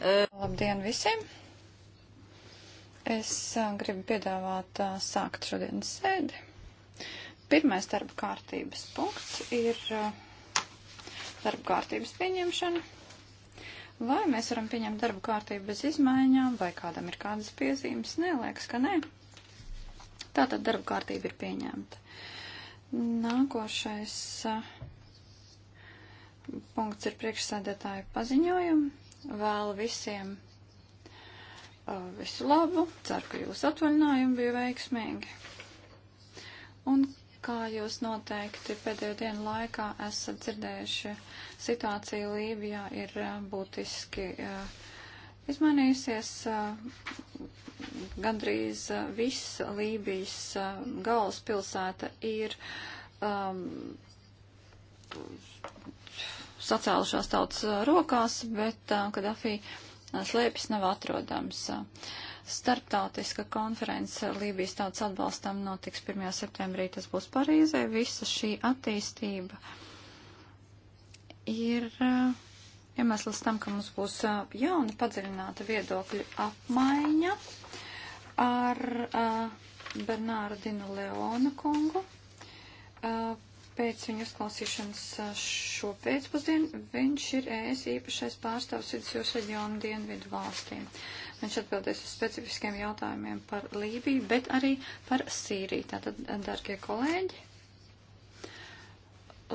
Eh, Labdien visiem! Es eh, gribu piedāvāt eh, sākt šodienas sēdi. Pirmais darba kārtības punkts ir darba kārtības pieņemšana. Vai mēs varam pieņemt darba kārtību bez izmaiņām, vai kādam ir kādas piezīmes? Nē, liekas, ka nē. Tātad darba kārtība ir pieņemta. Nākošais uh, punkts ir priekšsēdētāju paziņojumi. Vēlu visiem uh, visu labu. Ceru, ka jūsu atvaļinājumi bija veiksmīgi. Un kā jūs noteikti pēdējo dienu laikā esat dzirdējuši, situācija Lībijā ir uh, būtiski uh, izmainījusies. Gandrīz viss Lībijas galvaspilsēta ir um, sacēlušās tautas rokās, bet Kadafī slēpjas nav atrodams. Startautiska konference Lībijas tautas atbalstam notiks 1. septembrī, tas būs Parīzē. Visa šī attīstība ir iemesls tam, ka mums būs jauna padziļināta viedokļu apmaiņa ar Bernārdinu Leona kungu Pēc viņa uzklausīšanas šo pēcpusdienu viņš ir ES īpašais pārstāvs vidusjūras reģionu dienvidu valstīm. Viņš atbildēs uz specifiskiem jautājumiem par Lībiju, bet arī par Sīriju. Tātad, darbie kolēģi,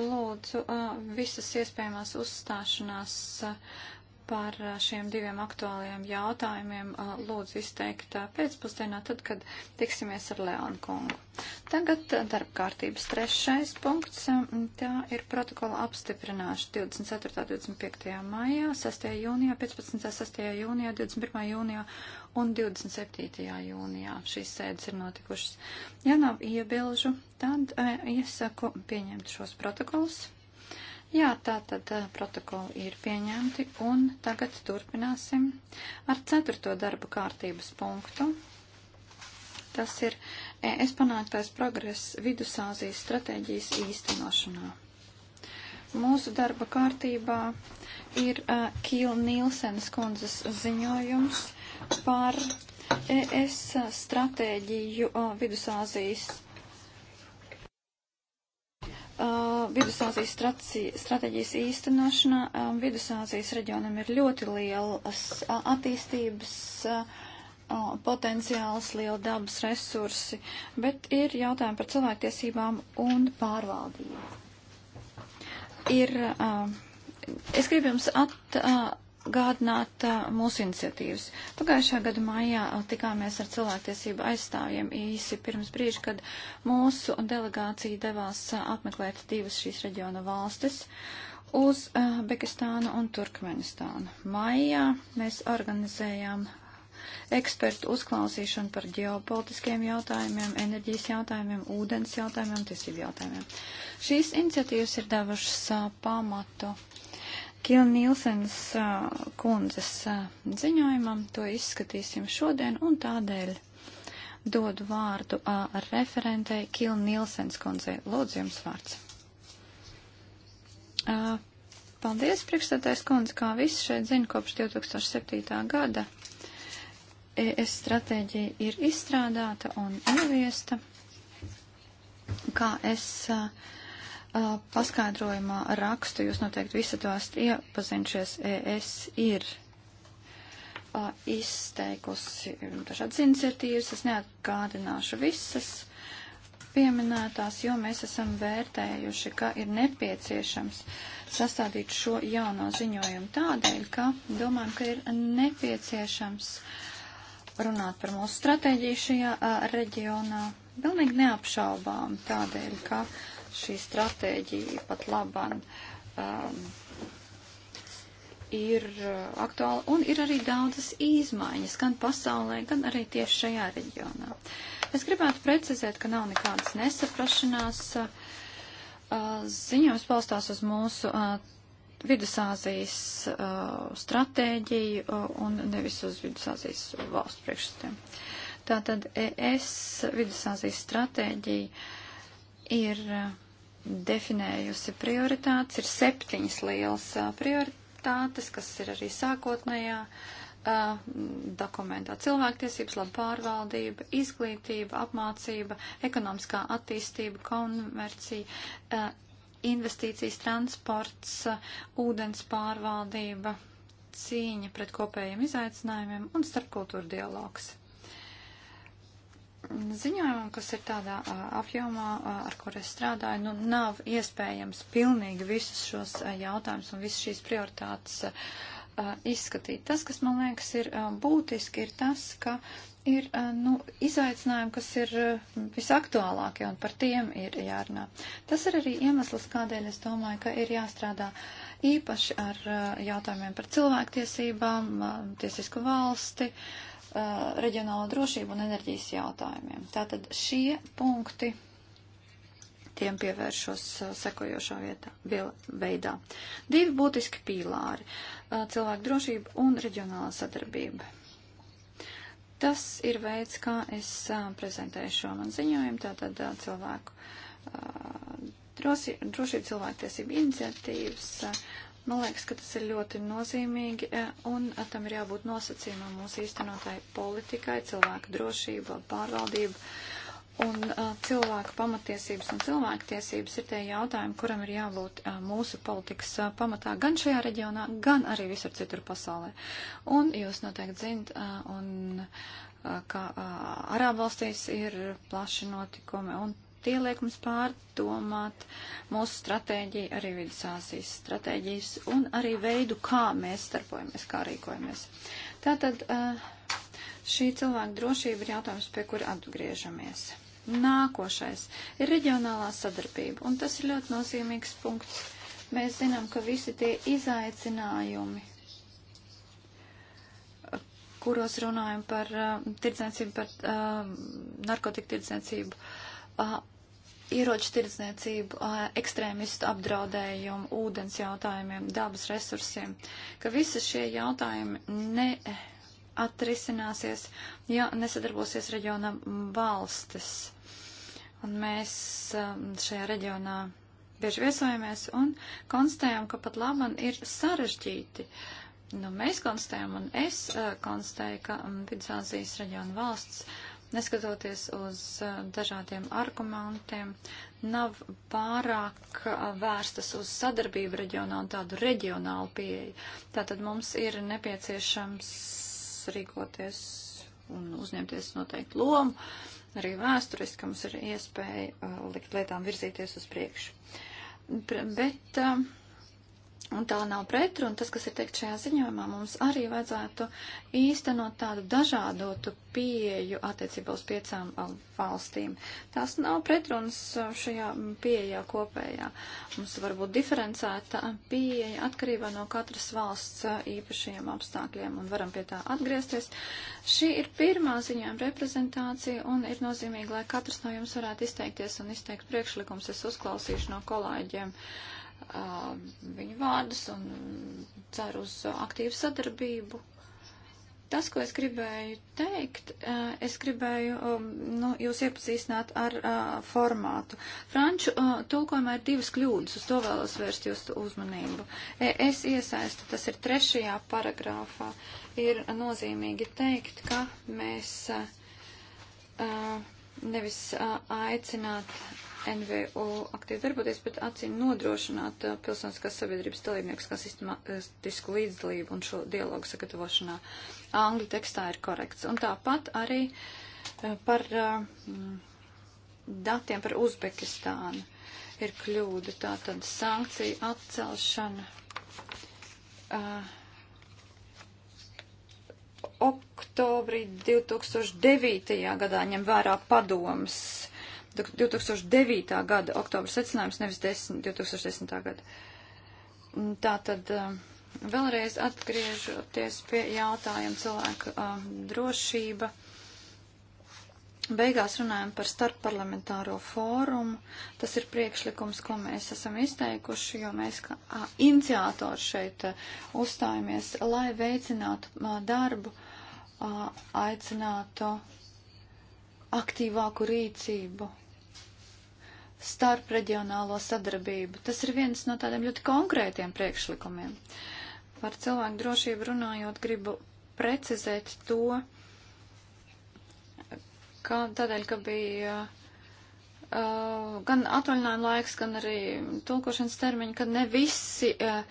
lūdzu visas iespējamās uzstāšanās. Uh, par eh, šiem diviem aktuālajiem jautājumiem eh, lūdzu izteikt eh, pēcpusdienā, tad, kad tiksimies ar Leonu kungu. Tagad darba kārtības trešais punkts. Tā ir protokola apstiprināšana 24. 25. maijā, 6. jūnijā, 15. 6. jūnijā, 21. jūnijā un 27. jūnijā. Šīs sēdes ir notikušas. Ja nav iebilžu, tad iesaku pieņemt šos protokolus. Jā, tā tad eh, protokoli ir pieņemti un tagad turpināsim ar ceturto darba kārtības punktu. Tas ir ES panāktais progress Vidusāzijas stratēģijas īstenošanā. Mūsu darba kārtībā ir uh, Kīla Nīlsenes kundzes ziņojums par ES stratēģiju uh, Vidusāzijas Uh, Vidusāzijas stratēģijas īstenošanā um, Vidusāzijas reģionam ir ļoti lielas uh, attīstības uh, potenciāls, liela dabas resursi, bet ir jautājumi par cilvēktiesībām un pārvaldību. Ir, um, es gribu jums at, atgādināt mūsu iniciatīvas. Pagājušā gada maijā tikāmies ar cilvēktiesību aizstāvjiem īsi pirms brīža, kad mūsu delegācija devās apmeklēt divas šīs reģiona valstis uz Bekistānu un Turkmenistānu. Maijā mēs organizējām ekspertu uzklausīšanu par ģeopolitiskiem jautājumiem, enerģijas jautājumiem, ūdens jautājumiem, tiesību jautājumiem. Šīs iniciatīvas ir devušas pamatu Kila Nīlsens kundzes ziņojumam. To izskatīsim šodien un tādēļ dodu vārdu ar referentei Kila Nīlsens kundzei. Lūdzu, jums vārds. Paldies, priekšstādājs kundze, kā visi šeit zina, kopš 2007. gada ES stratēģija ir izstrādāta un ieviesta. Kā es uh, paskaidrojumā rakstu, jūs noteikti visi to esat iepazinušies, es ir izteikusi dažādas iniciatīvas, es neatgādināšu visas pieminētās, jo mēs esam vērtējuši, ka ir nepieciešams sastādīt šo jauno ziņojumu tādēļ, ka domājam, ka ir nepieciešams runāt par mūsu stratēģiju šajā a, reģionā. Pilnīgi neapšaubām tādēļ, ka uh, Šī stratēģija pat laban um, ir uh, aktuāla un ir arī daudzas izmaiņas gan pasaulē, gan arī tieši šajā reģionā. Es gribētu precizēt, ka nav nekādas nesaprašanās. Uh, ziņojums balstās uz mūsu uh, Vidusāzijas uh, stratēģiju uh, un nevis uz Vidusāzijas valstu priekšstatiem. Tātad ES Vidusāzijas stratēģija ir eh, definējusi prioritātes, ir septiņas lielas eh, prioritātes, kas ir arī sākotnējā uh, dokumentā. Cilvēktiesības, laba pārvaldība, izglītība, apmācība, ekonomiskā attīstība, konvercija, uh, investīcijas, transports, uh, ūdens pārvaldība, cīņa pret kopējiem izaicinājumiem un starpkultūra dialogs ziņojumam, kas ir tādā apjomā, ar kur es strādāju, nu, nav iespējams pilnīgi visus šos jautājumus un visas šīs prioritātes izskatīt. Tas, kas man liekas ir būtiski, ir tas, ka ir nu, izaicinājumi, kas ir visaktuālākie un par tiem ir jārunā. Tas ir arī iemesls, kādēļ es domāju, ka ir jāstrādā īpaši ar jautājumiem par cilvēktiesībām, tiesisku valsti, uh, Uh, reģionālo drošību un enerģijas jautājumiem. Tātad šie punkti tiem pievēršos uh, sekojošā vietā, veidā. Divi būtiski pīlāri - uh, cilvēku drošība un reģionālā sadarbība. Tas ir veids, kā es prezentēju šo man ziņojumu, tātad cilvēku drošība, cilvēku tiesību iniciatīvas, Man liekas, ka tas ir ļoti nozīmīgi, e, un e, tam ir jābūt nosacījumam mūsu īstenotāju politikai, cilvēku drošība, pārvaldība. Un e, cilvēku pamatiesības un cilvēktiesības ir tie jautājumi, kuram ir jābūt mūsu politikas pamatā gan šajā reģionā, gan arī visur citur pasaulē. Un jūs noteikti zinat, un kā Arābalstīs ir plaši notikumi, un tie liek mums pārdomāt mūsu stratēģiju, arī Vidusāsijas stratēģijas un arī veidu, kā mēs starpojamies, kā rīkojamies. Tātad eh, šī cilvēka drošība ir jautājums, pie kura atgriežamies. Nākošais ir reģionālā sadarbība, un tas ir ļoti nozīmīgs punkts. Mēs zinām, ka visi tie izaicinājumi, kuros runājam par uh, tirdzniecību, par uh, narkotiku tirdzniecību, uh, uh, ieroču tirdzniecību, ekstrēmistu apdraudējumu, ūdens jautājumiem, dabas resursiem, ka visi šie jautājumi neatrisināsies, ja nesadarbosies reģiona valstis. Un mēs šajā reģionā bieži viesojamies un konstatējam, ka pat laban ir sarežģīti. Nu, mēs konstatējam, un es uh, konstatēju, ka um, Vidusāzijas reģiona valsts uh, neskatoties uz eh, dažādiem argumentiem, nav pārāk eh, vērstas uz sadarbību reģionā un tādu reģionālu pieeju. Tātad mums ir nepieciešams rīkoties un uzņemties noteikti lomu, arī vēsturiski mums ir iespēja eh, likt lietām virzīties uz priekšu. Bet uh, Un tā nav pretruna. Tas, kas ir teikt šajā ziņojumā, mums arī vajadzētu īstenot tādu dažādotu pieeju attiecībā uz piecām um, valstīm. Tās nav pretrunas um, šajā um, pieejā kopējā. Mums var būt diferencēta pieeja atkarībā no katras valsts uh, īpašajiem apstākļiem un varam pie tā atgriezties. Šī ir pirmā ziņojuma reprezentācija un ir nozīmīgi, lai katrs no jums varētu izteikties un izteikt priekšlikums. Es uzklausīšu no kolēģiem. Uh, uh, viņu vārdus un ceru uz aktīvu sadarbību. Tas, ko es gribēju teikt, uh, es gribēju um, nu, jūs iepazīstināt ar uh, formātu. Franču uh, tulkojumā ir divas kļūdas, uz to vēlos vērst jūs uzmanību. E, es iesaistu, tas ir trešajā paragrāfā, ir nozīmīgi teikt, ka mēs uh, nevis uh, aicināt NVO aktīvi darboties, bet acīm nodrošināt uh, pilsoniskās sabiedrības dalībniekus kā sistematisku līdzdalību un šo dialogu sagatavošanā. Angļu tekstā ir korekts. Un tāpat arī uh, par uh, datiem par Uzbekistānu ir kļūda. Tātad sankcija atcelšana. Uh, oktobrī 2009. gadā ņem vērā padomas 2009. gada oktobra secinājums, nevis 10, 2010. gada. Tā tad um, vēlreiz atgriežoties pie jautājuma cilvēku um, drošība. Beigās runājam par starpparlamentāro fórumu. Tas ir priekšlikums, ko mēs esam izteikuši, jo mēs kā iniciātori šeit uh, uzstājamies, lai veicinātu uh, darbu, uh, aicinātu aktīvāku rīcību, starp reģionālo sadarbību. Tas ir viens no tādiem ļoti konkrētiem priekšlikumiem. Par cilvēku drošību runājot, gribu precizēt to, ka tādēļ, ka bija uh, gan atvaļinājuma laiks, gan arī tulkošanas termiņi, kad ne visi uh,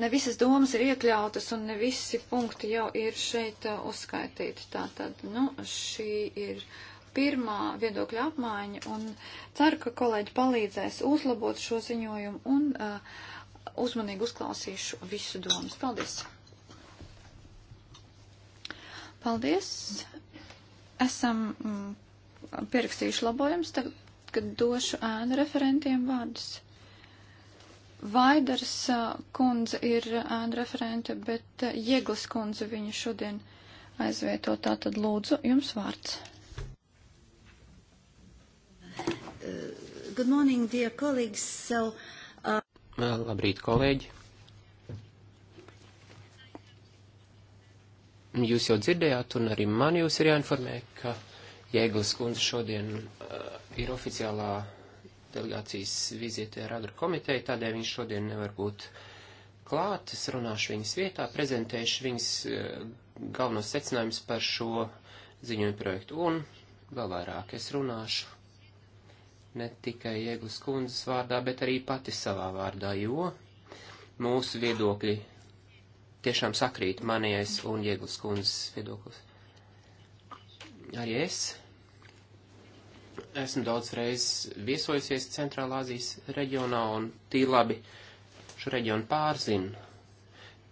ne visas domas ir iekļautas un ne visi punkti jau ir šeit uh, uzskaitīti. Tātad, nu, šī ir pirmā viedokļa apmaiņa un ceru, ka kolēģi palīdzēs uzlabot šo ziņojumu un uh, uzmanīgi uzklausīšu visu domas. Paldies! Paldies! Esam mm, pierakstījuši labojumus, tagad došu ēnu referentiem vārdus. Vaidars kundze ir ēna referente, bet Jēglas kundze viņu šodien aizvieto. Tātad lūdzu, jums vārds. Good morning, dear colleagues. So, uh... Labrīt, kolēģi. Jūs jau dzirdējāt, un arī man jūs ir jāinformē, ka Jēglas kundze šodien uh, ir oficiālā delegācijas vizītē ar agru komiteju, tādēļ viņš šodien nevar būt klāt. Es runāšu viņas vietā, prezentēšu viņas eh, galvenos secinājumus par šo ziņojumu projektu un vēl vairāk es runāšu ne tikai Ieglas kundzes vārdā, bet arī pati savā vārdā, jo mūsu viedokļi tiešām sakrīt manējais un Ieglas kundzes viedoklis. Arī es Esmu daudz reiz viesojusies Centrālā Azijas reģionā un tī labi šo reģionu pārzinu.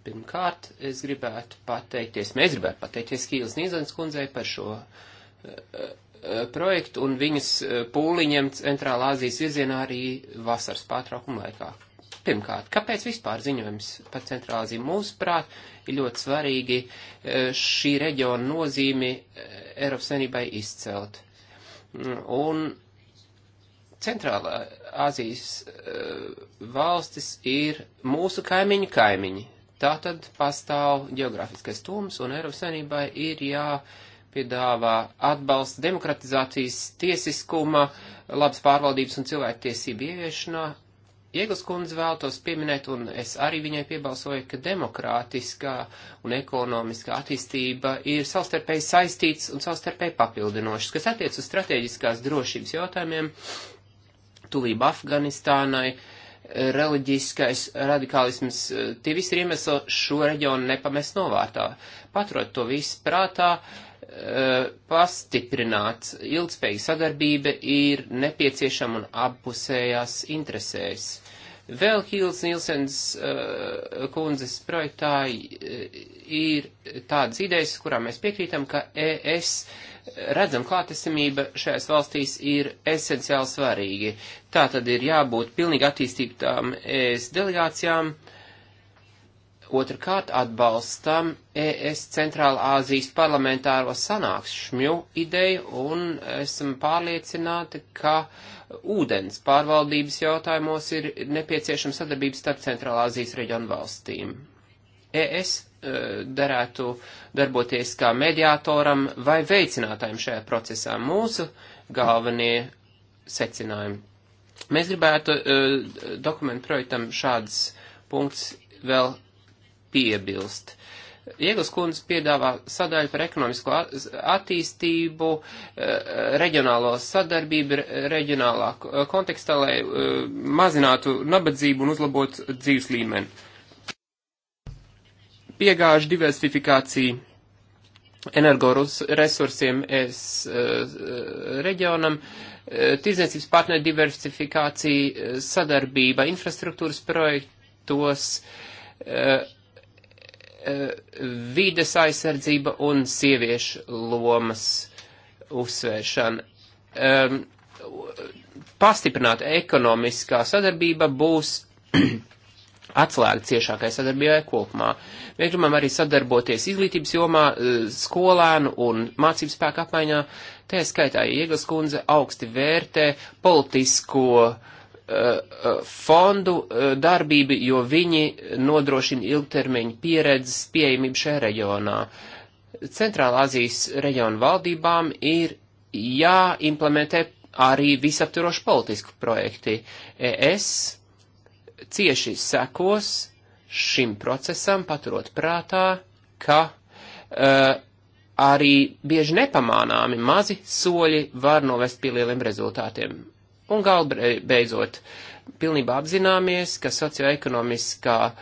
Pirmkārt, es gribētu pateikties, mēs gribētu pateikties Kīles Nīzens kundzei par šo eh, eh, projektu un viņas eh, pūliņiem Centrālā Azijas virzienā arī vasaras pārtraukuma laikā. Pirmkārt, kāpēc vispār ziņojums par Centrālā Aziju? Mūsuprāt, ir ļoti svarīgi šī reģiona nozīmi Eiropas Savienībai izcelt. Un centrālā Azijas eh, valstis ir mūsu kaimiņu kaimiņi. Tātad pastāv geogrāfiskais tums, un Eiropas Savienībai ir jāpiedāvā atbalsts demokratizācijas tiesiskuma, labas pārvaldības un cilvēktiesību ieviešanā Ieglas kundze vēltos pieminēt, un es arī viņai piebalsoju, ka demokrātiskā un ekonomiskā attīstība ir savstarpēji saistīts un savstarpēji papildinošas, kas attiec uz strateģiskās drošības jautājumiem, tuvība Afganistānai, reliģiskais radikālisms, tie visi ir iemesli šo reģionu nepamest novārtā. Paturot to visu prātā, eh, pastiprināts ilgspējīga sadarbība ir nepieciešama un appusējās interesēs. Vēl Hīls Nilsens uh, kundzes projektā uh, ir tādas idejas, kurām mēs piekrītam, ka ES redzam klātesamība šajās valstīs ir esenciāli svarīgi. Tā tad ir jābūt pilnīgi attīstītām ES delegācijām Otrakārt atbalstam ES Centrāla Āzijas parlamentāro sanāksmju ideju un esam pārliecināti, ka ūdens pārvaldības jautājumos ir nepieciešama sadarbības starp Centrāla Āzijas reģionu valstīm. ES e, derētu darboties kā mediātoram vai veicinātājiem šajā procesā mūsu galvenie secinājumi. Mēs gribētu e, dokumentu projektam šāds punkts vēl piebilst. Ieglas kundze piedāvā sadaļu par ekonomisko attīstību, e, reģionālo sadarbību, reģionālā e, kontekstā, lai e, mazinātu nabadzību un uzlabotu dzīves līmeni. Piegāžu diversifikācija energoresursiem es reģionam, tirdzniecības partneru diversifikācija, sadarbība infrastruktūras projektos, Eh, vides aizsardzība un sieviešu lomas uzsvēršana. Um, pastiprināta ekonomiskā sadarbība būs atslēga ciešākai sadarbībai kopumā. Mēs gribam arī sadarboties izglītības jomā, eh, skolēnu un mācību spēku apmaiņā. Tā skaitā Ieglas kundze augsti vērtē politisko uh, Eh, eh, fondu eh, darbību, jo viņi nodrošina ilgtermiņu pieredzes pieejamību šajā reģionā. Centrālā Azijas reģiona valdībām ir jāimplementē arī visaptvaroši politiski projekti. Es cieši sekos šim procesam, paturot prātā, ka uh, arī bieži nepamānāmi mazi soļi var novest pie lieliem rezultātiem. Un galbeidzot, pilnībā apzināmies, ka socioekonomiskā e,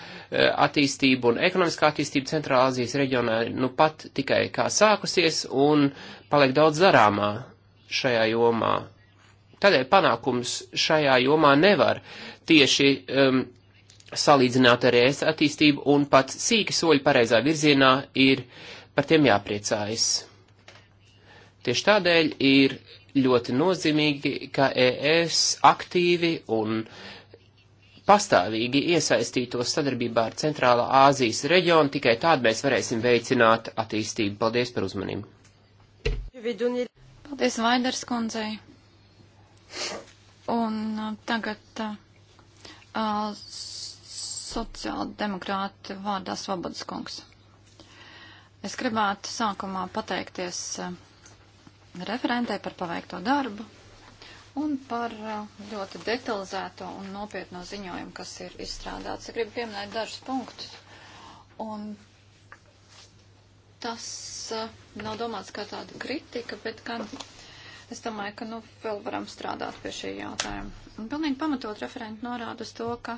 attīstība un ekonomiskā attīstība Centrālāzijas reģionā nu pat tikai kā sākusies un paliek daudz darāmā šajā jomā. Tādēļ panākums šajā jomā nevar tieši um, salīdzināt ar ES attīstību un pat sīki soļi pareizā virzienā ir par tiem jāpriecājas. Tieši tādēļ ir ļoti nozīmīgi, ka ES aktīvi un pastāvīgi iesaistītos sadarbībā ar Centrālā Āzijas reģionu, tikai tādu mēs varēsim veicināt attīstību. Paldies par uzmanību. Paldies Vaiders kundzei. Un uh, tagad uh, uh, sociāldemokrāta vārdā Svobodas kungs. Es gribētu sākumā pateikties. Uh, referentē par paveikto darbu un par uh, ļoti detalizēto un nopietno ziņojumu, kas ir izstrādāts. Es gribu pieminēt dažus punktus. Un tas uh, nav domāts kā tāda kritika, bet gan es domāju, ka nu vēl varam strādāt pie šī jautājuma. Un pilnīgi pamatot referenti norāda uz to, ka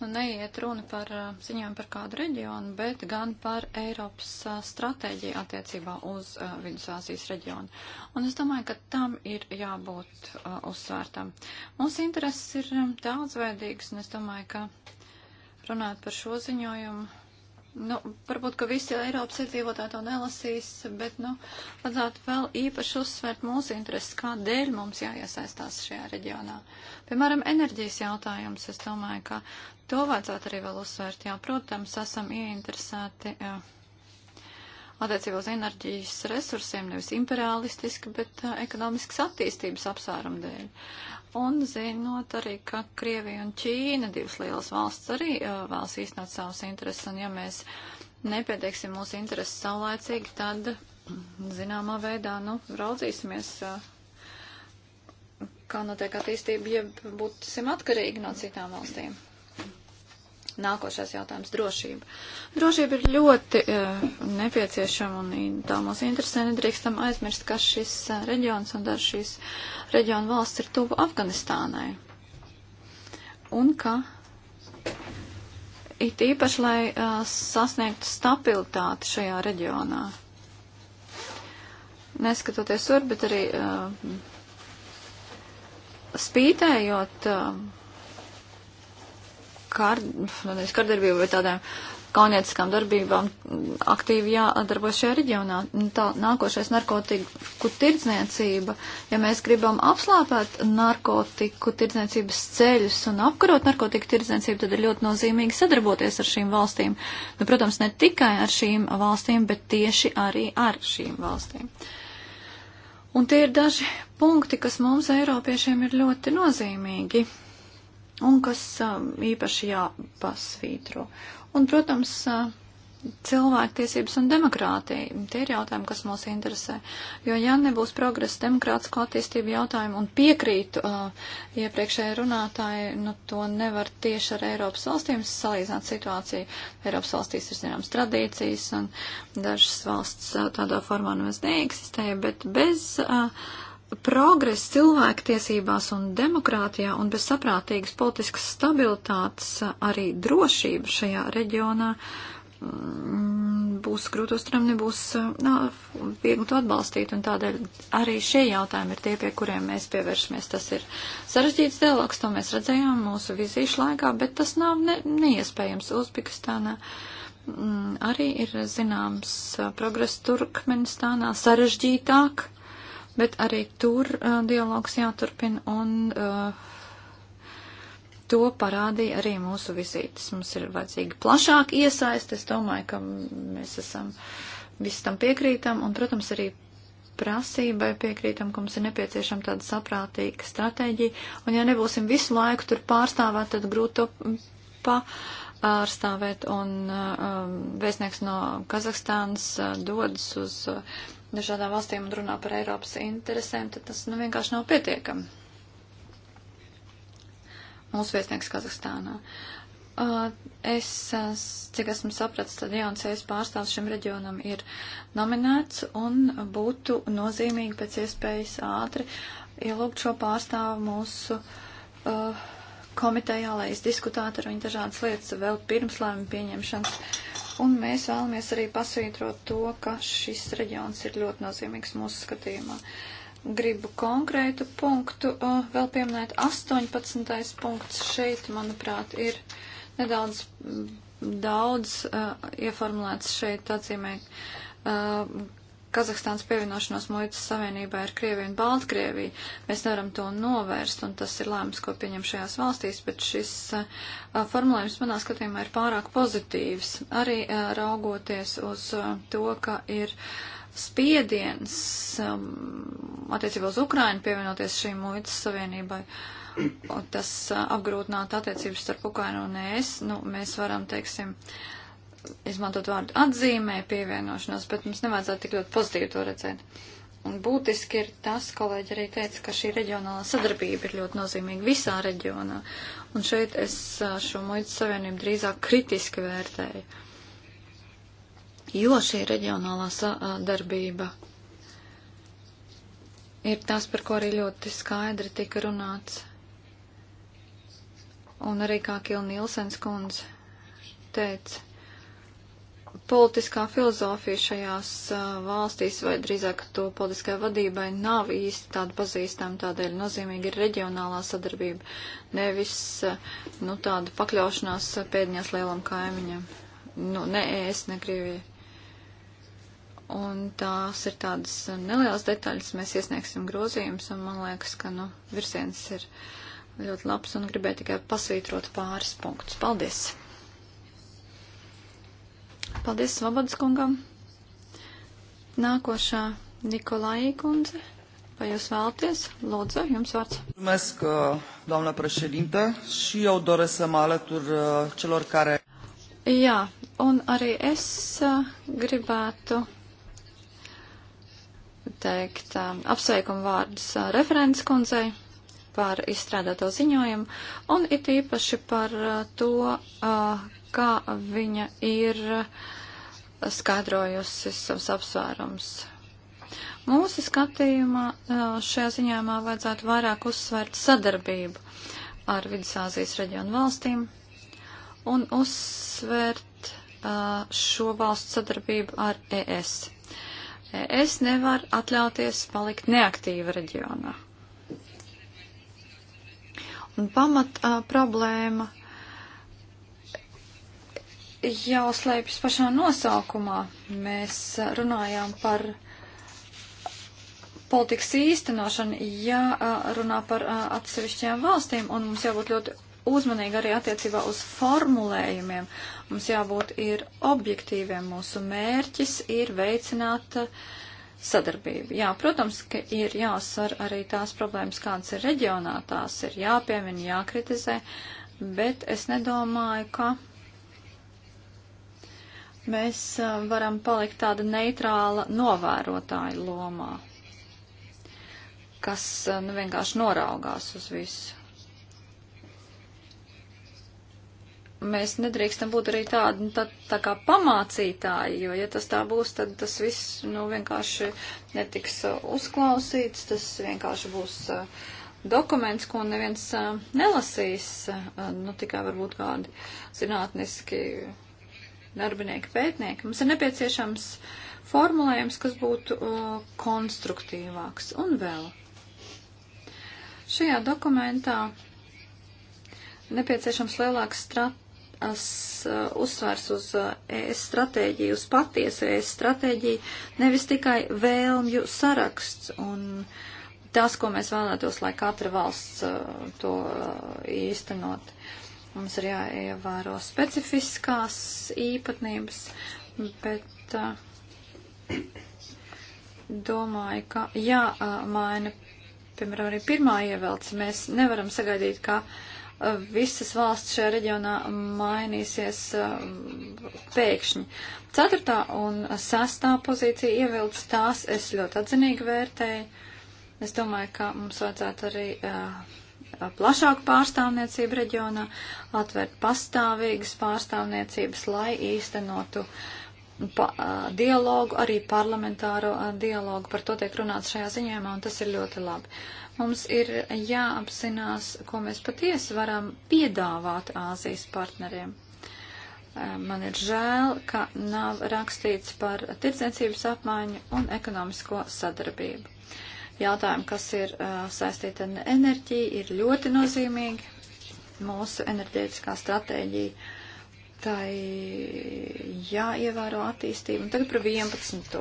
nu, neiet runa par ziņām par kādu reģionu, bet gan par Eiropas stratēģiju attiecībā uz uh, Vidusāzijas reģionu. Un es domāju, ka tam ir jābūt uh, uzsvērtam. Mūsu intereses ir daudzveidīgas, un es domāju, ka runāt par šo ziņojumu Nu, varbūt, ka visi Eiropas iedzīvotāji to nelasīs, bet, nu, vajadzētu vēl īpaši uzsvērt mūsu intereses, kādēļ mums jāiesaistās šajā reģionā. Piemēram, enerģijas jautājums, es domāju, ka to vajadzētu arī vēl uzsvērt. Jā, protams, esam ieinteresēti jā, attiecībā uz enerģijas resursiem, nevis imperialistiski, bet uh, ekonomiskas attīstības apsvērumu dēļ un zinot arī, ka Krievija un Ķīna, divas lielas valsts, arī vēlas īstenot savus intereses, un ja mēs nepieteiksim mūsu intereses saulēcīgi, tad mm, zināmā veidā, nu, raudzīsimies, kā notiek attīstība, ja būsim atkarīgi no citām valstīm nākošais jautājums - drošība. Drošība ir ļoti uh, nepieciešama un tā mūs interesē. Nedrīkstam aizmirst, ka šis uh, reģions un dažs šīs reģiona valsts ir tuvu Afganistānai. Un ka it īpaši, lai uh, sasniegtu stabilitāti šajā reģionā. Neskatoties tur, bet arī uh, spītējot. Uh, kār, nu, kārdarbību vai tādām kaunietiskām darbībām aktīvi jādarbojas šajā reģionā. Tā nākošais narkotiku tirdzniecība, ja mēs gribam apslāpēt narkotiku tirdzniecības ceļus un apkarot narkotiku tirdzniecību, tad ir ļoti nozīmīgi sadarboties ar šīm valstīm. Nu, protams, ne tikai ar šīm valstīm, bet tieši arī ar šīm valstīm. Un tie ir daži punkti, kas mums, Eiropiešiem, ir ļoti nozīmīgi un kas um, īpaši jāpasvītro. Un, protams, uh, cilvēktiesības un demokrātija. Tie ir jautājumi, kas mūs interesē. Jo, ja nebūs progresa demokrātisko attīstību jautājumu un piekrītu uh, iepriekšēji runātāji, nu to nevar tieši ar Eiropas valstīm salīdzināt situāciju. Eiropas valstīs ir zināmas tradīcijas un dažas valsts uh, tādā formā nemaz nu neeksistēja, bet bez uh, progress cilvēktiesībās un demokrātijā un bez saprātīgas politiskas stabilitātes arī drošība šajā reģionā mm, būs grūti uzturam, nebūs nā, viegli to atbalstīt, un tādēļ arī šie jautājumi ir tie, pie kuriem mēs pievēršamies. Tas ir sarežģīts dialogs, to mēs redzējām mūsu vizīšu laikā, bet tas nav ne, neiespējams Uzbekistānā. Mm, arī ir zināms progress Turkmenistānā sarežģītāk, uh, bet arī tur uh, dialogs jāturpina un uh, to parādīja arī mūsu vizītes. Mums ir vajadzīga plašāka iesaiste, es domāju, ka mēs esam visi tam piekrītam un, protams, arī prasībai piekrītam, ka mums ir nepieciešama tāda saprātīga stratēģija, un ja nebūsim visu laiku tur pārstāvēt, tad grūti to pa ārstāvēt, un uh, um, vēstnieks no Kazahstānas uh, dodas uz uh, dažādām valstīm un runā par Eiropas interesēm, tad tas nu, vienkārši nav pietiekami. Mūsu viesnieks Kazahstānā. Uh, es, cik esmu sapratis, tad jauns ES pārstāvs šim reģionam ir nominēts un būtu nozīmīgi pēc iespējas ātri ielūgt šo pārstāvu mūsu uh, komitejā, lai es diskutētu ar viņu dažādas lietas vēl pirms lēmumu pieņemšanas Un mēs vēlamies arī pasvītrot to, ka šis reģions ir ļoti nozīmīgs mūsu skatījumā. Gribu konkrētu punktu uh, vēl pieminēt. 18. punkts šeit, manuprāt, ir nedaudz mm, daudz uh, ieformulēts šeit atzīmē, uh, Kazahstānas pievienošanos muitas savienībā ar Krieviju un Baltkrieviju. Mēs nevaram to novērst, un tas ir lēmums, ko pieņem šajās valstīs, bet šis uh, formulējums manā skatījumā ir pārāk pozitīvs. Arī uh, raugoties uz uh, to, ka ir spiediens um, attiecībā uz Ukrainu pievienoties šīm muitas savienībai. Tas apgrūtinātu attiecības starp Ukrainu un ES. Nu, mēs varam, teiksim, uh, izmantot vārdu atzīmē pievienošanos, bet mums nevajadzētu tik ļoti pozitīvi to redzēt. Un būtiski ir tas, kolēģi arī teica, ka šī reģionālā sadarbība ir ļoti nozīmīga visā reģionā. Un šeit es šo muitas savienību drīzāk kritiski vērtēju. Jo šī reģionālā sadarbība ir tas, par ko arī ļoti skaidri tika runāts. Un arī kā Kilnīlsens kundze teica, politiskā filozofija šajās valstīs, vai drīzāk to politiskai vadībai, nav īsti tāda pazīstama, tādēļ nozīmīgi ir reģionālā sadarbība, nevis nu, tāda pakļaušanās pēdiņās lielam kaimiņam, nu, ne es, ne Krievijai. Un tās ir tādas nelielas detaļas, mēs iesniegsim grozījumus, un man liekas, ka nu, virsiens ir ļoti labs, un gribēju tikai pasvītrot pāris punktus. Paldies! Paldies Svobodas kungam. Nākošā Nikolai kundze. Vai jūs vēlaties? Lūdzu, jums vārds. Mulțumesc, uh, doamna președintă, și eu doresc să mă alătur uh, celor care... Jā, un arī es uh, gribētu teikt apsveikumu vārdus referents kundzei par izstrādāto ziņojumu, un it īpaši par to, kā viņa ir skaidrojusi savus apsvērums. Mūsu skatījumā šajā ziņojumā vajadzētu vairāk uzsvērt sadarbību ar Vidusāzijas reģionu valstīm un uzsvērt šo valstu sadarbību ar ES. ES nevar atļauties palikt neaktīva reģionā. Un pamat uh, problēma uh, jāslēpjas pašā nosaukumā. Mēs runājām par politikas īstenošanu, jārunā par atsevišķajām valstīm, un mums jābūt ļoti uzmanīgi arī attiecībā uz formulējumiem. Mums jābūt ir objektīviem. Mūsu mērķis ir veicināt sadarbību. Jā, protams, ka ir jāsver arī tās problēmas, kādas ir reģionā, tās ir jāpiemina, jākritizē, bet es nedomāju, ka Mēs uh, varam palikt tāda neitrāla novērotāja lomā, kas uh, nu, vienkārši noraugās uz visu. Mēs nedrīkstam būt arī tādi nu, tā, tā kā pamācītāji, jo, ja tas tā būs, tad tas viss nu, vienkārši netiks uh, uzklausīts, tas vienkārši būs uh, dokuments, ko neviens uh, nelasīs, uh, nu tikai varbūt kādi zinātniski darbinieki, pētnieki. Mums ir nepieciešams formulējums, kas būtu uh, konstruktīvāks. Un vēl. Šajā dokumentā nepieciešams lielāks strat, as, uh, uzsvars uz uh, ES stratēģiju, uz patiesu ES stratēģiju, nevis tikai vēlmju saraksts un tas, ko mēs vēlētos, lai katra valsts uh, to uh, īstenot. Uh, Mums ir jāievēro specifiskās īpatnības, bet uh, domāju, ka jāmaina, piemēram, arī pirmā ievelc. Mēs nevaram sagaidīt, ka visas valsts šajā reģionā mainīsies pēkšņi. Ceturtā un sastā pozīcija ievilc tās es ļoti atzinīgi vērtēju. Es domāju, ka mums vajadzētu arī uh, plašāku pārstāvniecību reģionā, atvērt pastāvīgas pārstāvniecības, lai īstenotu pa, dialogu, arī parlamentāro dialogu. Par to tiek runāts šajā ziņojumā, un tas ir ļoti labi. Mums ir jāapzinās, ko mēs patiesi varam piedāvāt Āzijas partneriem. Man ir žēl, ka nav rakstīts par tirdzniecības apmaiņu un ekonomisko sadarbību jautājumi, kas ir uh, saistīti ar enerģiju, ir ļoti nozīmīgi. Mūsu enerģētiskā stratēģija, tai jāievēro attīstība. Un tagad par 11.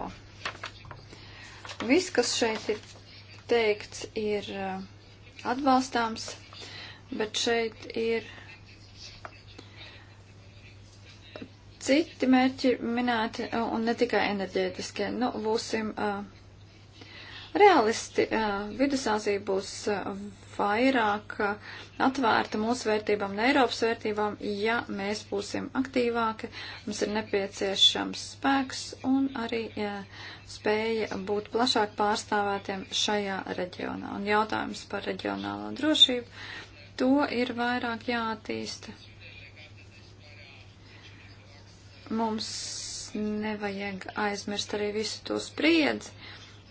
Viss, kas šeit ir teikts, ir uh, atbalstāms, bet šeit ir citi mērķi minēti un ne tikai enerģētiskie. Nu, būsim uh, Realisti Vidusāzija būs vairāk atvērta mūsu vērtībām un Eiropas vērtībām, ja mēs būsim aktīvāki, mums ir nepieciešams spēks un arī ja, spēja būt plašāk pārstāvētiem šajā reģionā. Un jautājums par reģionālo drošību, to ir vairāk jātīsta. Mums nevajag aizmirst arī visu to spriedzi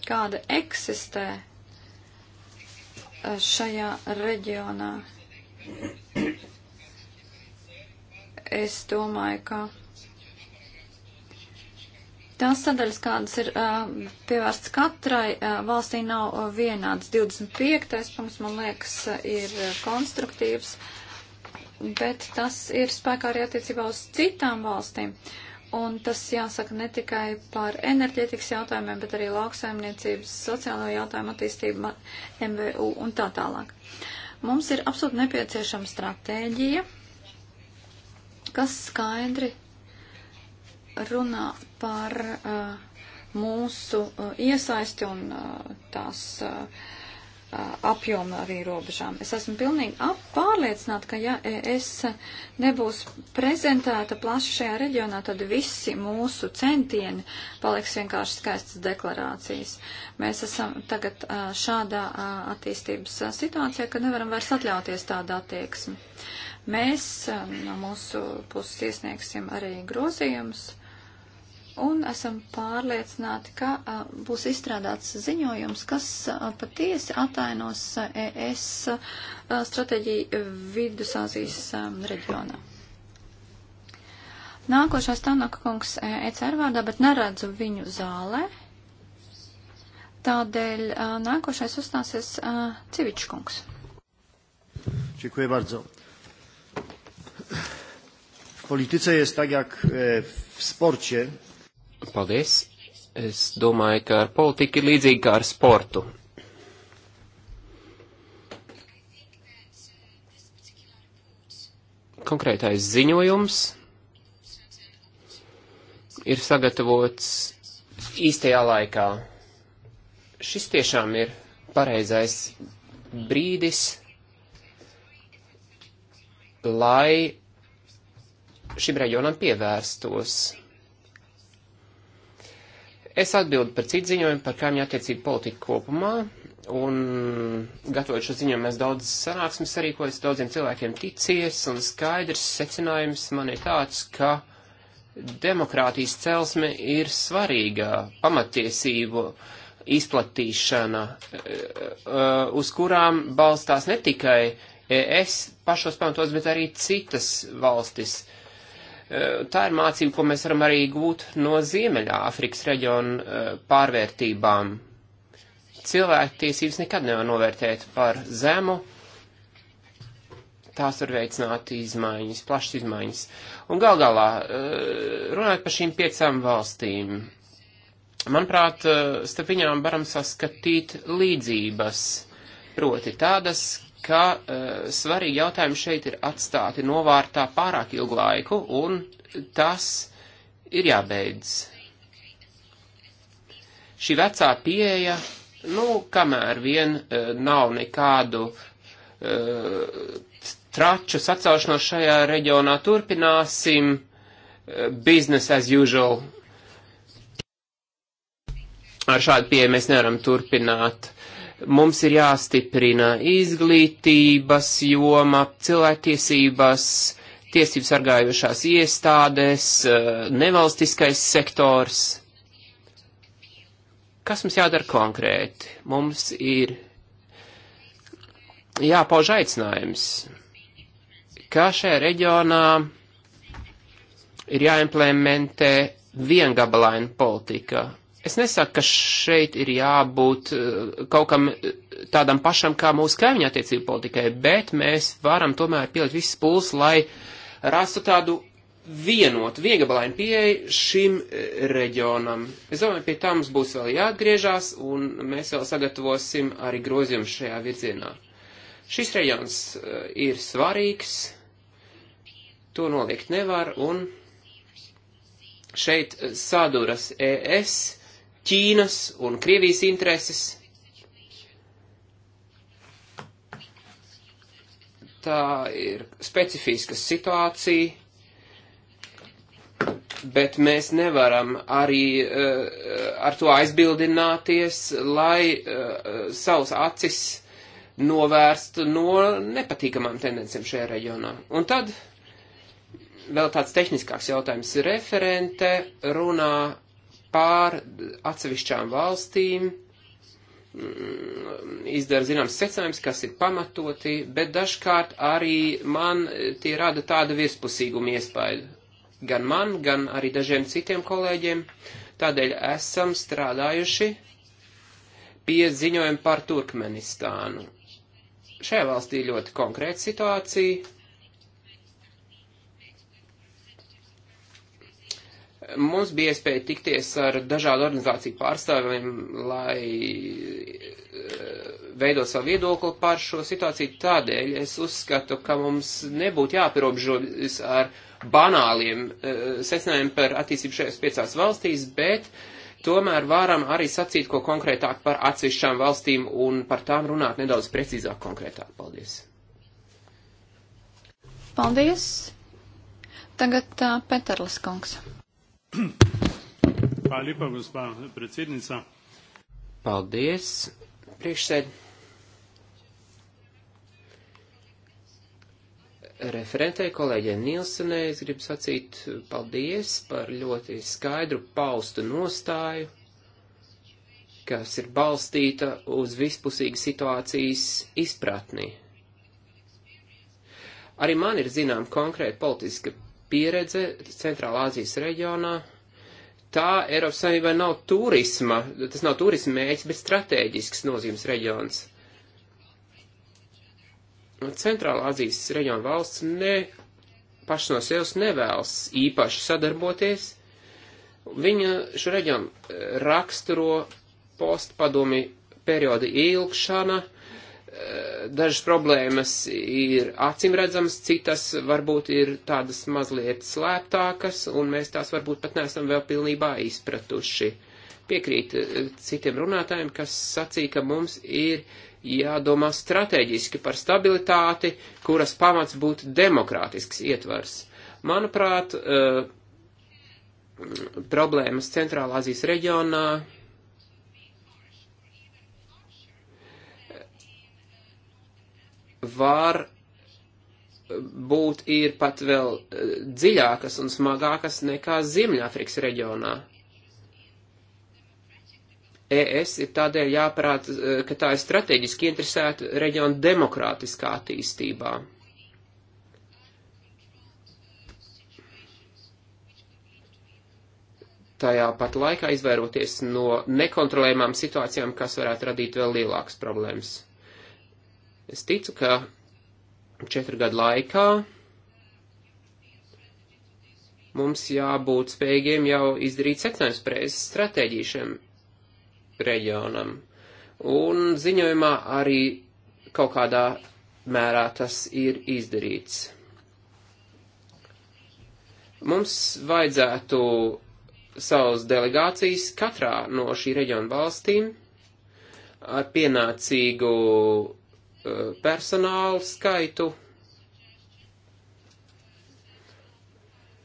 kāda eksistē eh, šajā reģionā. Es domāju, ka tās sadaļas, kādas ir eh, pievērsts katrai eh, valstī, nav vienādas. 25. punkts, man liekas, ir konstruktīvs, bet tas ir spēkā arī attiecībā uz citām valstīm. Uh, Un tas jāsaka ne tikai par enerģētikas jautājumiem, bet arī lauksaimniecības, sociālo jautājumu attīstību, MVU un tā tālāk. Mums ir absolūti nepieciešama stratēģija, kas skaidri runā par uh, mūsu uh, iesaisti un uh, tās. Uh, apjomu arī robežām. Es esmu pilnīgi pārliecināta, ka ja es nebūs prezentēta plaši šajā reģionā, tad visi mūsu centieni paliks vienkārši skaistas deklarācijas. Mēs esam tagad šādā attīstības situācijā, ka nevaram vairs atļauties tādu attieksmi. Mēs no mūsu puses iesniegsim arī grozījumus un esam pārliecināti, ka a, būs izstrādāts ziņojums, kas a, patiesi atainos ES stratēģiju Vidusāzijas reģionā. Nākošais Tanaka kungs ECR e vārdā, bet neredzu viņu zālē. Tādēļ a, nākošais uzstāsies Civičs kungs. Dziękuję bardzo. W polityce jest tak jak e, w sporcie, Paldies. Es domāju, ka ar politiku ir līdzīgi kā ar sportu. Konkrētais ziņojums ir sagatavots īstajā laikā. Šis tiešām ir pareizais brīdis, lai šim reģionam pievērstos. Es atbildu par citu ziņojumu par kaimiņu attiecību politiku kopumā, un gatavojot šo ziņojumu, mēs daudz sanāksmes sarīkojas, daudziem cilvēkiem ticies, un skaidrs secinājums man ir tāds, ka demokrātijas celsme ir svarīga pamatiesību izplatīšana, e, e, uz kurām balstās ne tikai es pašos pamatos, bet arī citas valstis. Uh, Eh, tā ir mācība, ko mēs varam arī gūt no Ziemeļā Afrikas reģiona eh, pārvērtībām. Cilvēktiesības nekad nevar novērtēt par zemu, tās var veicināt izmaiņas, plašas izmaiņas. Un gal galā, eh, runājot par šīm piecām valstīm, manuprāt, starp viņām varam saskatīt līdzības, proti tādas, ka uh, svarīgi jautājumi šeit ir atstāti novārtā pārāk ilgu laiku, un tas ir jābeidz. Šī vecā pieeja, nu, kamēr vien uh, nav nekādu uh, traču sacelšanos šajā reģionā, turpināsim uh, business as usual. Ar šādu pieeju mēs nevaram turpināt uh, Mums ir jāstiprina izglītības joma, cilvēktiesības, tiesības sargājošās iestādes, eh, nevalstiskais sektors. Kas mums jādara konkrēti? Mums ir jāpauž aicinājums, ka šajā reģionā ir jāimplementē viengabalaina politika, Es nesaku, ka šeit ir jābūt eh, kaut kam eh, tādam pašam kā mūsu kaimiņa attiecību politikai, bet mēs varam tomēr pielikt visas puls, lai rastu tādu vienotu, viegabalainu pieeju šim eh, reģionam. Es domāju, pie tā mums būs vēl jāatgriežās, un mēs vēl sagatavosim arī grozījumus šajā virzienā. Šis reģions ir svarīgs, to noliegt nevar, un šeit saduras ES Ķīnas un Krievijas intereses. Tā ir specifiska situācija, bet mēs nevaram arī uh, ar to aizbildināties, lai uh, savus acis novērstu no nepatīkamām tendencēm šajā reģionā. Un tad vēl tāds tehniskāks jautājums. Referente runā pār atsevišķām valstīm, mm, izdara zināms secinājums, kas ir pamatoti, bet dažkārt arī man tie rada tādu virspusīgumu iespaidu. Gan man, gan arī dažiem citiem kolēģiem. Tādēļ esam strādājuši pie ziņojuma par Turkmenistānu. Šajā valstī ļoti konkrēta situācija Mums bija iespēja tikties ar dažādu organizāciju pārstāvjiem, lai eh, veidot savu viedokli par šo situāciju. Tādēļ es uzskatu, ka mums nebūtu jāpierobžojas ar banāliem eh, secinājumiem par attīstību šajās piecās valstīs, bet tomēr varam arī sacīt ko konkrētāk par atsevišķām valstīm un par tām runāt nedaudz precīzāk konkrētāk. Paldies! Paldies! Tagad uh, Peterlis kungs. Hvala lepa, gospa predsednica. Paldies, priekšsēd. Referentei kolēģei Nilsenei es gribu sacīt paldies par ļoti skaidru paustu nostāju, kas ir balstīta uz vispusīgu situācijas izpratni. Arī man ir zinām konkrēta politiska pieredze Centrālā Azijas reģionā. Tā Eiropas Savienībā nav turisma, tas nav turisma mēģis, bet strateģisks nozīmes reģions. Centrālā Azijas reģiona valsts ne, pašs no sevis nevēlas īpaši sadarboties. Viņa šo reģionu raksturo postpadomi perioda ilgšana dažas problēmas ir acimredzamas, citas varbūt ir tādas mazliet slēptākas, un mēs tās varbūt pat neesam vēl pilnībā izpratuši. Piekrīt e, citiem runātājiem, kas sacīja, ka mums ir jādomā strateģiski par stabilitāti, kuras pamats būtu demokrātisks ietvars. Manuprāt, e, problēmas Centrālāzijas reģionā var būt ir pat vēl eh, dziļākas un smagākas nekā Ziemļāfrikas reģionā. ES ir tādēļ jāparāda, eh, ka tā ir strateģiski interesēta reģiona demokrātiskā attīstībā. Tajā pat laikā izvairoties no nekontrolējumām situācijām, kas varētu radīt vēl lielākas problēmas. Es ticu, ka četru gadu laikā mums jābūt spējīgiem jau izdarīt secinājums pēc stratēģiju šiem reģionam. Un ziņojumā arī kaut kādā mērā tas ir izdarīts. Mums vajadzētu savas delegācijas katrā no šī reģiona valstīm ar pienācīgu personālu skaitu.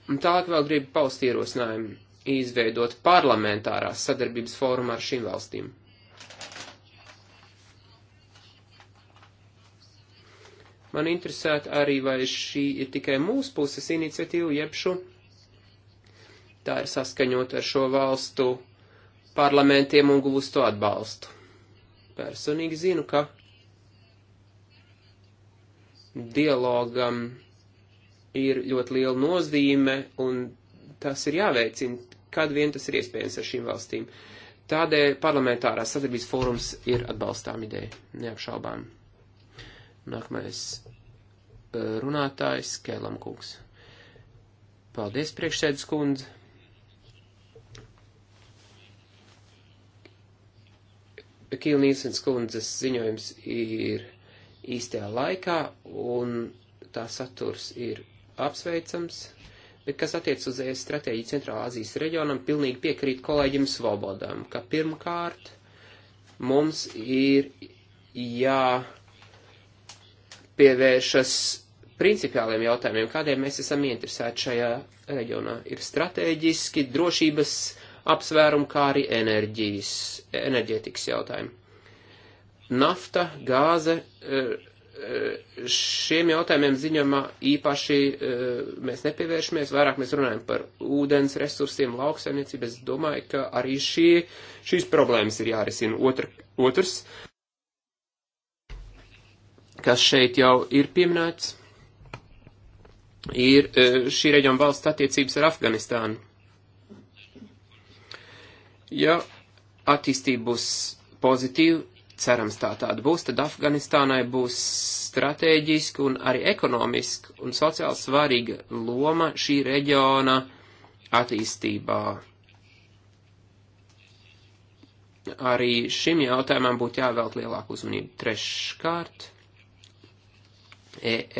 Un tālāk vēl gribu paust ierosinājumu izveidot parlamentārās sadarbības fórumu ar šīm valstīm. Man interesētu arī, vai šī ir tikai mūsu puses iniciatīva, jeb šo tā ir saskaņot ar šo valstu parlamentiem un gūst to atbalstu. Personīgi zinu, ka dialogam ir ļoti liela nozīme un tas ir jāveicina, kad vien tas ir iespējams ar šīm valstīm. Tādēļ parlamentārās sadarbības fórums ir atbalstām ideja, neapšaubām. Nākamais eh, runātājs Kēlam Kungs. Paldies, priekšsēdus kundze. Kīlnīsens kundzes ziņojums ir īstajā laikā, un tā saturs ir apsveicams, bet kas attiec uz ES stratēģiju Centrālā Azijas reģionam, pilnīgi piekrīt kolēģim Svobodam, ka pirmkārt mums ir jāpievēršas principiāliem jautājumiem, kādiem mēs esam ieinteresēti šajā reģionā. Ir strateģiski drošības apsvērumi, kā arī enerģijas, enerģētikas jautājumi. Nafta, gāze, e, e, šiem jautājumiem ziņamā īpaši e, mēs nepievēršamies, vairāk mēs runājam par ūdens resursiem, lauksaimniecību. Es domāju, ka arī šī, šīs problēmas ir jārisina. Otr, otrs, kas šeit jau ir pieminēts, ir šī reģiona valsts attiecības ar Afganistānu. Ja attīstība būs pozitīva, cerams tā tāda būs, tad Afganistānai būs strateģiski un arī ekonomiski un sociāli svarīga loma šī reģiona attīstībā. Arī šim jautājumam būtu jāvēlt lielāku uzmanību. Treškārt,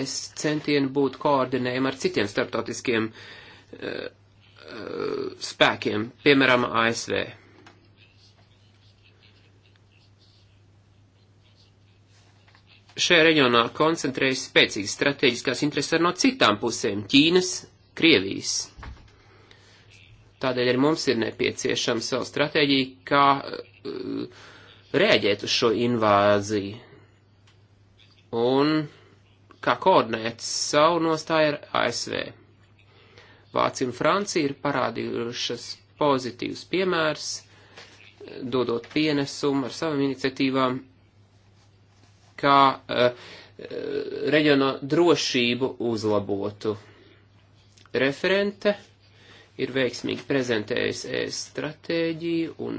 es centienu būt koordinējumu ar citiem starptautiskiem uh, uh, spēkiem, piemēram, ASV šajā reģionā koncentrējas spēcīgas strateģiskās intereses arī no citām pusēm - Ķīnas, Krievijas. Tādēļ arī mums ir nepieciešama savu stratēģiju, kā uh, rēģēt uz šo invāziju un kā koordinēt savu nostāju ar ASV. Vācija un Francija ir parādījušas pozitīvs piemērs, dodot pienesumu ar savām iniciatīvām kā uh, eh, eh, reģiono drošību uzlabotu. Referente ir veiksmīgi prezentējusi ES stratēģiju un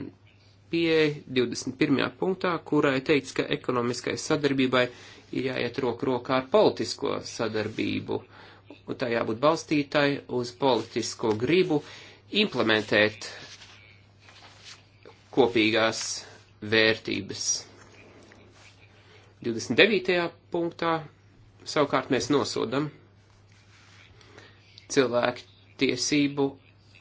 pieeja 21. punktā, kurai teica, ka ekonomiskai sadarbībai ir jāiet roku rokā ar politisko sadarbību, un tā jābūt balstītai uz politisko gribu implementēt kopīgās vērtības. 29. punktā savukārt mēs nosodam cilvēku tiesību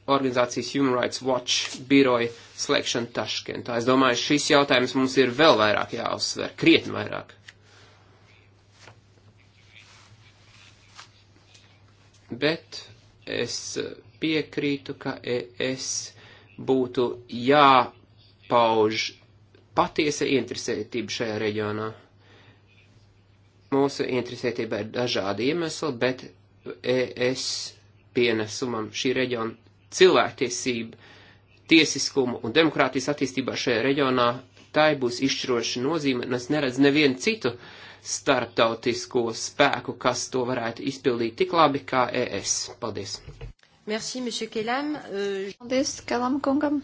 organizācijas Human Rights Watch biroja slēgšanu Taškentā. Es domāju, šis jautājums mums ir vēl vairāk jāuzsver, krietni vairāk. Bet es piekrītu, ka es būtu jāpauž patiesa interesētība šajā reģionā. Mūsu interesētība ir dažādi iemesli, bet es pienesumam šī reģiona cilvēktiesību, tiesiskumu un demokrātijas attīstībā šajā reģionā tai būs izšķiroša nozīme, un es neredzu nevienu citu starptautisko spēku, kas to varētu izpildīt tik labi kā ES. Paldies! Merci, monsieur Kelam. Euh, Paldies, Kelam kungam.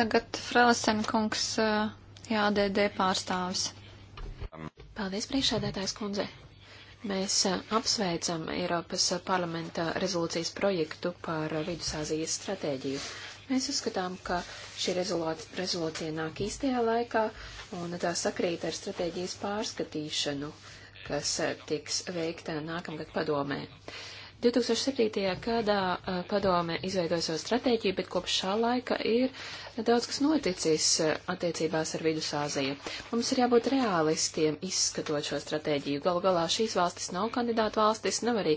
Tagad Frelesen kungs. Uh JADD pārstāvis. Paldies, priekšsēdētājs kundze. Mēs apsveicam Eiropas parlamenta rezolūcijas projektu par Vidusāzijas stratēģiju. Mēs uzskatām, ka šī rezolūcija nāk īstajā laikā un tā sakrīt ar stratēģijas pārskatīšanu, kas tiks veikta nākamgad padomē. 2007. gadā padome izveidoja savu stratēģiju, bet kopš šā laika ir daudz kas noticis eh, attiecībās ar Vidusāziju. Mums ir jābūt realistiem izskatot šo stratēģiju. Galu galā šīs valstis nav kandidātu valstis, nav arī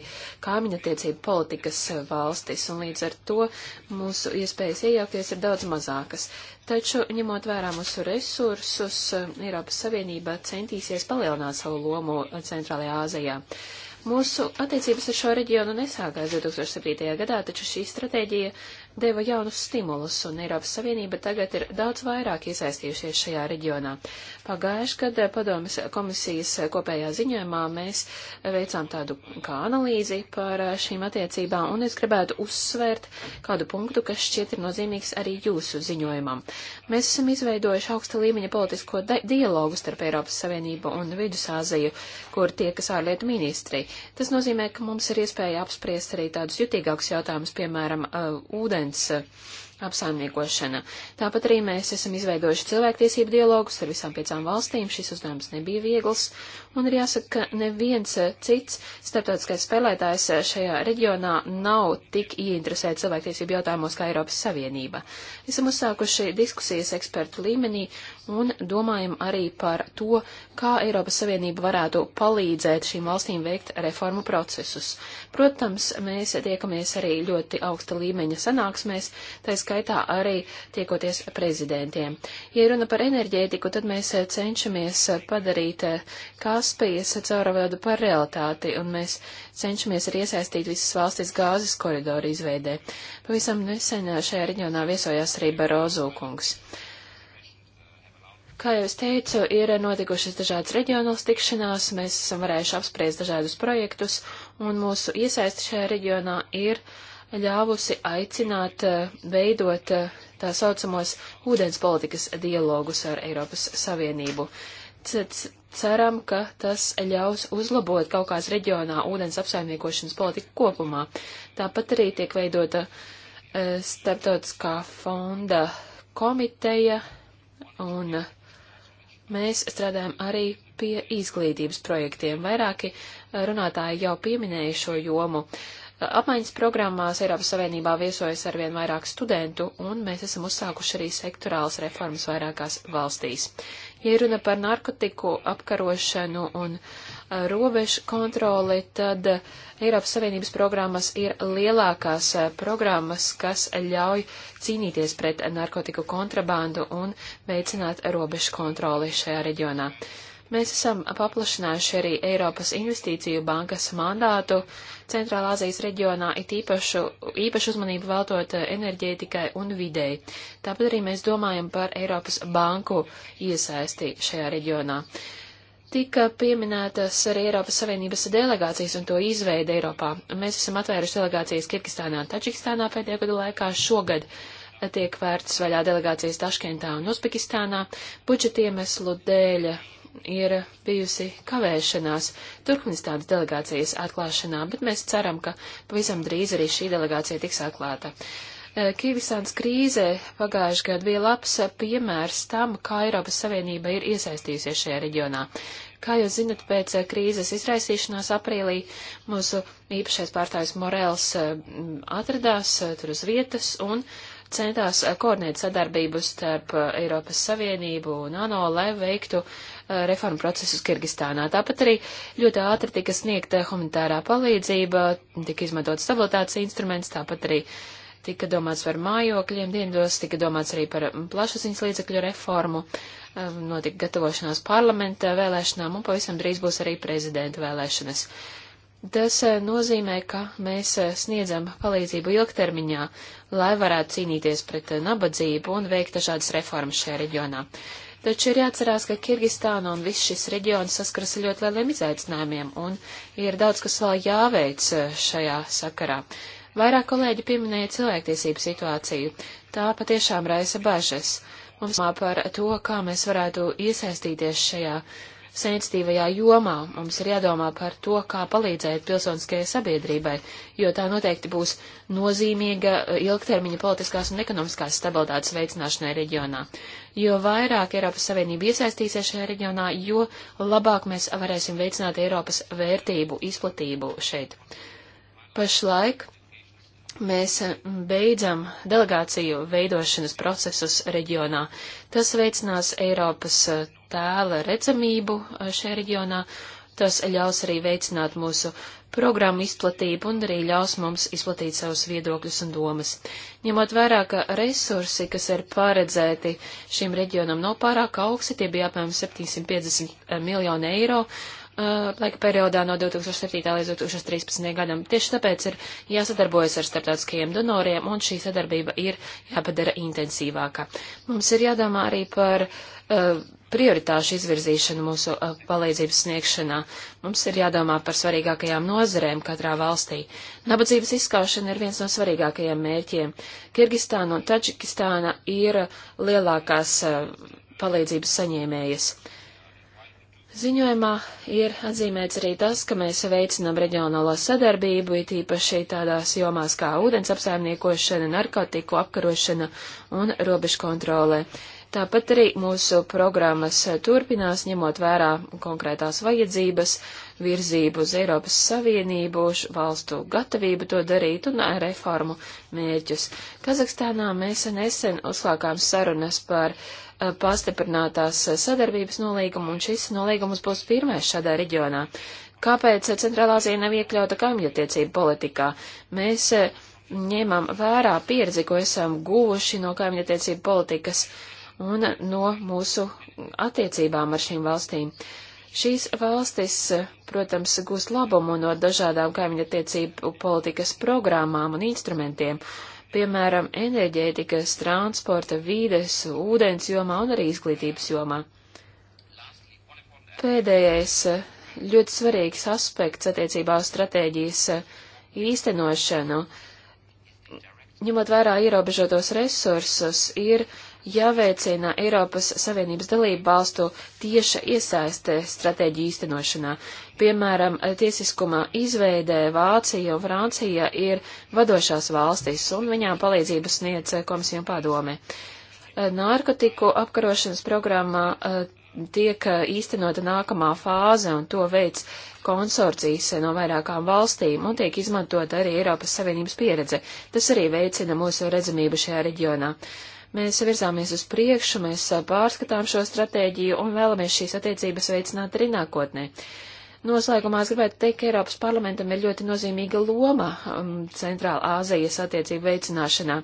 kāmiņa attiecību politikas eh, valstis, un līdz ar to mūsu iespējas iejaukties ir daudz mazākas. Taču, ņemot vērā mūsu resursus, eh, Eiropas Savienība centīsies palielināt savu lomu Centrālajā Āzijā. Mūsu attiecības ar šo reģionu nesākās 2007. gadā, taču šī stratēģija deva jaunus stimulus, un Eiropas Savienība tagad ir daudz vairāk iesaistījušies šajā reģionā. Pagājuši gadu eh, padomjas komisijas eh, kopējā ziņojumā mēs eh, veicām tādu kā analīzi par šīm attiecībām, un es gribētu uzsvērt kādu punktu, kas šķiet ir nozīmīgs arī jūsu ziņojumam. Mēs esam izveidojuši augsta līmeņa politisko dialogu starp Eiropas Savienību un Vidusāziju, kur tiekas ārlietu ministri. Tas nozīmē, ka mums ir iespēja apspriest arī tādus jutīgākus jautājumus, piemēram, ūdens ūdens eh, apsaimniekošana. Tāpat arī mēs esam izveidojuši cilvēktiesību dialogus ar visām piecām valstīm. Šis uzdevums nebija viegls, un ir jāsaka, ka neviens eh, cits starptautiskais spēlētājs eh, šajā reģionā nav tik ieinteresēts cilvēktiesību jautājumos kā Eiropas Savienība. Esam uzsākuši diskusijas ekspertu līmenī, un domājam arī par to, kā Eiropas Savienība varētu palīdzēt šīm valstīm veikt reformu procesus. Protams, mēs tiekamies arī ļoti augsta līmeņa sanāksmēs, tā skaitā arī tiekoties prezidentiem. Ja runa par enerģētiku, tad mēs cenšamies padarīt Kaspijas caurvadu par realitāti, un mēs cenšamies arī iesaistīt visas valstis gāzes koridoru izveidē. Pavisam nesen šajā reģionā viesojās arī Barozo kungs. Kā jau es teicu, ir notikušas dažādas reģionālas tikšanās, mēs esam varējuši apspriest dažādus projektus, un mūsu iesaisti šajā reģionā ir ļāvusi aicināt eh, veidot eh, tā saucamos ūdens politikas dialogus ar Eiropas Savienību. C ceram, ka tas ļaus uzlabot kaut kāds reģionā ūdens apsaimniekošanas politiku kopumā. Tāpat arī tiek veidota eh, starptautiskā fonda komiteja un uh, Mēs strādājam arī pie izglītības projektiem. Vairāki eh, runātāji jau pieminēja šo jomu. Apmaiņas programmās Eiropas Savienībā viesojas arvien vairāk studentu, un mēs esam uzsākuši arī sektorālas reformas vairākās valstīs. Ja runa par narkotiku apkarošanu un uh, robežu kontroli, tad Eiropas Savienības programmas ir lielākās programmas, kas ļauj cīnīties pret narkotiku kontrabandu un veicināt robežu kontroli šajā reģionā. Mēs esam paplašinājuši arī Eiropas Investīciju bankas mandātu Centrālā Azijas reģionā, it īpašu, īpašu uzmanību veltot enerģētikai un videi. Tāpat arī mēs domājam par Eiropas banku iesaisti šajā reģionā. Uh, Tika pieminētas arī Eiropas Savienības delegācijas un to izveida Eiropā. Mēs esam atvēruši delegācijas Kirgistānā un Tačikistānā pēdējo gadu laikā. Šogad tiek vērts vaļā delegācijas Taškentā un Uzbekistānā. Budžeta iemeslu dēļ ir bijusi kavēšanās Turkmenistānas delegācijas atklāšanā, bet mēs ceram, ka pavisam drīz arī šī delegācija tiks atklāta. Uh, Eh, Kīvisāns krīzē pagājuši gadu bija labs eh, piemērs tam, kā Eiropas Savienība ir iesaistījusies šajā reģionā. Kā jūs zinat, pēc eh, krīzes izraisīšanās aprīlī mūsu īpašais pārstāvis Morels atradās tur uz vietas un centās koordinēt sadarbību starp Eiropas Savienību un ANO, lai veiktu reformu procesus Kirgistānā. Tāpat arī ļoti ātri tika sniegta humanitārā palīdzība, tika izmantot stabilitātes instruments, tāpat arī uh, Tika domāts par mājokļiem dienvidos, tika domāts arī par plašsaziņas līdzekļu reformu, um, notika gatavošanās parlamenta vēlēšanām un pavisam drīz būs arī prezidenta vēlēšanas. Tas uh, nozīmē, ka mēs uh, sniedzam palīdzību ilgtermiņā, lai varētu cīnīties pret uh, nabadzību un veikt dažādas reformas šajā reģionā. Taču ir jāatcerās, ka Kirgistāna un viss šis reģions saskaras ar ļoti lieliem izaicinājumiem, un ir daudz, kas vēl jāveic šajā sakarā. Vairāk kolēģi pieminēja cilvēktiesību situāciju. Tā patiešām raisa bažas. Mums par to, kā mēs varētu iesaistīties šajā sensitīvajā jomā. Mums ir jādomā par to, kā palīdzēt pilsoniskajai sabiedrībai, jo tā noteikti būs nozīmīga uh, ilgtermiņa politiskās un ekonomiskās stabilitātes veicināšanai reģionā. Jo vairāk Eiropas Savienība iesaistīsies šajā reģionā, jo labāk mēs varēsim veicināt Eiropas vērtību izplatību šeit. Pašlaik Mēs eh, beidzam delegāciju veidošanas procesus reģionā. Tas veicinās Eiropas eh, tēla redzamību eh, šajā reģionā. Tas ļaus arī veicināt mūsu programmu izplatību un arī ļaus mums izplatīt savus viedokļus un domas. Ņemot vērā, ka resursi, kas ir paredzēti šim reģionam, nav pārāk augsti, tie bija apmēram 750 miljoni eiro, uh, laika periodā no 2007. līdz 2013. gadam. Tieši tāpēc ir jāsadarbojas ar starptautiskajiem donoriem, un šī sadarbība ir jāpadara intensīvāka. Mums ir jādomā arī par uh, prioritāšu izvirzīšanu mūsu uh, palīdzības sniegšanā. Mums ir jādomā par svarīgākajām nozarēm katrā valstī. Nabadzības izskaušana ir viens no svarīgākajiem mērķiem. Kirgistāna un Taģikistāna ir lielākās uh, palīdzības saņēmējas. Uh, Ziņojumā ir atzīmēts arī tas, ka mēs veicinām reģionālo sadarbību, it īpaši tādās jomās kā ūdens apsaimniekošana, narkotiku apkarošana un robežu kontrolē. Tāpat arī mūsu programmas turpinās, ņemot vērā konkrētās vajadzības, virzību uz Eiropas Savienību, valstu gatavību to darīt un reformu mērķus. Kazahstānā mēs nesen uzsākām sarunas par uh, Eh, pastiprinātās eh, sadarbības nolīgumu, un šis nolīgums būs pirmais šādā reģionā. Kāpēc eh, Centrālāzija nav iekļauta kaimiņattiecību politikā? Mēs ņemam vērā pieredzi, ko esam guvuši no kaimiņattiecību politikas un no mūsu attiecībām ar šīm valstīm. Šīs valstis, protams, gūst labumu no dažādām kaimiņattiecību politikas programmām un instrumentiem, piemēram, enerģētikas, transporta, vīdes, ūdens jomā un arī izglītības jomā. Pēdējais ļoti svarīgs aspekts attiecībā uz stratēģijas eh, īstenošanu, ņemot vērā ierobežotos resursus, ir jāveicina Eiropas Savienības dalību valstu tieša iesaiste stratēģiju īstenošanā. Piemēram, tiesiskuma izveidē Vācija un Francija ir vadošās valstis, un viņām palīdzību sniedz komisija un padome. Eh, Narkotiku apkarošanas programmā eh, tiek eh, īstenota nākamā fāze, un to veids konsorcijas no vairākām valstīm, un tiek izmantota arī Eiropas Savienības pieredze. Tas arī veicina mūsu redzamību šajā reģionā. Mēs virzāmies uz priekšu, mēs pārskatām šo stratēģiju un vēlamies šīs attiecības veicināt arī nākotnē. Noslēgumā es gribētu teikt, ka Eiropas parlamentam ir ļoti nozīmīga loma um, Centrāla Āzijas attiecību veicināšanā.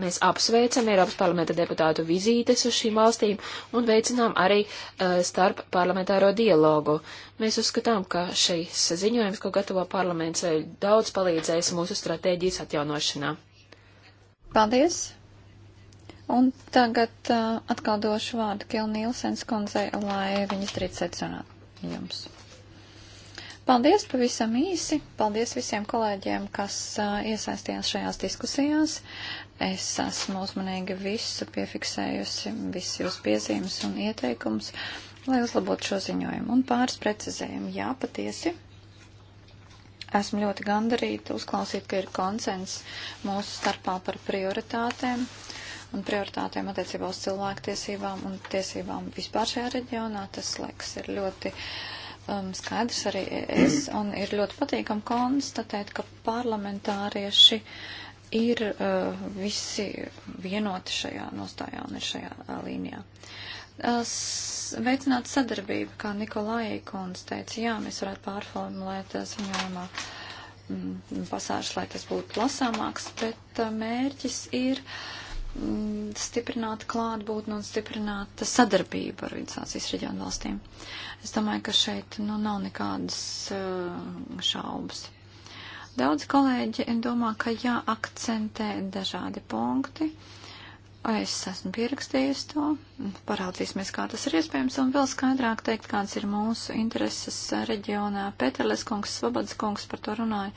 Mēs apsveicam Eiropas parlamenta deputātu vizītes uz šīm valstīm un veicinām arī uh, starp parlamentāro dialogu. Mēs uzskatām, ka šis ziņojums, ko gatavo parlaments, eh, daudz palīdzēs mūsu stratēģijas atjaunošanā. Paldies! Un tagad uh, atkal došu vārdu Kilnīlsens kundzei, lai viņas drīz secinātu jums. Paldies pavisam īsi. Paldies visiem kolēģiem, kas uh, iesaistījās šajās diskusijās. Es esmu uzmanīgi visu piefiksējusi, visas jūsu piezīmes un ieteikumus, lai uzlabotu šo ziņojumu. Un pāris precizējumu. Jā, patiesi. Esmu ļoti gandarīta uzklausīt, ka ir konsens mūsu starpā par prioritātēm un prioritātēm attiecībā uz cilvēku tiesībām un tiesībām vispār šajā reģionā. Tas, liekas, ir ļoti uh, um, skaidrs arī es, un ir ļoti patīkam konstatēt, ka parlamentārieši ir uh, visi vienoti šajā nostājā un ir šajā uh, līnijā. Uh, veicināt sadarbību, kā Nikolai Kons teica, jā, mēs varētu pārformulēt uh, ziņojumā um, pasāžas, lai tas būtu lasāmāks, bet uh, mērķis ir. Uh, Mm, stiprināt klātbūtni un stiprināt sadarbību ar vidusācijas reģionu valstīm. Es domāju, ka šeit nu, nav nekādas uh, šaubas. Daudz kolēģi domā, ka jāakcentē dažādi punkti. Uh, Es esmu pierakstījis to, paraudzīsimies, kā tas ir iespējams, un vēl skaidrāk teikt, kāds ir mūsu intereses reģionā. Pēterles kungs, Svobodas kungs par to runāja,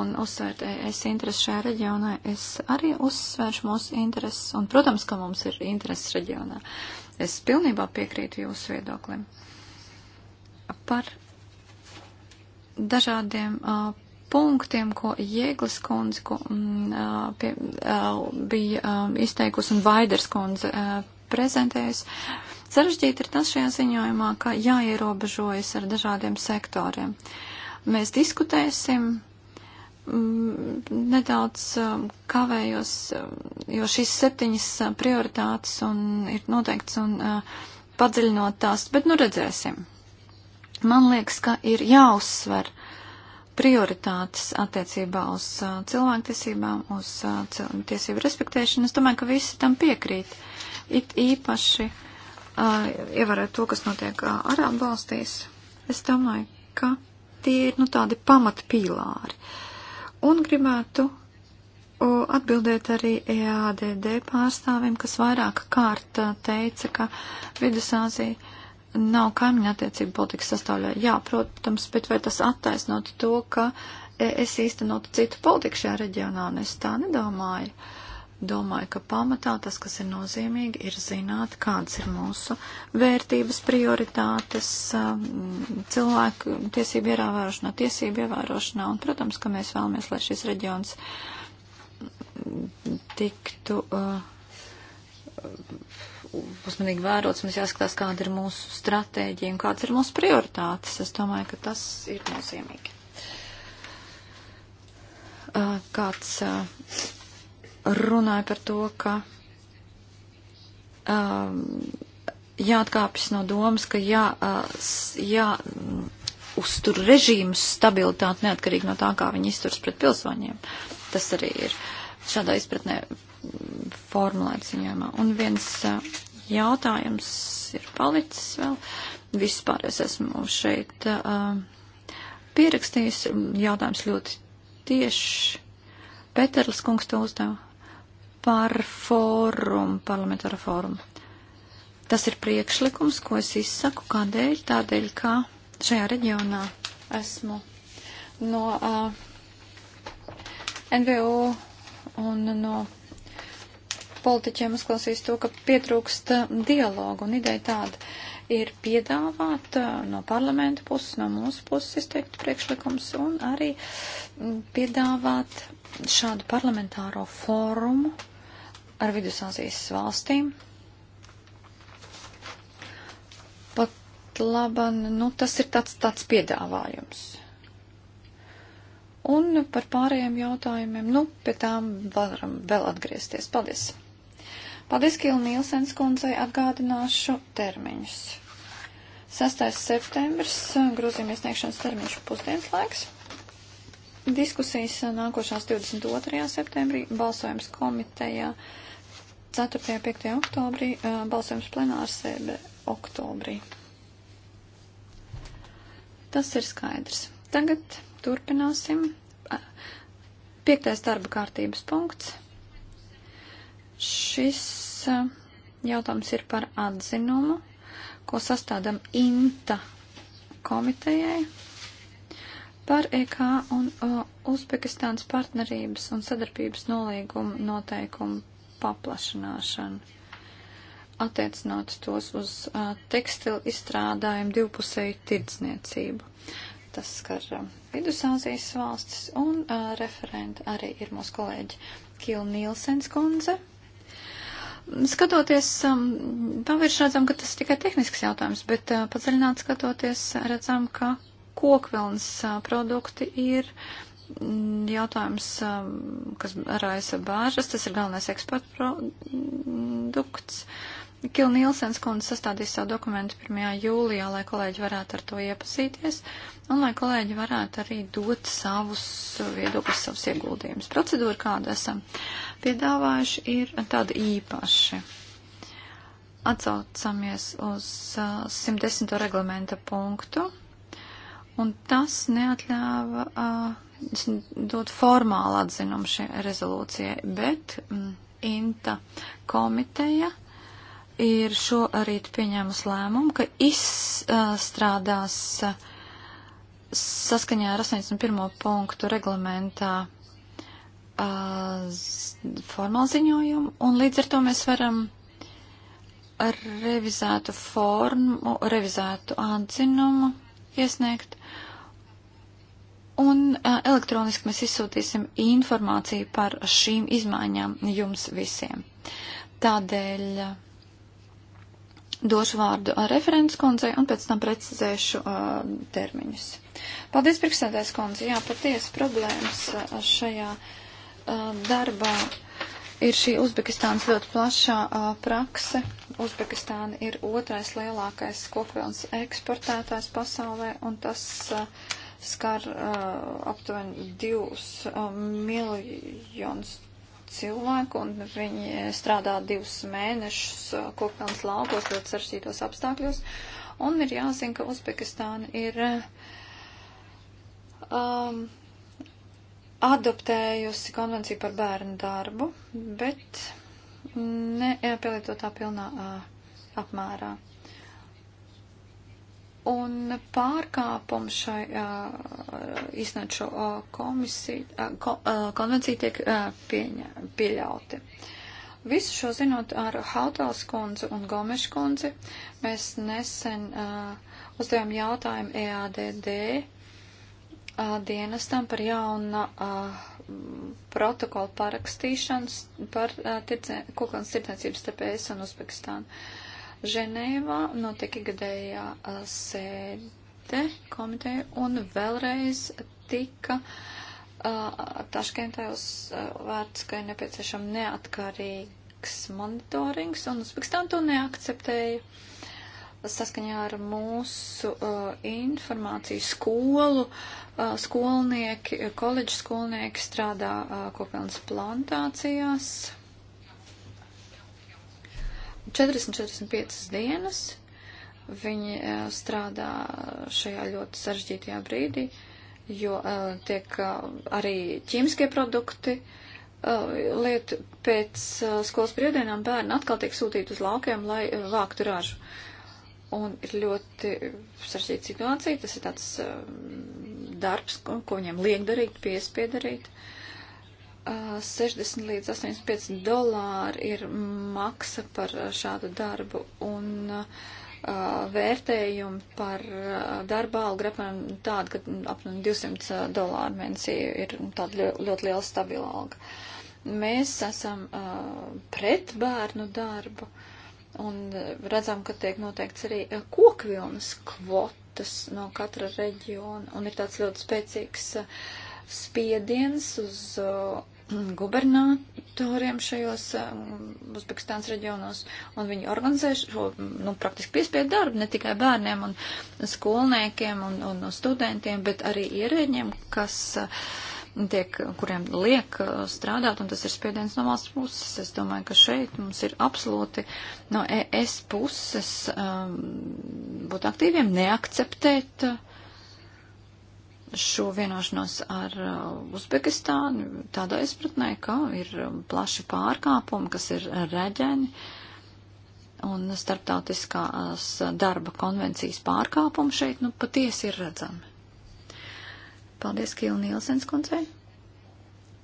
un uzsvērt es intereses šajā reģionā. Es arī uzsvēršu mūsu intereses, un, protams, ka mums ir intereses reģionā. Es pilnībā piekrītu jūsu viedoklim par dažādiem uh, punktiem, ko Jēglas kundze ko, m, mm, pie, bija izteikusi un Vaiders kundze prezentējusi. Sarežģīti ir tas šajā ziņojumā, ka jāierobežojas ar dažādiem sektoriem. Mēs diskutēsim, mm, nedaudz kavējos, jo šīs septiņas prioritātes un ir noteikts un padziļinot tās, bet nu redzēsim. Man liekas, ka ir jāuzsver prioritātes attiecībā uz uh, cilvēktiesībām, uz uh, cilvēku tiesību respektēšanu. Es domāju, ka visi tam piekrīt. It īpaši uh, ievērēt to, kas notiek uh, Arābu valstīs. Es domāju, ka tie ir nu, tādi pamatpīlāri. Un gribētu uh, atbildēt arī EADD pārstāvim, kas vairāk kārt uh, teica, ka Vidusāzija nav kaimiņa attiecību politikas sastāvdaļa. Jā, protams, bet vai tas attaisnot to, ka es īstenotu citu politiku šajā reģionā, un es tā nedomāju. Domāju, ka pamatā tas, kas ir nozīmīgi, ir zināt, kādas ir mūsu vērtības, prioritātes, um, cilvēku tiesību ievērošanā, tiesību ievērošanā, un, protams, ka mēs vēlamies, lai šis reģions tiktu. Uh, uzmanīgi vērots, mums jāskatās, kāda ir mūsu stratēģija un kādas ir mūsu prioritātes. Es domāju, ka tas ir nozīmīgi. Kāds runāja par to, ka jāatkāpjas no domas, ka jā, jā uztur režīmu stabilitāti neatkarīgi no tā, kā viņi izturas pret pilsoņiem. Tas arī ir šādā izpratnē formulēts ziņojumā. Un viens uh, jautājums ir palicis vēl. Vispār es esmu šeit uh, pierakstījis. Jautājums ļoti tieši. Peterlis kungs to uzdeva par fórumu, parlamentāra fórumu. Tas ir priekšlikums, ko es izsaku, kādēļ? Tādēļ, kā šajā reģionā esmu no uh, NVO un no politiķiem uzklausīs to, ka pietrūkst dialogu un ideja tāda ir piedāvāt no parlamenta puses, no mūsu puses izteikt priekšlikums un arī piedāvāt šādu parlamentāro fórumu ar Vidusāzijas valstīm. Pat laban, nu tas ir tāds, tāds piedāvājums. Un par pārējiem jautājumiem, nu, pie tām varam vēl atgriezties. Paldies! Paldies, Kila Nīlsens kundzei, atgādināšu termiņus. 6. septembris, grozījuma iesniegšanas termiņš pusdienas laiks. Diskusijas nākošās 22. septembrī, balsojums komitejā 4. 5. oktobrī, balsojums plenārsēde oktobrī. Tas ir skaidrs. Tagad turpināsim. Piektais darba kārtības punkts. Šis eh, jautājums ir par atzinumu, ko sastādam INTA komitejai par EK un Uzbekistānas partnerības un sadarbības nolīgumu noteikumu paplašanāšanu, attiecinot tos uz tekstilu izstrādājumu divpusēju tirdzniecību. Tas skar Vidusāzijas valstis un referenta arī ir mūsu kolēģi Kila Nīlsens kundze Skatoties, pavirši um, redzam, ka tas ir tikai tehnisks jautājums, bet uh, padziļināt skatoties, redzam, ka kokvilnas uh, produkti ir mm, jautājums, um, kas raisa bāžas, tas ir galvenais eksporta produkts. Uh, Kilnīlsens kundze sastādīs savu dokumentu 1. jūlijā, lai kolēģi varētu ar to iepazīties un lai kolēģi varētu arī dot savus viedokļus, savus ieguldījumus. Procedūra, kādu esam piedāvājuši, ir tāda īpaša. Atcaucamies uz 110. Uh, reglamenta punktu, un tas neatļāva uh, dot formālu atzinumu šai rezolūcijai, bet mm, INTA komiteja ir šo arī pieņēmusi lēmumu, ka izstrādās uh, saskaņā ar 81. punktu reglamentā uh, formālu ziņojumu, un līdz ar to mēs varam ar revizētu formu, revizētu atzinumu iesniegt. Un uh, elektroniski mēs izsūtīsim informāciju par šīm izmaiņām jums visiem. Tādēļ uh, došu vārdu uh, referents kundzei un pēc tam precizēšu uh, termiņus. Paldies, priekšsēdājs kundze. Jā, patiesi problēmas uh, šajā uh, darbā ir šī Uzbekistānas ļoti plašā uh, prakse. Uzbekistāna ir otrais lielākais kokvilnas eksportētājs pasaulē un tas uh, skar uh, aptuveni divus uh, miljonus cilvēku, un viņi strādā divus mēnešus uh, kopelnas laukos ļoti saršķītos apstākļos. Un ir jāzina, ka Uzbekistāna ir uh, um, adoptējusi konvenciju par bērnu darbu, bet nepielietotā pilnā uh, apmērā. Un pārkāpumu šai uh, iznāču uh, komisiju, uh, ko, uh, konvenciju tiek uh, pieņa, pieļauti. Visu šo zinot ar Hautals kundzi un Gomešu kundzi, mēs nesen uh, uzdevām jautājumu EADD uh, dienestam par jauna uh, protokola parakstīšanas par uh, tirdzē, kuklans tirdzniecības starp ES un Uzbekistānu. Uh, Ženēvā notika gadējā sēde komiteja un vēlreiz tika Taškentē uzvērts, ka ir nepieciešama neatkarīgs monitorings, un Uzbekistāna to neakceptēja. Saskaņā ar mūsu uh, informāciju skolu, uh, skolnieki, koledžu skolnieki strādā uh, kopienas plantācijās, 40-45 dienas viņi e, strādā šajā ļoti sarežģītajā brīdī, jo e, tiek e, arī ķīmiskie produkti lietu pēc skolas brīvdienām bērni atkal tiek sūtīti uz laukiem, lai vāktu ražu. Un ir ļoti sarežģīta situācija, tas ir tāds darbs, ko viņiem liek darīt, piespiedarīt. darīt 60 uh, līdz 85 dolāri ir maksa par uh, šādu darbu un uh, vērtējumi par uh, darba algu ir apmēram tāda, ka apmēram 200 dolāru mēnesī ir tāda ļoti liela stabila alga. Mēs esam uh, pret bērnu darbu un redzam, ka tiek noteikts arī kokvilnas kvotas no katra reģiona un ir tāds ļoti spēcīgs uh, spiediens uz uh, gubernatoriem šajos um, Uzbekistāns reģionos, un viņi organizē šo, nu, praktiski piespiedu darbu ne tikai bērniem un skolniekiem un, un studentiem, bet arī ierēģiem, kas uh, tiek, kuriem liek uh, strādāt, un tas ir spiediens no valsts puses. Es domāju, ka šeit mums ir absolūti no ES puses um, būt aktīviem, neakceptēt uh, šo vienošanos ar uh, Uzbekistānu tādā izpratnē, ka ir um, plaši pārkāpumi, kas ir reģeni un starptautiskās darba konvencijas pārkāpumi šeit, nu, patiesi ir redzami. Paldies, Kīla Nielsens kundzei.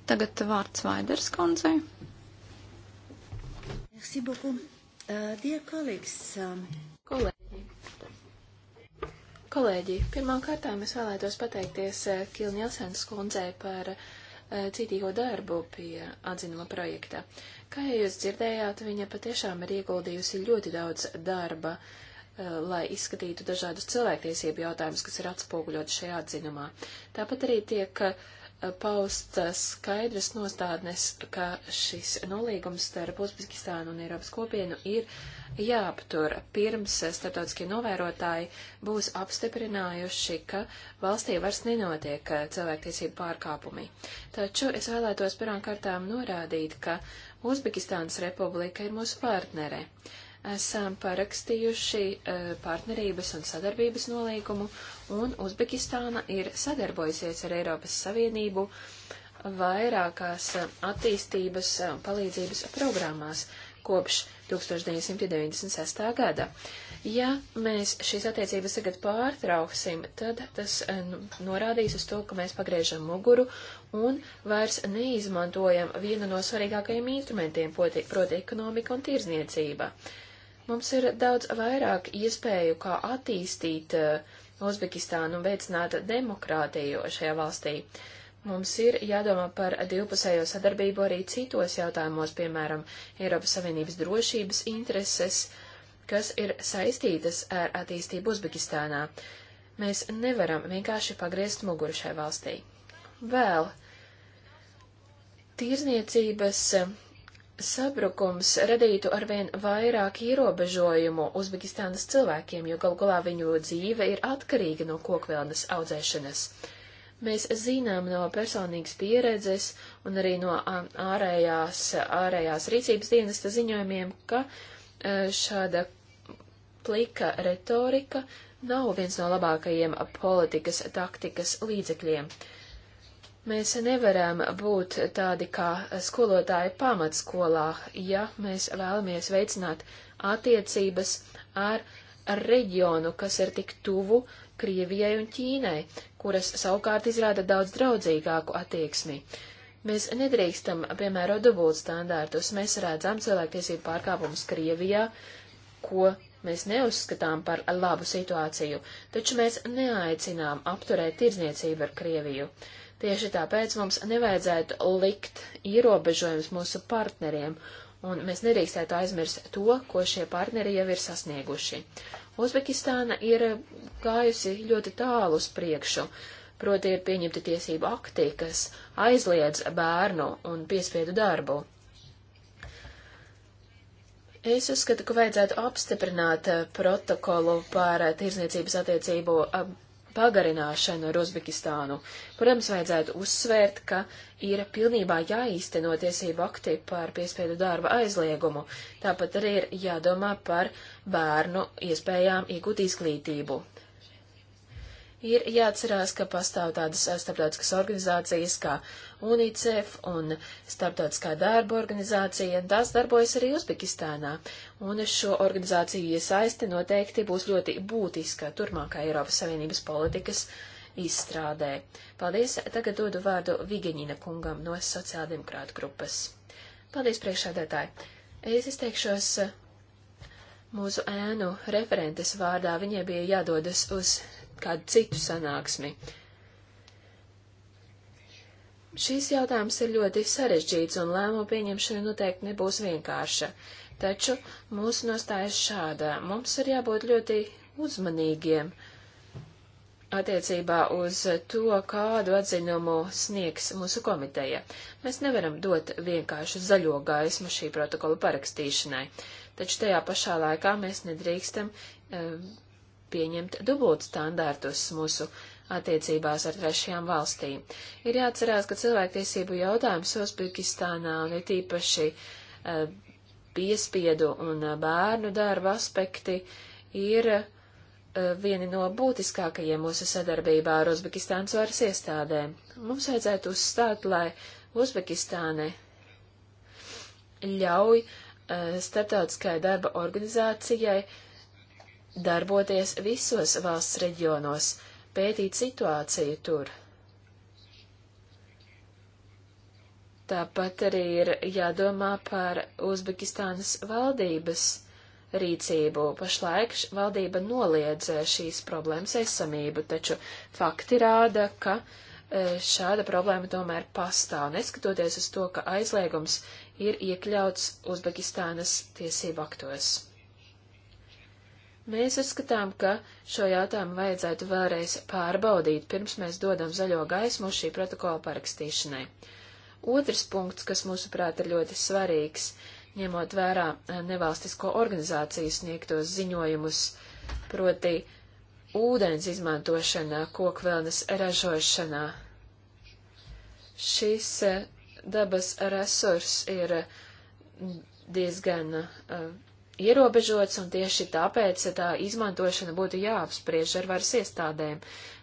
Tagad vārds Vaiders kundzei. Merci beaucoup. Uh, dear colleagues, um, Kolēģi, pirmām kārtām es vēlētos pateikties eh, Kilnielsens kundzei par eh, citīgo darbu pie atzinuma projekta. Kā jūs dzirdējāt, viņa patiešām ir ieguldījusi ļoti daudz darba, eh, lai izskatītu dažādus cilvēktiesību jautājumus, kas ir atspoguļot šajā atzinumā. Tāpat arī tiek uh, paust skaidras nostādnes, ka šis nolīgums starp Uzbekistānu un Eiropas kopienu ir jāaptur pirms starptautiskie novērotāji būs apstiprinājuši, ka valstī vairs nenotiek eh, cilvēktiesību pārkāpumi. Taču es vēlētos pirmkārtām norādīt, ka Uzbekistānas republika ir mūsu partnere esam parakstījuši e, partnerības un sadarbības nolīgumu, un Uzbekistāna ir sadarbojusies ar Eiropas Savienību vairākās e, attīstības e, palīdzības programmās kopš 1996. gada. Ja mēs šīs attiecības tagad pārtrauksim, tad tas nu, norādīs uz to, ka mēs pagriežam muguru un vairs neizmantojam vienu no svarīgākajiem instrumentiem, proti, proti ekonomika un tirzniecība. Uh, Mums ir daudz vairāk iespēju, kā attīstīt eh, Uzbekistānu un veicināt demokrātiju šajā valstī. Mums ir jādomā par divpusējo sadarbību arī citos jautājumos, piemēram, Eiropas Savienības drošības intereses, kas ir saistītas ar attīstību Uzbekistānā. Mēs nevaram vienkārši pagriezt muguru šai valstī. Vēl tīrzniecības sabrukums radītu arvien vairāk ierobežojumu Uzbekistānas cilvēkiem, jo gal galā viņu dzīve ir atkarīga no kokvēlnes audzēšanas. Mēs zinām no personīgas pieredzes un arī no ārējās, ārējās rīcības dienas ziņojumiem, ka e, šāda plika retorika nav viens no labākajiem politikas taktikas līdzekļiem. Mēs nevaram būt tādi kā skolotāji pamatskolā, ja mēs vēlamies veicināt attiecības ar, ar reģionu, kas ir tik tuvu Krievijai un Ķīnai, kuras savukārt izrāda daudz draudzīgāku attieksmi. Mēs nedrīkstam, piemēram, dubult standārtus. Mēs redzam cilvēktiesību pārkāpumus Krievijā, ko mēs neuzskatām par labu situāciju, taču mēs neaicinām apturēt tirdzniecību ar Krieviju. Tieši tāpēc mums nevajadzētu likt ierobežojumus mūsu partneriem, un mēs nedrīkstētu aizmirst to, ko šie partneri jau ir sasnieguši. Uzbekistāna ir gājusi ļoti tālu uz priekšu, proti ir pieņemti tiesību akti, kas aizliedz bērnu un piespiedu darbu. Es uzskatu, ka vajadzētu apstiprināt protokolu par tirzniecības attiecību pagarināšanu ar Uzbekistānu. Protams, vajadzētu uzsvērt, ka ir pilnībā jāīsteno tiesību akti par piespiedu darba aizliegumu, tāpat arī ir jādomā par bērnu iespējām iegūt izglītību ir jāatcerās, ka pastāv tādas starptautiskas organizācijas kā UNICEF un Starptautiskā darba organizācija, un tās darbojas arī Uzbekistānā. Un šo organizāciju iesaisti noteikti būs ļoti būtiska turmākā Eiropas Savienības politikas izstrādē. Paldies, tagad dodu vārdu Vigeņina kungam no sociāldemokrāta grupas. Paldies, priekšādētāji. Es izteikšos mūsu ēnu referentes vārdā. Viņai bija jādodas uz kādu citu sanāksmi. Šīs jautājums ir ļoti sarežģīts, un lēmumu pieņemšana noteikti nebūs vienkārša. Taču mūsu nostājas šāda. Mums ir jābūt ļoti uzmanīgiem attiecībā uz to, kādu atzinumu sniegs mūsu komiteja. Mēs nevaram dot vienkārši zaļo gaismu šī protokola parakstīšanai, taču tajā pašā laikā mēs nedrīkstam e, pieņemt dubult standārtus mūsu attiecībās ar trešajām valstīm. Ir jāatcerās, ka cilvēktiesību jautājums Uzbekistānā un ir tīpaši uh, eh, piespiedu un eh, bērnu darba aspekti ir uh, vieni no būtiskākajiem mūsu sadarbībā ar Uzbekistānas varas iestādēm. Mums vajadzētu uzstāt, lai Uzbekistāne ļauj uh, starptautiskai darba organizācijai uh, darboties visos valsts reģionos, pētīt situāciju tur. Tāpat arī ir jādomā par Uzbekistānas valdības rīcību. Pašlaik valdība noliedz šīs problēmas esamību, taču fakti rāda, ka e, šāda problēma tomēr pastāv, neskatoties uz to, ka aizliegums ir iekļauts Uzbekistānas tiesību aktos. Mēs uzskatām, ka šo jautājumu vajadzētu vēlreiz pārbaudīt, pirms mēs dodam zaļo gaismu uz šī protokola parakstīšanai. Otrs punkts, kas mūsuprāt ir ļoti svarīgs, ņemot vērā eh, nevalstisko organizāciju sniegtos ziņojumus, proti ūdens izmantošanā, kokvēlnes ražošanā. Šis eh, dabas resurs ir mm, diezgan uh, ierobežots, un tieši tāpēc tā izmantošana būtu jāapspriež ar varas iestādēm.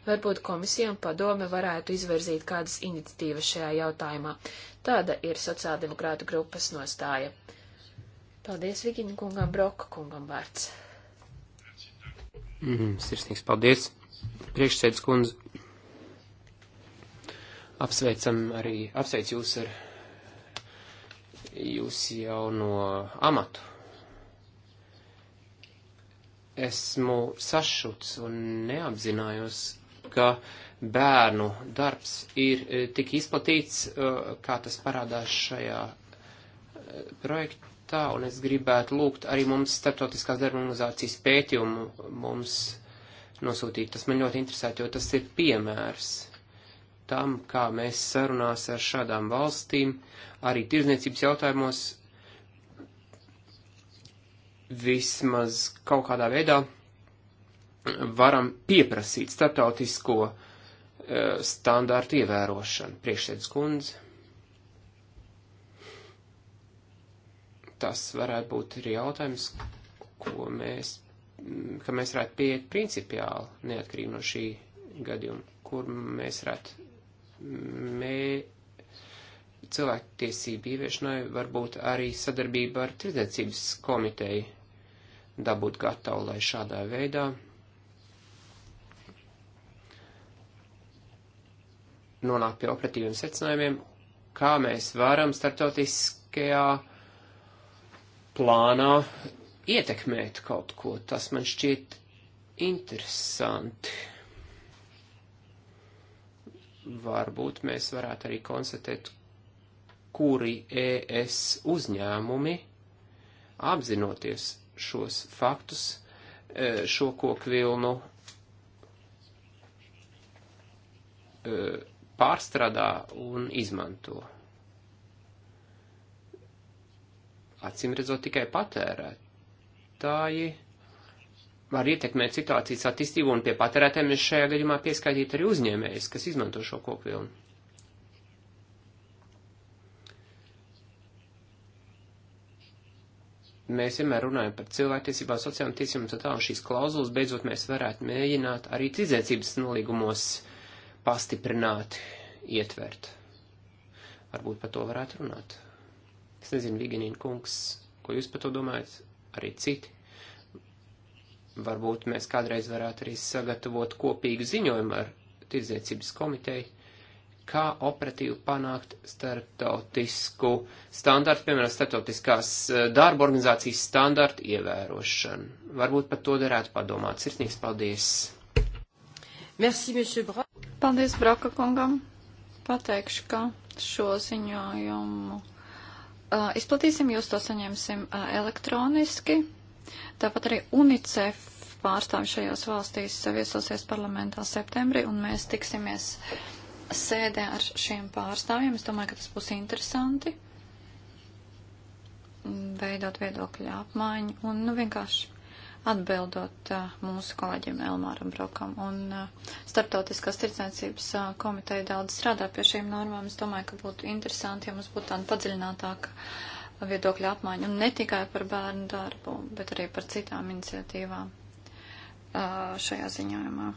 Varbūt komisija un padome varētu izvirzīt kādas iniciatīvas šajā jautājumā. Tāda ir sociāldemokrātu grupas nostāja. Paldies Vigina kungam, Broka kungam vārds. Mm, sirsnīgs paldies. Priekšsēdus kundze. Apsveicam arī, apsveic jūs ar jūs jau no amatu esmu sašuts un neapzinājos, ka bērnu darbs ir eh, tik izplatīts, eh, kā tas parādās šajā eh, projektā, un es gribētu lūgt arī mums starptautiskās darba organizācijas pētījumu mums nosūtīt. Tas man ļoti interesē, jo tas ir piemērs tam, kā mēs sarunās ar šādām valstīm, arī tirzniecības jautājumos vismaz kaut kādā veidā varam pieprasīt startautisko uh, eh, standārtu ievērošanu. Priekšsēdus kundze. Tas varētu būt arī jautājums, ko mēs, ka mēs varētu pieiet principiāli neatkarīgi no šī gadījuma, kur mēs varētu mē, cilvēktiesību ieviešanai varbūt arī sadarbība ar tirdzniecības komiteju dabūt gatavu, lai šādā veidā nonāk pie operatīviem secinājumiem, kā mēs varam startautiskajā plānā ietekmēt kaut ko. Tas man šķiet interesanti. Varbūt mēs varētu arī konstatēt, kuri ES uzņēmumi apzinoties šos faktus, e, šo koku vilnu e, pārstrādā un izmanto. Acīm redzot, tikai patērētāji var ietekmēt situācijas attīstību, un pie patērētājiem es šajā gadījumā pieskaitītu arī uzņēmējus, kas izmanto šo kokvilnu. mēs vienmēr runājam par cilvēktiesībām, sociālām tiesībām un tā tā, un šīs klauzulas beidzot mēs varētu mēģināt arī tirdzniecības nolīgumos pastiprināt, ietvert. Varbūt par to varētu runāt. Es nezinu, Vigenīna kungs, ko jūs par to domājat, arī citi. Varbūt mēs kādreiz varētu arī sagatavot kopīgu ziņojumu ar tirdzniecības komiteju kā operatīvi panākt starptautisku standartu, piemēram, starptautiskās eh, darba organizācijas standartu ievērošanu. Varbūt par to derētu padomāt. Sirsnīgs paldies! Merci, Bra paldies, Braka kungam! Pateikšu, ka šo ziņojumu uh, izplatīsim, jūs to saņemsim uh, elektroniski. Tāpat arī UNICEF pārstāvi šajās valstīs viesosies parlamentā septembrī, un mēs tiksimies. Uh, sēdē ar šiem pārstāvjiem. Es domāju, ka tas būs interesanti veidot viedokļu apmaiņu un nu, vienkārši atbildot uh, mūsu kolēģiem Elmāram Brokam. Un uh, Startautiskās tirdzniecības uh, komiteja daudz strādā pie šīm normām. Es domāju, ka būtu interesanti, ja mums būtu tāda padziļinātāka viedokļa apmaiņa. Un ne tikai par bērnu darbu, bet arī par citām iniciatīvām uh, šajā ziņojumā.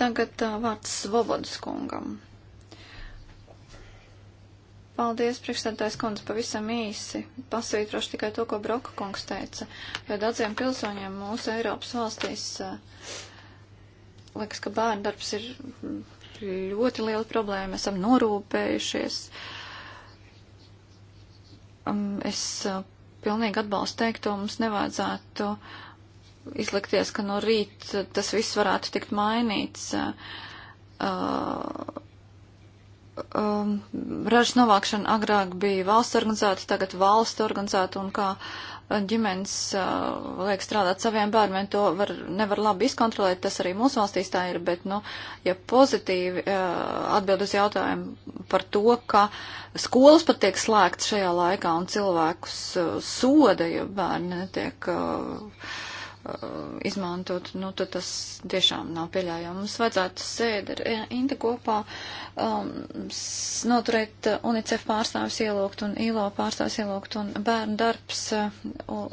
Tagad uh, vārds Svobodas kungam. Paldies, priekšstādātājs kundze, pavisam īsi. Pasvītrošu tikai to, ko Broka kungs teica, jo daudziem pilsoņiem mūsu Eiropas valstīs uh, liekas, ka bērnu darbs ir mm, ļoti liela problēma, esam norūpējušies. Um, es uh, pilnīgi atbalstu teikto, mums nevajadzētu uh, izlikties, ka no rīt tas viss varētu tikt mainīts. Uh, um, ražas novākšana agrāk bija valsts organizēta, tagad valsts organizēta un kā ģimenes uh, liek strādāt saviem bērniem, to var, nevar labi izkontrolēt, tas arī mūsu valstīs tā ir, bet, nu, ja pozitīvi uh, atbild uz jautājumu par to, ka skolas pat tiek slēgts šajā laikā un cilvēkus uh, soda, ja bērni netiek. Uh, Uh, izmantot, nu, tad tas tiešām nav pieļaujami. Mums vajadzētu sēdi ar eh, Inta kopā, um, noturēt uh, UNICEF pārstāvis ielūgt un ILO pārstāvis ielūgt un bērnu darbs uh,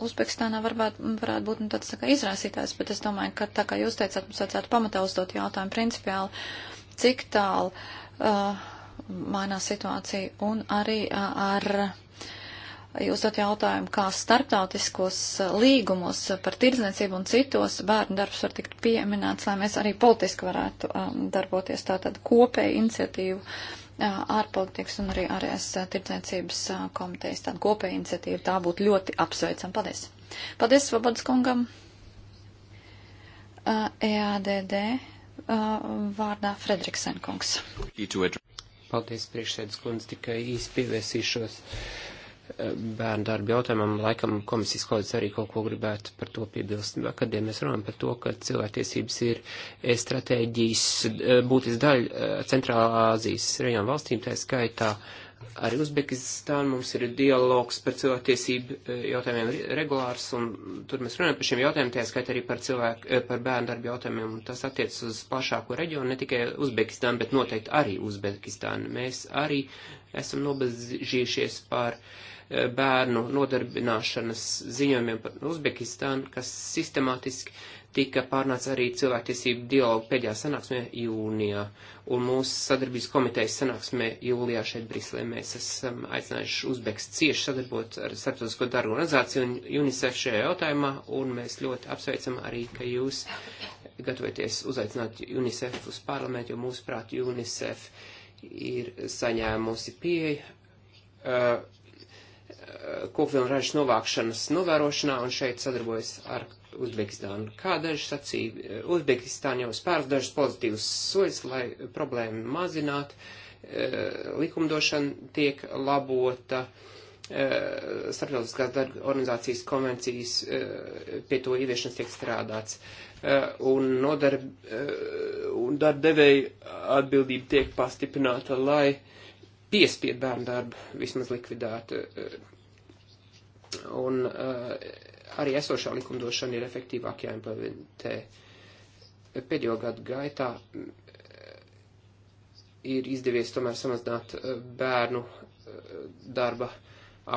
Uzbekistānā varētu, varētu būt nu, tāds tā kā izrāsītājs, bet es domāju, ka tā kā jūs teicāt, mums vajadzētu pamatā uzdot jautājumu principiāli, cik tālu uh, mainās situācija un arī uh, ar Jūs dot jautājumu, kā starptautiskos eh, līgumos eh, par tirdzniecību un citos bērnu darbs var tikt pieminēts, lai mēs arī politiski varētu um, darboties tātad kopēju iniciatīvu uh, ārpolitikas un arī ārējās uh, tirdzniecības uh, komitejas. Tāda kopēja iniciatīva tā būtu ļoti apsveicama. Paldies! Paldies Svobodas kungam! Uh, EADD uh, vārdā Fredriksen kungs. Paldies, priekšsēdus kundze, tikai īsti pievērsīšos. Uh, bērnu darbu jautājumam, laikam komisijas kolēģis arī kaut ko gribētu par to piebilst. Vakardien nu, mēs runājam par to, ka cilvēktiesības ir e, stratēģijas e, būtis daļa e, Centrālā Āzijas reģionu valstīm, tā skaitā ar Uzbekistānu mums ir dialogs par cilvēktiesību jautājumiem regulārs, un tur mēs runājam par šiem jautājumiem, tā skaitā arī par, cilvēku, par bērnu darbu jautājumiem, un tas attiec uz plašāko reģionu, ne tikai Uzbekistānu, bet noteikti arī Uzbekistānu. Mēs arī esam nobežījušies par uh, bērnu nodarbināšanas ziņojumiem par Uzbekistānu, kas sistemātiski tika pārnāca arī cilvēktiesību dialogu pēdējā sanāksmē jūnijā, un mūsu sadarbības komitejas sanāksmē jūlijā šeit Briselē mēs esam aicinājuši Uzbeks cieši sadarbot ar starptautisko darbu organizāciju un UNICEF šajā jautājumā, un mēs ļoti apsveicam arī, ka jūs gatavoties uzaicināt UNICEF uz parlamentu, jo mūsuprāt UNICEF ir saņēmusi pieeja. Uh, kokvilnražas novākšanas novērošanā un šeit sadarbojas ar Uzbekistānu. Kā daži sacīja, Uzbekistāna jau spērs dažus pozitīvus soļus, lai problēmu mazinātu, e, likumdošana tiek labota, e, starptautiskās darba organizācijas konvencijas e, pie to ieviešanas tiek strādāts, un, nodarb, un darba devēja atbildība tiek pastiprināta, lai piespied bērnu darbu vismaz likvidēt un uh, arī esošā likumdošana ir efektīvāk jāimplementē. Pēdējo gadu gaitā mm, ir izdevies tomēr samazināt eh, bērnu eh, darba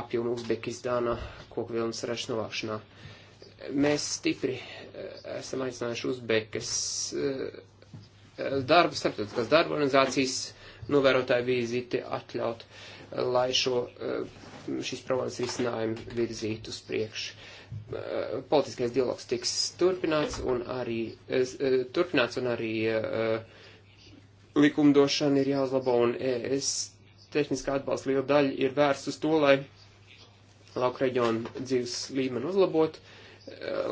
apjomu Uzbekistānā kokvilnas ražu novākšanā. Mēs stipri esam aicinājuši Uzbekas darba, starptautiskās darba organizācijas novērotāju vīziti atļaut, lai šo šīs problēmas risinājumu virzīt uz priekšu. Eh, politiskais dialogs tiks turpināts un arī, eh, eh, turpināts un arī likumdošana ir jāuzlabo un es tehniskā atbalsta liela daļa ir vērsts uz to, lai lauka reģionu dzīves līmeni uzlabotu,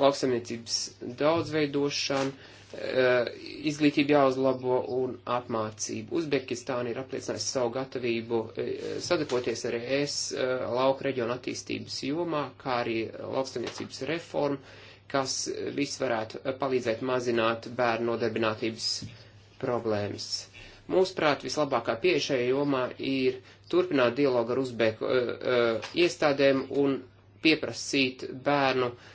lauksamniecības daudzveidošanu, Eh, izglītību jāuzlabo un apmācību. Uzbekistāna ir apliecinājusi savu gatavību eh, sadarboties ar ES eh, lauka reģiona attīstības jomā, kā arī lauksaimniecības reformu, kas viss varētu palīdzēt mazināt bērnu nodarbinātības problēmas. Mūsuprāt, vislabākā pieeja šajā jomā ir turpināt dialogu ar uzbeku uh, uh, iestādēm un pieprasīt bērnu uh,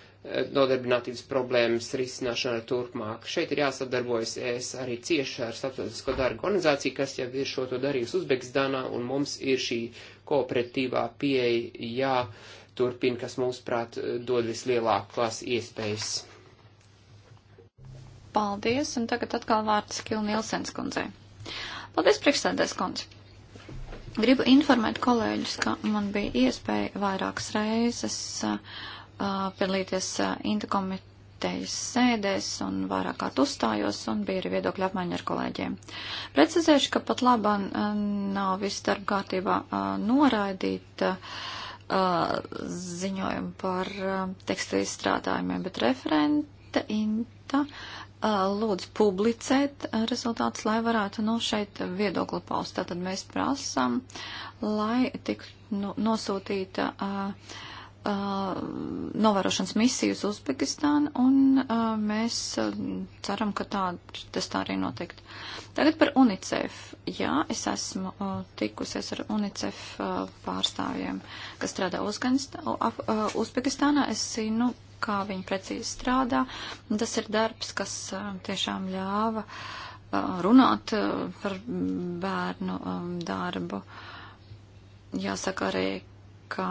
nodarbinātības problēmas risināšana turpmāk. Šeit ir jāsadarbojas es arī cieši ar Startautisko darbu organizāciju, kas jau ir šo to darījusi Uzbekistānā, un mums ir šī kooperatīvā pieeja jāturpina, kas mums prāt dod vislielākās iespējas. Paldies, un tagad atkal vārds Kilnielsens kundzei. Paldies, priekšsēdēs kundze. Gribu informēt kolēģus, ka man bija iespēja vairākas reizes uh, piedalīties Inta komitejas sēdēs un vairāk kārt uzstājos un bija arī viedokļa apmaiņa ar kolēģiem. Precizēšu, ka pat labā nav viss darba kārtībā noraidīt ziņojumu par tekstu izstrādājumiem, bet referente Inta lūdz publicēt rezultātus, lai varētu no nu, šeit viedokli paust. Tātad mēs prasam, lai tik nu, nosūtīta uh, uh, novērošanas misiju uz Uzbekistānu, un uh, mēs uh, ceram, ka tā, tas tā arī notikt. Tagad par UNICEF. Jā, es esmu uh, tikusies ar UNICEF uh, pārstāvjiem, kas strādā Uzganistā, uh, uh, Uzbekistānā. Es zinu, kā viņi precīzi strādā. Tas ir darbs, kas uh, tiešām ļāva uh, runāt uh, par bērnu um, darbu. Jāsaka arī, ka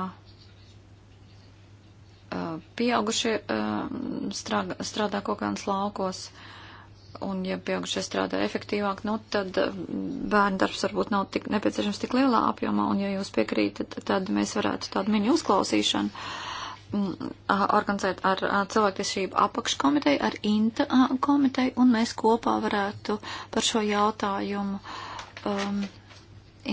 pieaugušie strādā, strādā kokāns laukos, un ja pieaugušie strādā efektīvāk, nu, tad bērnu darbs varbūt nav tik nepieciešams tik lielā apjomā, un ja jūs piekrītat, tad mēs varētu tādu mini uzklausīšanu organizēt ar cilvēktiesību apakškomiteju, ar INTA komiteju, un mēs kopā varētu par šo jautājumu um,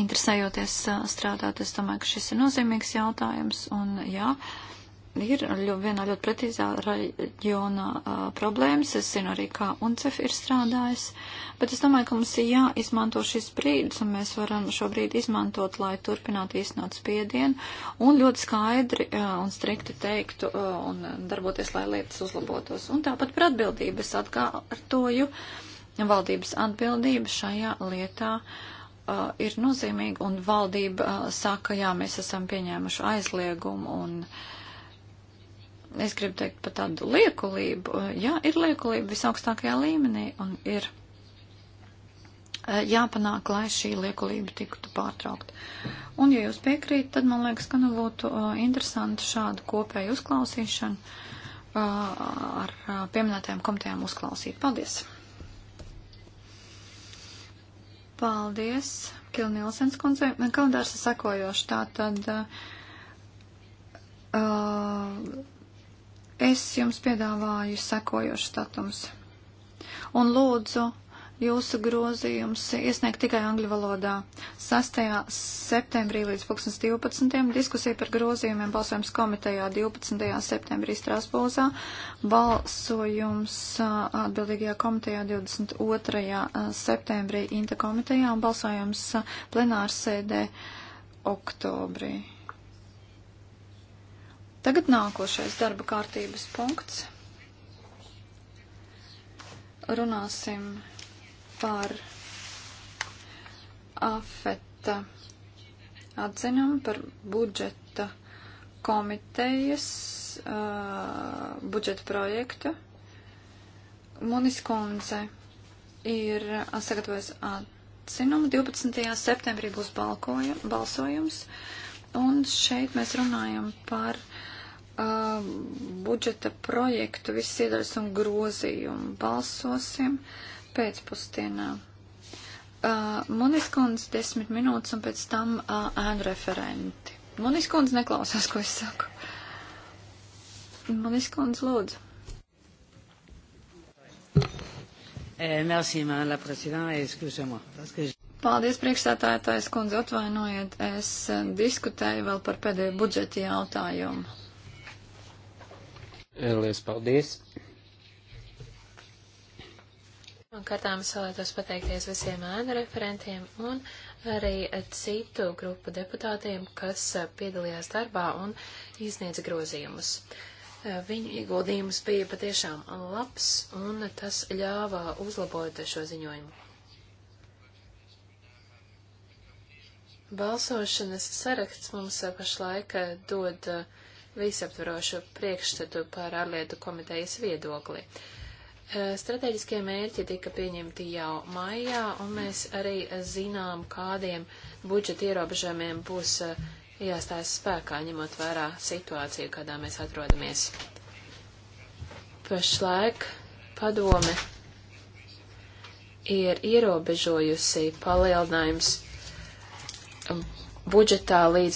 interesējoties strādāt. Es domāju, ka šis ir nozīmīgs jautājums, un jā. Ja, ir ļo, vienā ļoti pretīzā reģiona uh, problēmas. Es zinu arī, kā UNCEF ir strādājis, bet es domāju, ka mums ir jāizmanto šis brīdis, un mēs varam šobrīd izmantot, lai turpinātu īstenot spiedienu un ļoti skaidri uh, un strikti teiktu uh, un darboties, lai lietas uzlabotos. Un tāpat par atbildības atkārtoju valdības atbildība šajā lietā. Uh, ir nozīmīga, un valdība uh, saka, jā, mēs esam pieņēmuši aizliegumu, un uh, es gribu teikt par tādu liekulību. Jā, ir liekulība visaugstākajā līmenī un ir eh, jāpanāk, lai šī liekulība tiktu pārtraukta. Un, ja jūs piekrīt, tad man liekas, ka nu būtu eh, interesanti šādu kopēju uzklausīšanu eh, ar pieminētajām komitejām uzklausīt. Paldies! Paldies, Kilnīlsens kundze. Kalendārs ir sekojoši. Tā tad. Uh, Es jums piedāvāju sekojošus datumus. Un lūdzu jūsu grozījums iesniegt tikai angļu valodā. 6. septembrī līdz 2012. diskusija par grozījumiem balsojums komitejā 12. septembrī Strasbūzā, balsojums atbildīgajā komitejā 22. septembrī Inta komitejā un balsojums plenārsēdē oktobrī. Tagad nākošais darba kārtības punkts. Runāsim par afeta atzinumu par budžeta komitejas uh, budžeta projektu. Munis Kunze ir sagatavojis atzinumu. 12. septembrī būs balkoja, balsojums. Un šeit mēs runājam par uh, budžeta projektu, visas iedaļas un grozījumu. Balsosim pēcpusdienā. Uh, Muniskundze desmit minūtes un pēc tam uh, ēnu referenti. Muniskundze neklausās, ko es saku. Muniskundze lūdzu. Eh, merci, madame la présidente, excusez-moi. Paldies, priekšstādātājs kundze, atvainojiet, es eh, diskutēju vēl par pēdējo budžeta jautājumu. Lielas paldies! Un kārtām es vēlētos pateikties visiem ēnu referentiem un arī citu grupu deputātiem, kas piedalījās darbā un izniedza grozījumus. Viņu ieguldījums bija patiešām labs un tas ļāva uzlabot šo ziņojumu. Balsošanas saraksts mums pašlaik dod uh, visaptvarošu priekšstatu par ārlietu komitejas viedokli. Eh, strateģiskie mērķi tika pieņemti jau maijā, un mēs arī zinām, kādiem budžeta ierobežojumiem būs eh, jāstājas spēkā, ņemot vērā situāciju, kādā mēs atrodamies. Pašlaik padome ir ierobežojusi palielinājums budžetā līdz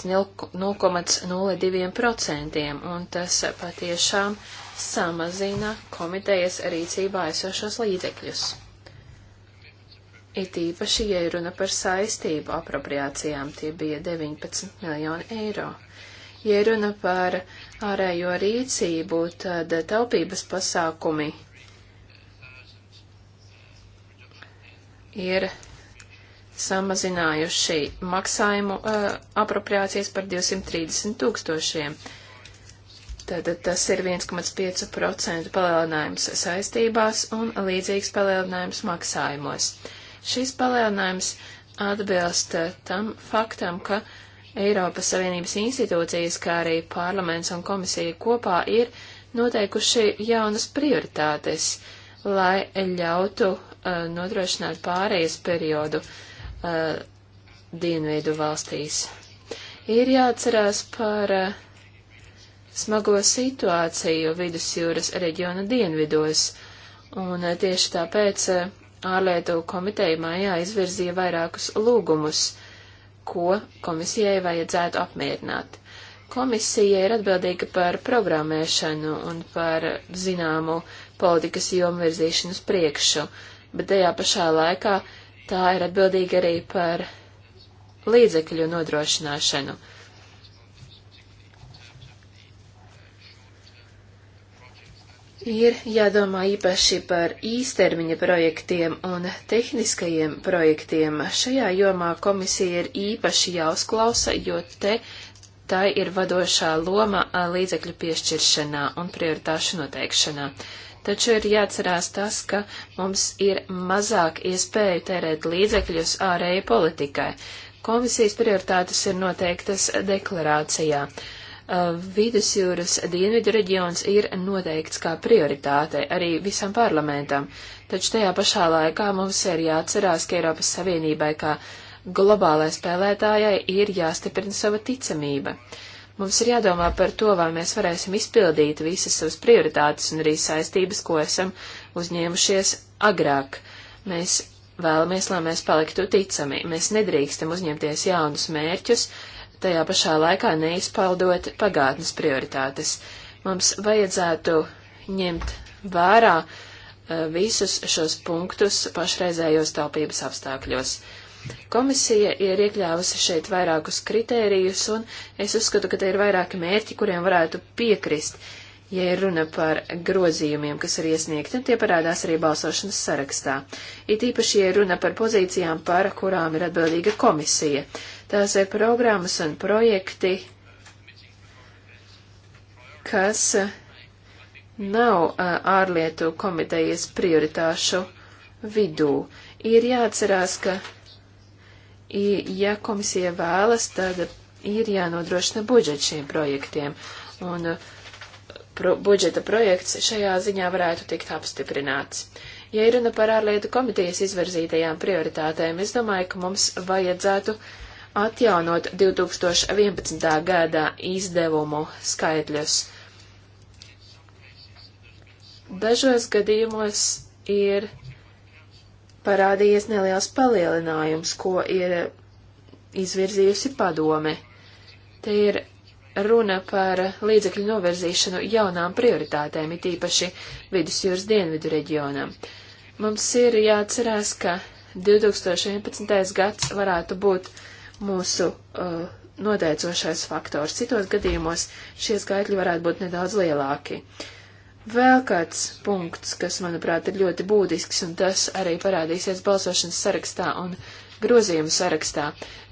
0,02%, un tas patiešām samazina komitejas rīcībā esošos līdzekļus. It īpaši, ja runa par saistību apropriācijām, tie bija 19 miljoni eiro. Ja runa par ārējo rīcību, tad taupības pasākumi ir samazinājuši maksājumu uh, apropriācijas par 230 tūkstošiem. Tātad tas ir 1,5% palielinājums saistībās un līdzīgs palielinājums maksājumos. Šis palielinājums atbilst uh, tam faktam, ka Eiropas Savienības institūcijas, kā arī parlaments un komisija kopā ir noteikuši jaunas prioritātes, lai ļautu uh, nodrošināt pārējais periodu uh, uh, dienveidu valstīs. Ir jāatcerās par uh, smago situāciju vidusjūras reģiona dienvidos, un uh, tieši tāpēc uh, ārlietu komiteja mājā izvirzīja vairākus lūgumus, ko komisijai vajadzētu apmierināt. Komisija ir atbildīga par programmēšanu un par zināmu politikas jomu virzīšanas priekšu, bet tajā pašā laikā uh, Tā ir atbildīga arī par līdzekļu nodrošināšanu. Ir jādomā īpaši par īstermiņa projektiem un tehniskajiem projektiem. Šajā jomā komisija ir īpaši jāuzklausa, jo te tai ir vadošā loma līdzekļu piešķiršanā un prioritāšu noteikšanā taču ir jāatcerās tas, ka mums ir mazāk iespēju tērēt līdzekļus ārēji politikai. Komisijas prioritātes ir noteiktas deklarācijā. Uh, Vidusjūras dienvidu reģions ir noteikts kā prioritāte arī visam parlamentam, taču tajā pašā laikā mums ir jāatcerās, ka Eiropas Savienībai kā globālai spēlētājai ir jāstiprina sava ticamība. Uh, Mums ir jādomā par to, vai mēs varēsim izpildīt visas savas prioritātes un arī saistības, ko esam uzņēmušies agrāk. Mēs vēlamies, lai mēs paliktu ticami. Mēs nedrīkstam uzņemties jaunus mērķus, tajā pašā laikā neizpaldot pagātnes prioritātes. Mums vajadzētu ņemt vērā eh, visus šos punktus pašreizējos taupības apstākļos. Komisija ir iekļāvusi šeit vairākus kritērijus, un es uzskatu, ka te ir vairāki mērķi, kuriem varētu piekrist, ja ir runa par grozījumiem, kas ir iesniegti, un tie parādās arī balsošanas sarakstā. It īpaši, ja ir runa par pozīcijām, par kurām ir atbildīga komisija. Tās ir programmas un projekti, kas eh, nav eh, ārlietu komitejas prioritāšu vidū. Ir jāatcerās, ka ja komisija vēlas, tad ir jānodrošina budžets šiem projektiem. Un uh, pro, budžeta projekts šajā ziņā varētu tikt apstiprināts. Ja ir runa par ārlietu komitejas izvirzītajām prioritātēm, es domāju, ka mums vajadzētu atjaunot 2011. gadā izdevumu skaitļus. Dažos gadījumos ir parādījies neliels palielinājums, ko ir izvirzījusi padome. Te ir runa par līdzekļu novirzīšanu jaunām prioritātēm, it īpaši vidusjūras dienvidu reģionam. Mums ir jāatcerās, ka 2011. gads varētu būt mūsu uh, noteicošais faktors. Citos gadījumos šie skaitļi varētu būt nedaudz lielāki. Uh, Vēl kāds punkts, kas, manuprāt, ir ļoti būtisks, un tas arī parādīsies balsošanas sarakstā un grozījumu sarakstā.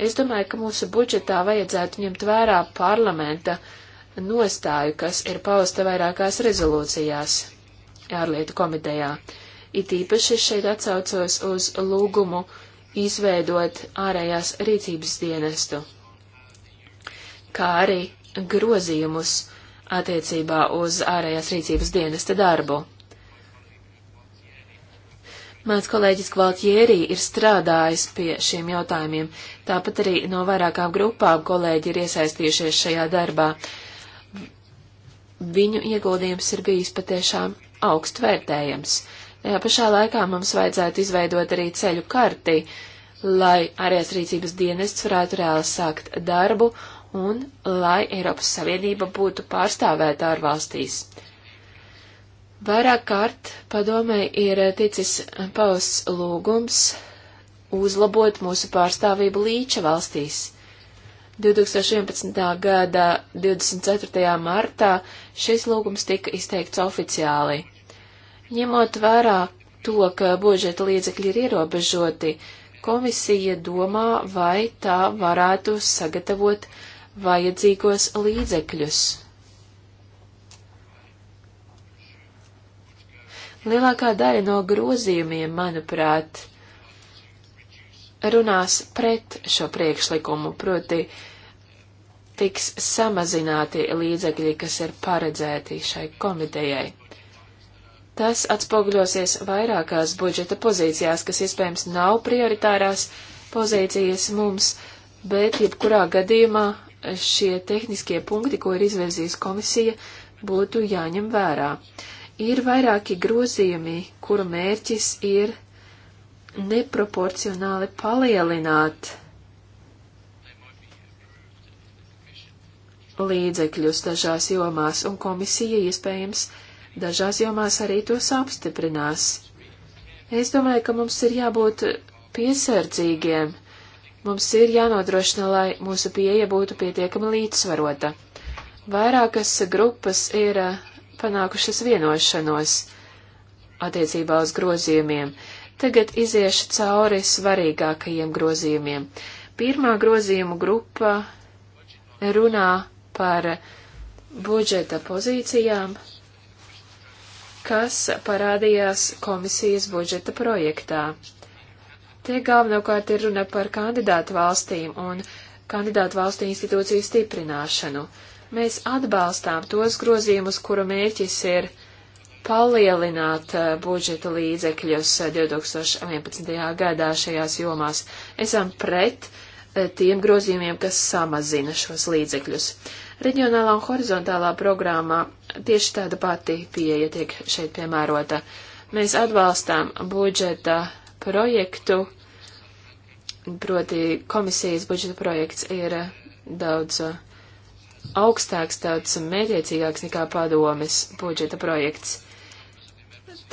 Es domāju, ka mūsu budžetā vajadzētu ņemt vērā parlamenta nostāju, kas ir pausta vairākās rezolūcijās ārlietu komitejā. It īpaši šeit atsaucos uz lūgumu izveidot ārējās rīcības dienestu, kā arī grozījumus attiecībā uz ārējās rīcības dienesta darbu. Mans kolēģis Gvaltjērī ir strādājis pie šiem jautājumiem, tāpat arī no vairākām grupām kolēģi ir iesaistījušies šajā darbā. Viņu ieguldījums ir bijis patiešām augstvērtējams. Tajā pašā laikā mums vajadzētu izveidot arī ceļu karti, lai ārējās rīcības dienests varētu reāli sākt darbu un lai Eiropas Savienība būtu pārstāvēta ārvalstīs. Vairāk kārt padomē ir ticis pausts lūgums uzlabot mūsu pārstāvību līča valstīs. 2011. gada 24. martā šis lūgums tika izteikts oficiāli. Ņemot vērā to, ka budžeta līdzekļi ir ierobežoti, komisija domā, vai tā varētu sagatavot uh, vajadzīgos līdzekļus. Lielākā daļa no grozījumiem, manuprāt, runās pret šo priekšlikumu, proti tiks samazināti līdzekļi, kas ir paredzēti šai komitejai. Tas atspogļosies vairākās budžeta pozīcijās, kas iespējams nav prioritārās pozīcijas mums, bet jebkurā gadījumā šie tehniskie punkti, ko ir izvirzījis komisija, būtu jāņem vērā. Ir vairāki grozījumi, kuru mērķis ir neproporcionāli palielināt līdzekļus dažās jomās, un komisija iespējams dažās jomās arī tos apstiprinās. Es domāju, ka mums ir jābūt piesardzīgiem Mums ir jānodrošina, lai mūsu pieeja būtu pietiekami līdzsvarota. Vairākas grupas ir eh, panākušas vienošanos attiecībā uz grozījumiem. Tagad iziešu cauri svarīgākajiem grozījumiem. Pirmā grozījumu grupa runā par budžeta pozīcijām, kas parādījās komisijas budžeta projektā. Te galvenokārt ir runa par kandidātu valstīm un kandidātu valstu institūciju stiprināšanu. Mēs atbalstām tos grozījumus, kuru mērķis ir palielināt eh, budžeta līdzekļus 2011. Eh, gadā šajās jomās. Esam pret eh, tiem grozījumiem, kas samazina šos līdzekļus. Reģionālā un horizontālā programmā tieši tāda pati pieeja tiek šeit piemērota. Mēs atbalstām budžeta projektu, proti komisijas budžeta projekts ir daudz augstāks, daudz mērķiecīgāks nekā padomes budžeta projekts.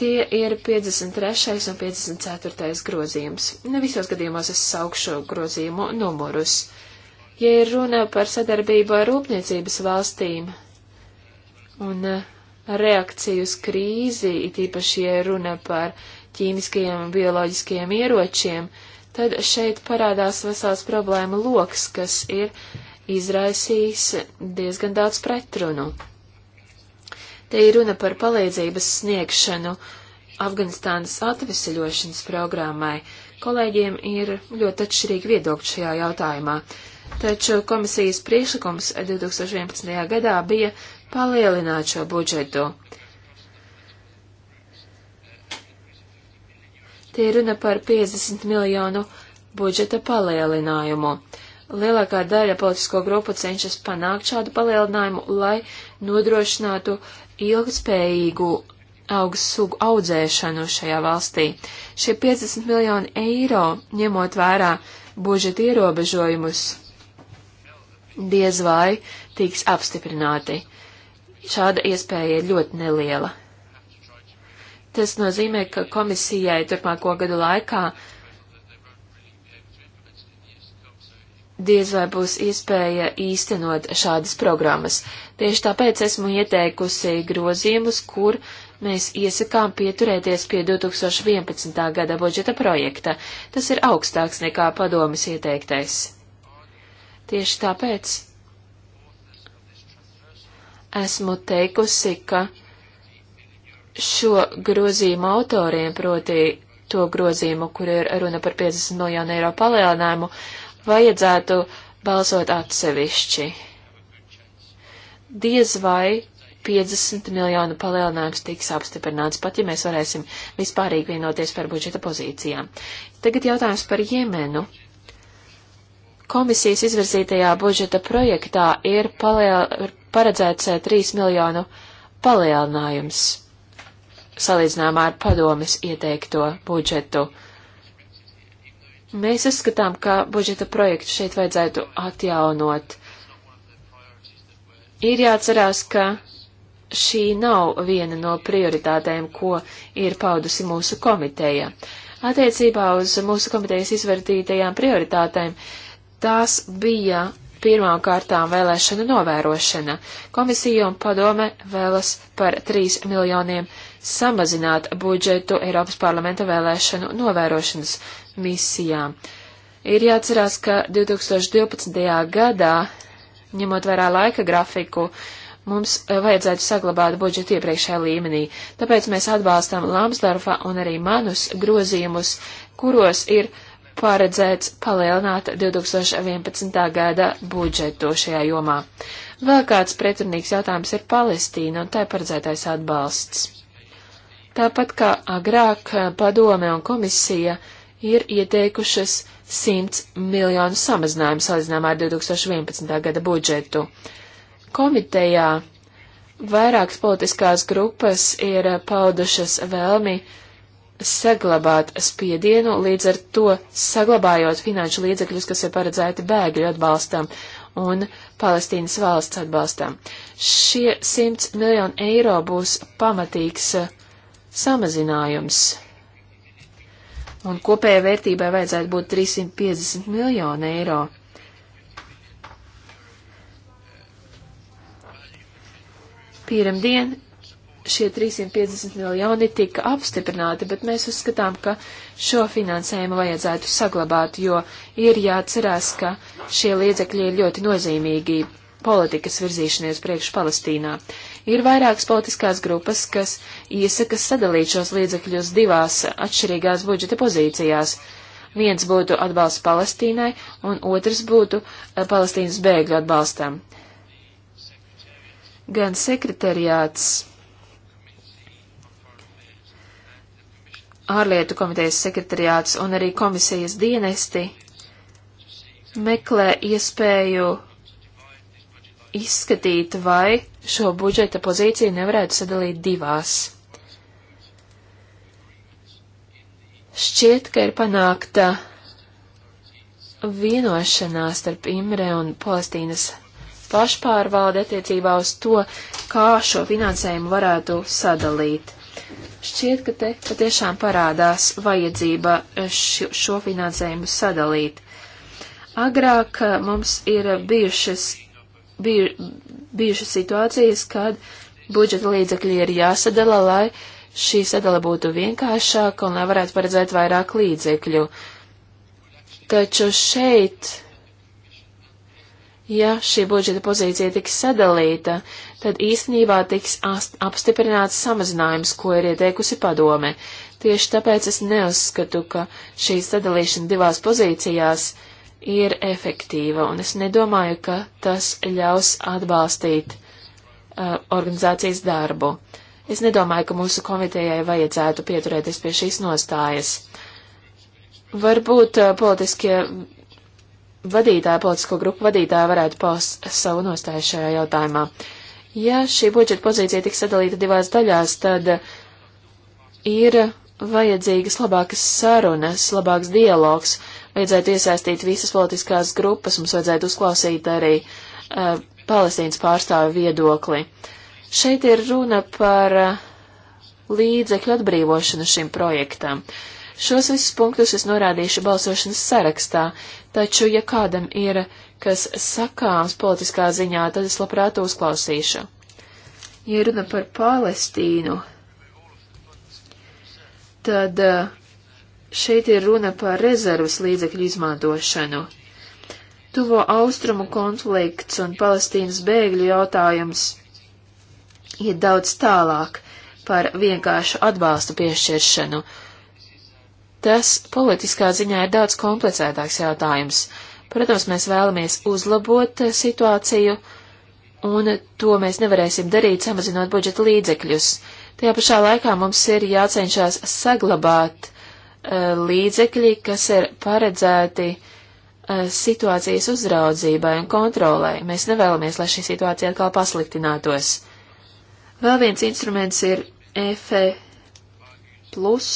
Tie ir 53. un 54. grozījums. Ne visos gadījumos es saukšu grozījumu numurus. Ja ir runa par sadarbību ar rūpniecības valstīm un reakciju uz krīzi, it īpaši, ja runa par uh, ķīmiskajiem un bioloģiskajiem ieročiem, tad šeit parādās vesels problēma loks, kas ir izraisījis diezgan daudz pretrunu. Te ir runa par palīdzības sniegšanu Afganistānas atveseļošanas programmai. Kolēģiem ir ļoti atšķirīgi viedokļi šajā jautājumā, taču komisijas priekšlikums 2011. gadā bija palielināt šo budžetu. Tie runa par 50 miljonu budžeta palielinājumu. Lielākā daļa politisko grupu cenšas panākt šādu palielinājumu, lai nodrošinātu ilgspējīgu augstsugu audzēšanu šajā valstī. Šie 50 miljoni eiro, ņemot vērā budžeta ierobežojumus, diez vai tiks apstiprināti. Šāda iespēja ir ļoti neliela. Tas nozīmē, ka komisijai turpmāko gadu laikā diez vai būs iespēja īstenot šādas programmas. Tieši tāpēc esmu ieteikusi grozījumus, kur mēs iesakām pieturēties pie 2011. gada budžeta projekta. Tas ir augstāks nekā padomas ieteiktais. Tieši tāpēc esmu teikusi, ka šo grozījumu autoriem, proti to grozījumu, kur ir runa par 50 miljonu eiro palielinājumu, vajadzētu balsot atsevišķi. Diez vai 50 miljonu palielinājums tiks apstiprināts, pat ja mēs varēsim vispārīgi vienoties par budžeta pozīcijām. Tagad jautājums par Jemenu. Komisijas izvirzītajā budžeta projektā ir paliel... paredzēts 3 eh, miljonu palielinājums salīdzinājumā ar padomis ieteikto budžetu. Mēs uzskatām, ka budžeta projektu šeit vajadzētu atjaunot. Ir jāatcerās, ka šī nav viena no prioritātēm, ko ir paudusi mūsu komiteja. Attiecībā uz mūsu komitejas izvērtītajām prioritātēm tās bija pirmām kārtām vēlēšana novērošana. Komisija un padome vēlas par 3 miljoniem eiro samazināt budžetu Eiropas parlamenta vēlēšanu novērošanas misijām. Ir jāatcerās, ka 2012. gadā, ņemot vērā laika grafiku, mums eh, vajadzētu saglabāt budžetu iepriekšējā līmenī. Tāpēc mēs atbalstam Lamsdorfa un arī manus grozījumus, kuros ir paredzēts palielināt 2011. gada budžetu šajā jomā. Vēl kāds pretrunīgs jautājums ir Palestīna un tai paredzētais atbalsts. Tāpat kā agrāk eh, padome un komisija ir ieteikušas 100 miljonu samazinājumu salīdzinājumā ar 2011. gada budžetu. Komitejā vairākas politiskās grupas ir paudušas vēlmi saglabāt spiedienu, līdz ar to saglabājot finanšu līdzekļus, kas ir paredzēti bēgļu atbalstam un Palestīnas valsts atbalstam. Šie 100 miljoni eiro būs pamatīgs uh, samazinājums. Un kopējai vērtībai vajadzētu būt 350 miljonu eiro. Pirmdien šie 350 miljoni tika apstiprināti, bet mēs uzskatām, ka šo finansējumu vajadzētu saglabāt, jo ir jāatcerās, ka šie liedzekļi ir ļoti nozīmīgi politikas virzīšanies priekš Palestīnā. Ir vairākas politiskās grupas, kas iesaka sadalīt šos līdzekļus divās atšķirīgās budžeta pozīcijās. Viens būtu atbalsts Palestīnai, un otrs būtu eh, Palestīnas bēgļu atbalstam. Gan sekretariāts, ārlietu komitejas sekretariāts un arī komisijas dienesti meklē iespēju izskatīt, vai šo budžeta pozīciju nevarētu sadalīt divās. Šķiet, ka ir panākta vienošanās starp Imre un Palestīnas pašpārvalde attiecībā uz to, kā šo finansējumu varētu sadalīt. Šķiet, ka te patiešām parādās vajadzība šo, šo finansējumu sadalīt. Agrāk mums ir bijušas biju, bijušas situācijas, kad budžeta līdzekļi ir jāsadala, lai šī sadala būtu vienkāršāka un lai varētu paredzēt vairāk līdzekļu. Taču šeit, ja šī budžeta pozīcija tiks sadalīta, tad īstenībā tiks apstiprināts samazinājums, ko ir ieteikusi padome. Tieši tāpēc es neuzskatu, ka šī sadalīšana divās pozīcijās uh, ir efektīva, un es nedomāju, ka tas ļaus atbalstīt uh, organizācijas darbu. Es nedomāju, ka mūsu komitejai vajadzētu pieturēties pie šīs nostājas. Varbūt uh, politiskie vadītāji, politisko grupu vadītāji varētu paust savu nostāju šajā jautājumā. Ja šī budžeta pozīcija tiks sadalīta divās daļās, tad ir vajadzīgas labākas sarunas, labāks dialogs, vajadzētu iesaistīt visas politiskās grupas, mums vajadzētu uzklausīt arī uh, Palestīnas pārstāvi viedokli. Šeit ir runa par uh, līdzekļu atbrīvošanu šim projektam. Šos visus punktus es norādīšu balsošanas sarakstā, taču, ja kādam ir kas sakāms politiskā ziņā, tad es labprāt uzklausīšu. Ja runa par Palestīnu, tad uh, Šeit ir runa par rezervas līdzekļu izmantošanu. Tuvo austrumu konflikts un Palestīnas bēgļu jautājums iet daudz tālāk par vienkāršu atbalstu piešķiršanu. Tas politiskā ziņā ir daudz komplicētāks jautājums. Protams, mēs vēlamies uzlabot situāciju, un to mēs nevarēsim darīt, samazinot budžeta līdzekļus. Tajā pašā laikā mums ir jācenšas saglabāt Eh, līdzekļi, kas ir paredzēti eh, situācijas uzraudzībai un kontrolai. Mēs nevēlamies, lai šī situācija atkal pasliktinātos. Vēl viens instruments ir EFE plus.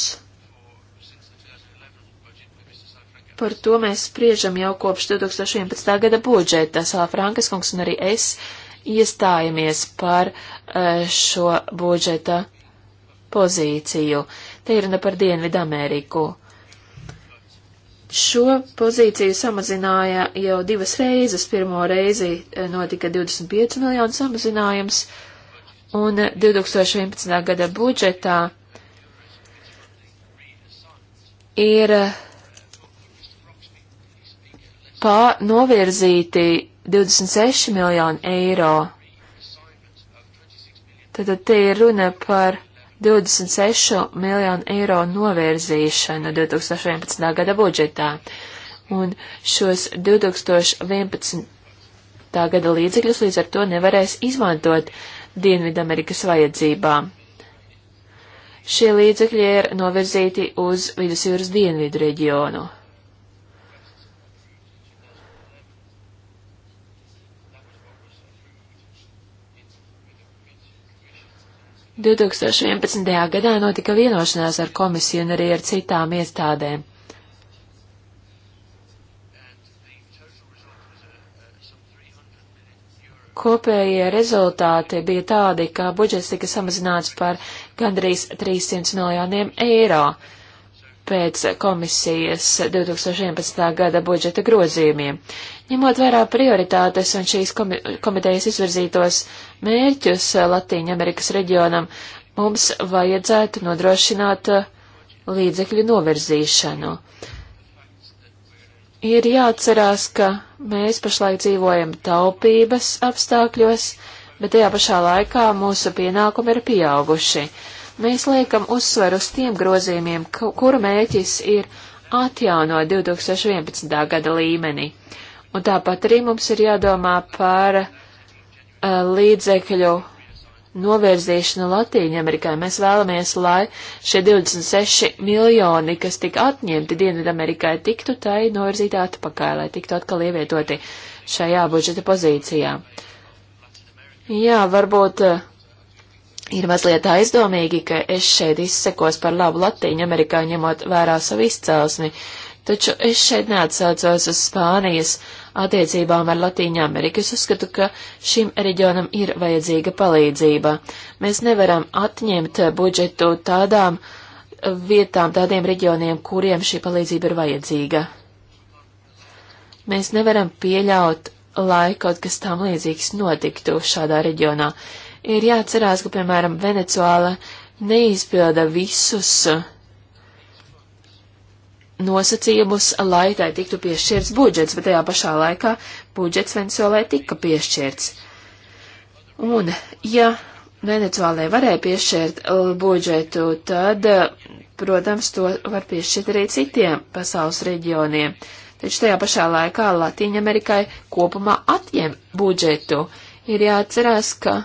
Par to mēs spriežam jau kopš 2011. gada budžeta. Sāla Frankas kungs un arī es iestājamies par eh, šo budžeta pozīciju. Uh, Te ir ne par Dienvidu Ameriku. Šo pozīciju samazināja jau divas reizes. Pirmo reizi eh, notika 25 miljonu samazinājums, un 2011. Eh, gada budžetā ir eh, pā novirzīti 26 miljoni eiro. Tad te ir runa par 26 miljonu eiro novirzīšana 2011. gada budžetā, un šos 2011. gada līdzekļus līdz ar to nevarēs izmantot Dienvidamerikas vajadzībām. Šie līdzekļi ir novirzīti uz Vidusjūras dienvidu reģionu. 2011. gadā notika vienošanās ar komisiju un arī ar citām iestādēm. Kopējie rezultāti bija tādi, ka budžets tika samazināts par gandrīz 300 miljoniem eiro pēc komisijas 2011. gada budžeta grozījumiem. Ņemot vērā prioritātes un šīs komitejas izvirzītos mērķus eh, Latīņa Amerikas reģionam, mums vajadzētu nodrošināt eh, līdzekļu novirzīšanu. Ir jāatcerās, ka mēs pašlaik dzīvojam taupības apstākļos, bet tajā pašā laikā mūsu pienākumi ir pieauguši. Mēs liekam uzsveru uz tiem grozījumiem, kuru mēķis ir atjaunot 2011. gada līmeni. Un tāpat arī mums ir jādomā par uh, Uh, līdzekļu novirzīšanu Latīņamerikai. Mēs vēlamies, lai šie 26 miljoni, kas tika atņemti Dienvidamerikai, tiktu tai novirzīti atpakaļ, lai tiktu atkal ievietoti šajā budžeta pozīcijā. Jā, varbūt uh, ir mazliet aizdomīgi, ka es šeit izsekos par labu Latīņamerikai, ņemot vērā savu izcelsmi. Uh, Taču es šeit neatsaucos uz Spānijas attiecībām ar Latīņu Ameriku. Es uzskatu, ka šim reģionam ir vajadzīga palīdzība. Mēs nevaram atņemt budžetu tādām vietām, tādiem reģioniem, kuriem šī palīdzība ir vajadzīga. Mēs nevaram pieļaut, lai kaut kas tam līdzīgs notiktu šādā reģionā. Ir jāatcerās, ka, piemēram, Venecuāla neizpilda visus uh, nosacījumus, lai tai tiktu piešķirts budžets, bet tajā pašā laikā budžets Venezuelai tika piešķirts. Un, ja Venecuālē varēja piešķirt uh, budžetu, tad, uh, protams, to var piešķirt arī citiem pasaules reģioniem. Taču tajā pašā laikā Latīņa Amerikai kopumā atņem budžetu. Ir jāatcerās, ka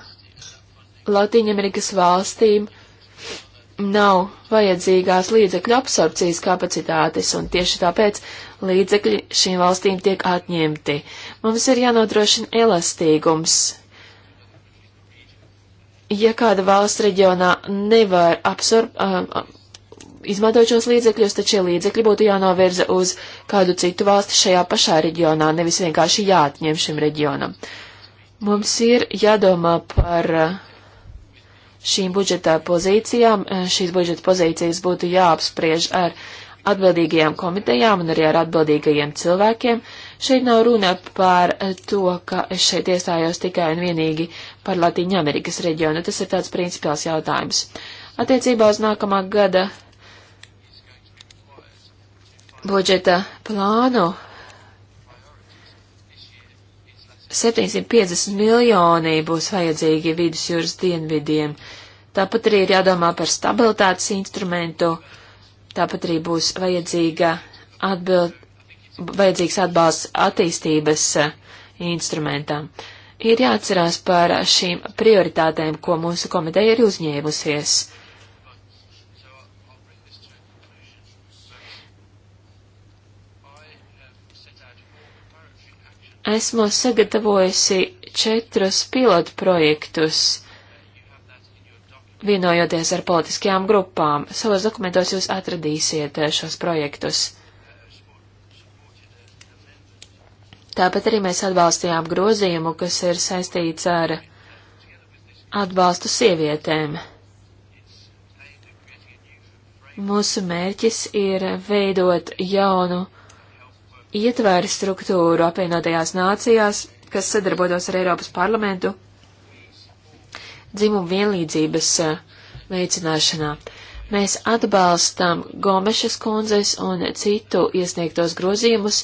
Latīņa Amerikas valstīm uh, nav vajadzīgās līdzekļu absorpcijas kapacitātes, un tieši tāpēc līdzekļi šīm valstīm tiek atņemti. Mums ir jānodrošina elastīgums. Ja kāda valsts reģionā nevar absorb, uh, izmantot šos līdzekļus, tad šie līdzekļi būtu jānovirza uz kādu citu valsti šajā pašā reģionā, nevis vienkārši jāatņem šim reģionam. Mums ir jādomā par uh, šīm budžetā pozīcijām. Eh, šīs budžeta pozīcijas būtu jāapspriež ar atbildīgajām komitejām un arī ar atbildīgajiem cilvēkiem. Šeit nav runa par eh, to, ka es šeit iestājos tikai un vienīgi par Latīņu Amerikas reģionu. Tas ir tāds principiāls jautājums. Attiecībā uz nākamā gada budžeta plānu 750 miljoni būs vajadzīgi vidusjūras dienvidiem. Tāpat arī ir jādomā par stabilitātes instrumentu, tāpat arī būs vajadzīga atbild, vajadzīgs atbalsts attīstības eh, instrumentam. Ir jāatcerās par šīm prioritātēm, ko mūsu komiteja ir uzņēmusies. Esmu sagatavojusi četrus pilotu projektus, vienojoties ar politiskajām grupām. Savos dokumentos jūs atradīsiet eh, šos projektus. Tāpat arī mēs atbalstījām grozījumu, kas ir saistīts ar atbalstu sievietēm. Mūsu mērķis ir veidot jaunu ietvēri struktūru apvienotajās nācijās, kas sadarbotos ar Eiropas parlamentu dzimumu vienlīdzības eh, veicināšanā. Mēs atbalstam Gomešas kundzes un citu iesniegtos grozījumus,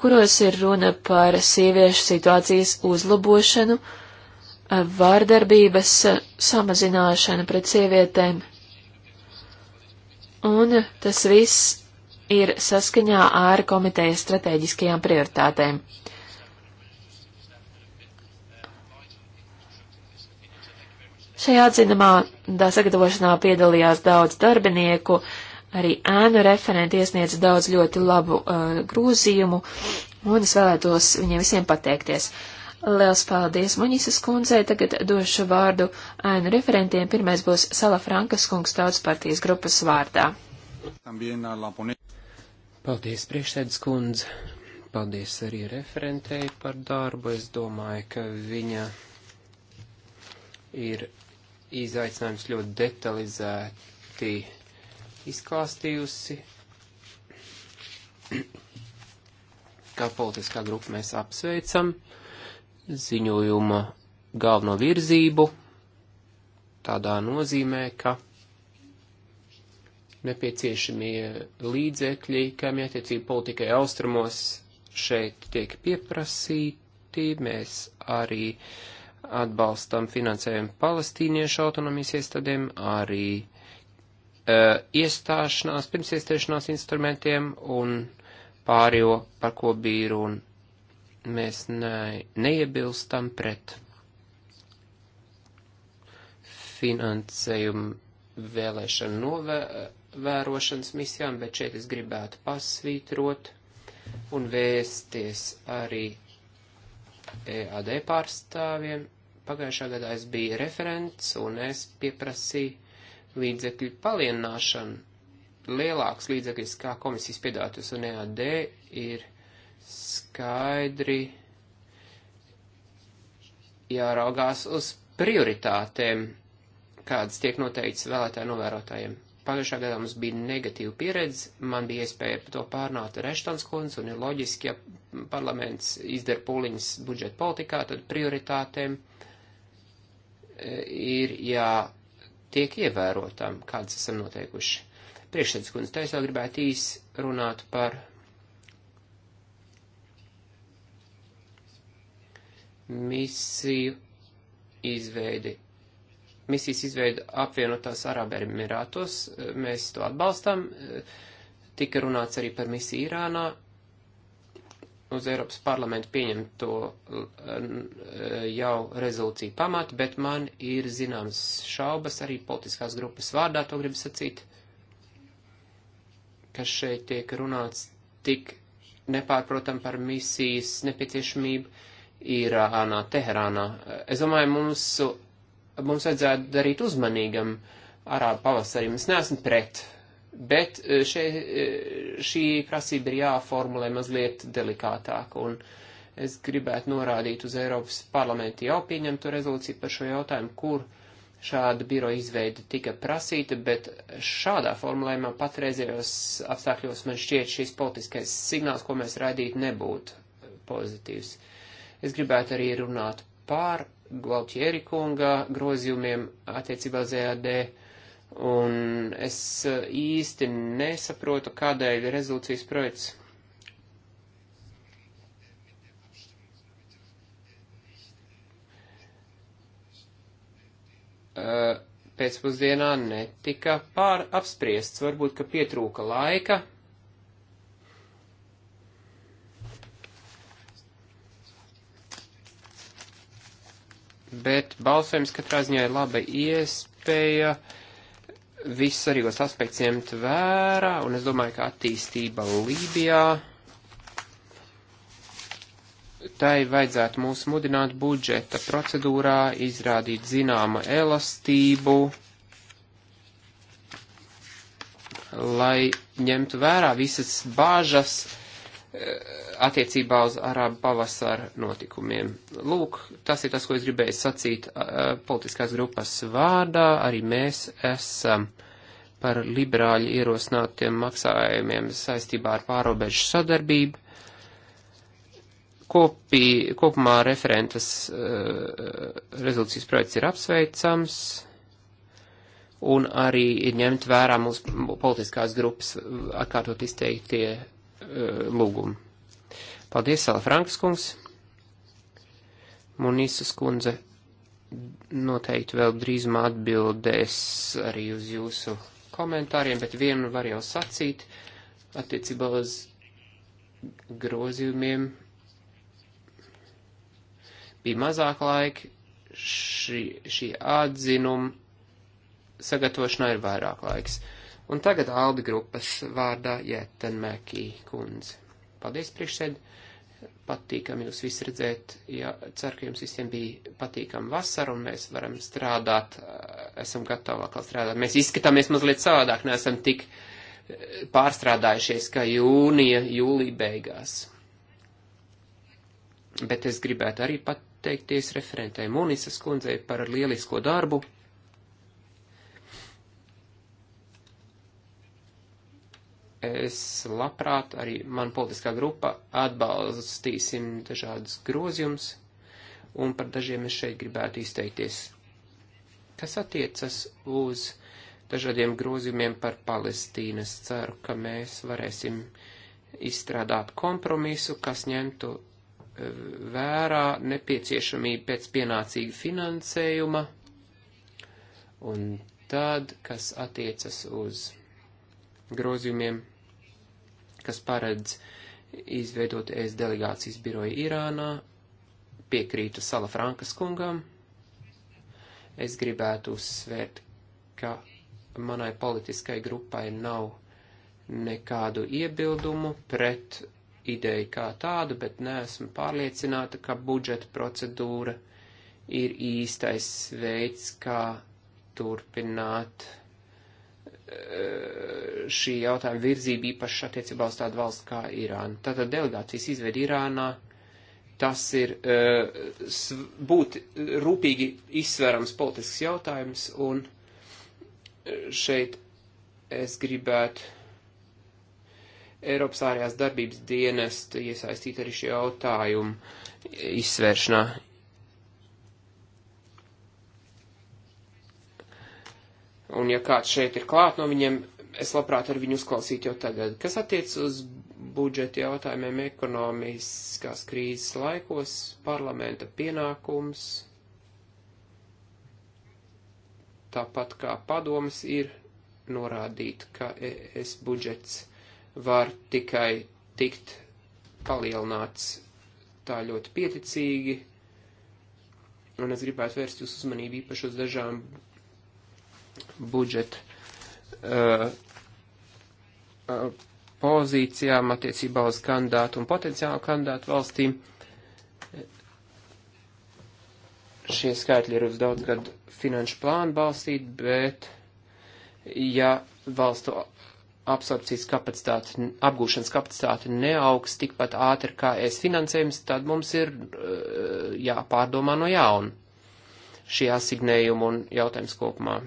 kuros ir runa par sieviešu situācijas uzlabošanu, eh, vārdarbības eh, samazināšanu pret sievietēm. Un tas viss ir saskaņā ar komitejas strateģiskajām prioritātēm. Šajā atzinumā tā sagatavošanā piedalījās daudz darbinieku, arī ēnu referenti iesniedz daudz ļoti labu uh, grūzījumu, un es vēlētos viņiem visiem pateikties. Liels paldies Muņisas kundzei, tagad došu vārdu ēnu referentiem, pirmais būs Sala Frankas kungs tautas partijas grupas vārdā. También a la ponencia. Paldies, priekšsēdus kundze. Paldies arī referentei par darbu. Es domāju, ka viņa ir izaicinājums ļoti detalizēti izklāstījusi. Kā politiskā grupa mēs apsveicam ziņojuma galveno virzību tādā nozīmē, ka nepieciešamie līdzekļi, kam jātiecība politikai austrumos šeit tiek pieprasīti. Mēs arī atbalstam finansējumu palestīniešu autonomijas iestādēm, arī uh, iestāšanās, pirms iestāšanās instrumentiem un pārējo, par ko bija runa. Mēs ne, neiebilstam pret finansējumu vēlēšanu novērtējumu vērošanas misijām, bet šeit es gribētu pasvītrot un vēsties arī EAD pārstāvjiem. Pagājušā gadā es biju referents un es pieprasīju līdzekļu palienāšanu. Lielāks līdzekļs, kā komisijas piedātus un EAD, ir skaidri jāraugās uz prioritātēm, kādas tiek noteikts vēlētāju novērotājiem. Pagājušā gadā mums bija negatīva pieredze, man bija iespēja to pārnāt ar Eštons kundzi, un ir loģiski, ja parlaments izdara pūliņas budžeta politikā, tad prioritātēm e, ir jātiek ja ievērotam, kādas esam noteikuši. Priekšsēdus kundze, tā es vēl gribētu īs runāt par misiju izveidi misijas izveidu apvienotās Arābērmirātos, eh, mēs to atbalstam. Eh, tika runāts arī par misiju Irānā. Uz Eiropas parlamentu pieņemto eh, jau rezolūciju pamatu, bet man ir zināms šaubas arī politiskās grupas vārdā, to gribu sacīt, ka šeit tiek runāts tik nepārprotam par misijas nepieciešamību Irānā, Teherānā. Es domāju, mūsu mums vajadzētu darīt uzmanīgam arābu pavasarim. Es neesmu pret, bet eh, še, eh, šī prasība ir jāformulē mazliet delikātāk. Un es gribētu norādīt uz Eiropas parlamentu jau pieņemtu rezolūciju par šo jautājumu, kur šāda biroja izveida tika prasīta, bet šādā formulējumā patreizējos apstākļos man šķiet šis politiskais signāls, ko mēs raidītu, nebūtu pozitīvs. Es gribētu arī runāt pār Gualtieri kunga grozījumiem attiecībā uz EAD, un es eh, īsti nesaprotu, kādēļ rezolūcijas projekts. Eh, pēcpusdienā netika pār apspriests, varbūt, ka pietrūka laika. bet balsojums katrā ziņā ir laba iespēja visus svarīgos aspektus ņemt vērā, un es domāju, ka attīstība Lībijā tai vajadzētu mūs mudināt budžeta procedūrā, izrādīt zināmu elastību, lai ņemtu vērā visas bāžas, eh, attiecībā uz Arābu pavasara notikumiem. Lūk, tas ir tas, ko es gribēju sacīt politiskās grupas vārdā. Arī mēs esam par liberāļu ierosinātiem maksājumiem saistībā ar pārobežu sadarbību. Kopī, kopumā referentas uh, rezolūcijas projekts ir apsveicams un arī ir ņemt vērā mūsu politiskās grupas atkārtot izteiktie uh, lūgumi. Paldies, Alfrankas kungs. Munīsas kundze noteikti vēl drīzumā atbildēs arī uz jūsu komentāriem, bet vienu var jau sacīt attiecībā uz grozījumiem. Bija mazāk laika, šī, šī atzinuma sagatavošanā ir vairāk laiks. Un tagad Aldi grupas vārdā Jetten Mekī kundze. Paldies, priekšsēdētāji! patīkami jūs visi redzēt. Ja ceru, ka jums visiem bija patīkami vasara un mēs varam strādāt, eh, esam gatavi atkal strādāt. Mēs izskatāmies mazliet savādāk, neesam tik eh, pārstrādājušies kā jūnija, jūlija beigās. Bet es gribētu arī pateikties referentēm Unisas kundzei par lielisko darbu. es labprāt, arī man politiskā grupa atbalstīsim dažādus grozījums, un par dažiem es šeit gribētu izteikties. Kas attiecas uz dažādiem grozījumiem par Palestīnas, ceru, ka mēs varēsim izstrādāt kompromisu, kas ņemtu e, vērā nepieciešamību pēc pienācīga finansējuma, un tad, kas attiecas uz grozījumiem kas paredz izveidot ES delegācijas biroju Irānā, piekrītu Sala Frankas kungam. Es gribētu uzsvērt, ka manai politiskai grupai nav nekādu iebildumu pret ideju kā tādu, bet neesmu pārliecināta, ka budžeta procedūra ir īstais veids, kā turpināt Eh, šī jautājuma virzība īpaši attiecībā uz tādu valstu kā Irāna. Tātad delegācijas izveid Irānā, tas ir eh, būt rūpīgi izsverams politisks jautājums, un eh, šeit es gribētu Eiropas ārējās darbības dienestu iesaistīt arī šī jautājuma izsvēršanā. Un ja kāds šeit ir klāt no viņiem, es labprāt ar viņu uzklausītu jau tagad. Kas attiec uz budžeta jautājumiem ekonomiskās krīzes laikos, parlamenta pienākums, tāpat kā padomas, ir norādīt, ka es budžets var tikai tikt palielināts tā ļoti pieticīgi, un es gribētu vērst jūsu uzmanību īpaši uz dažām budžeta uh, uh, pozīcijām attiecībā uz kandidātu un potenciālu kandidātu valstīm. Šie skaitļi ir uz daudz gadu finanšu plānu balstīt, bet ja valstu absorpcijas kapacitāte, apgūšanas kapacitāte neaugs tikpat ātri kā es finansējums, tad mums ir uh, jāpārdomā no jauna šī asignējuma un jautājums kopumā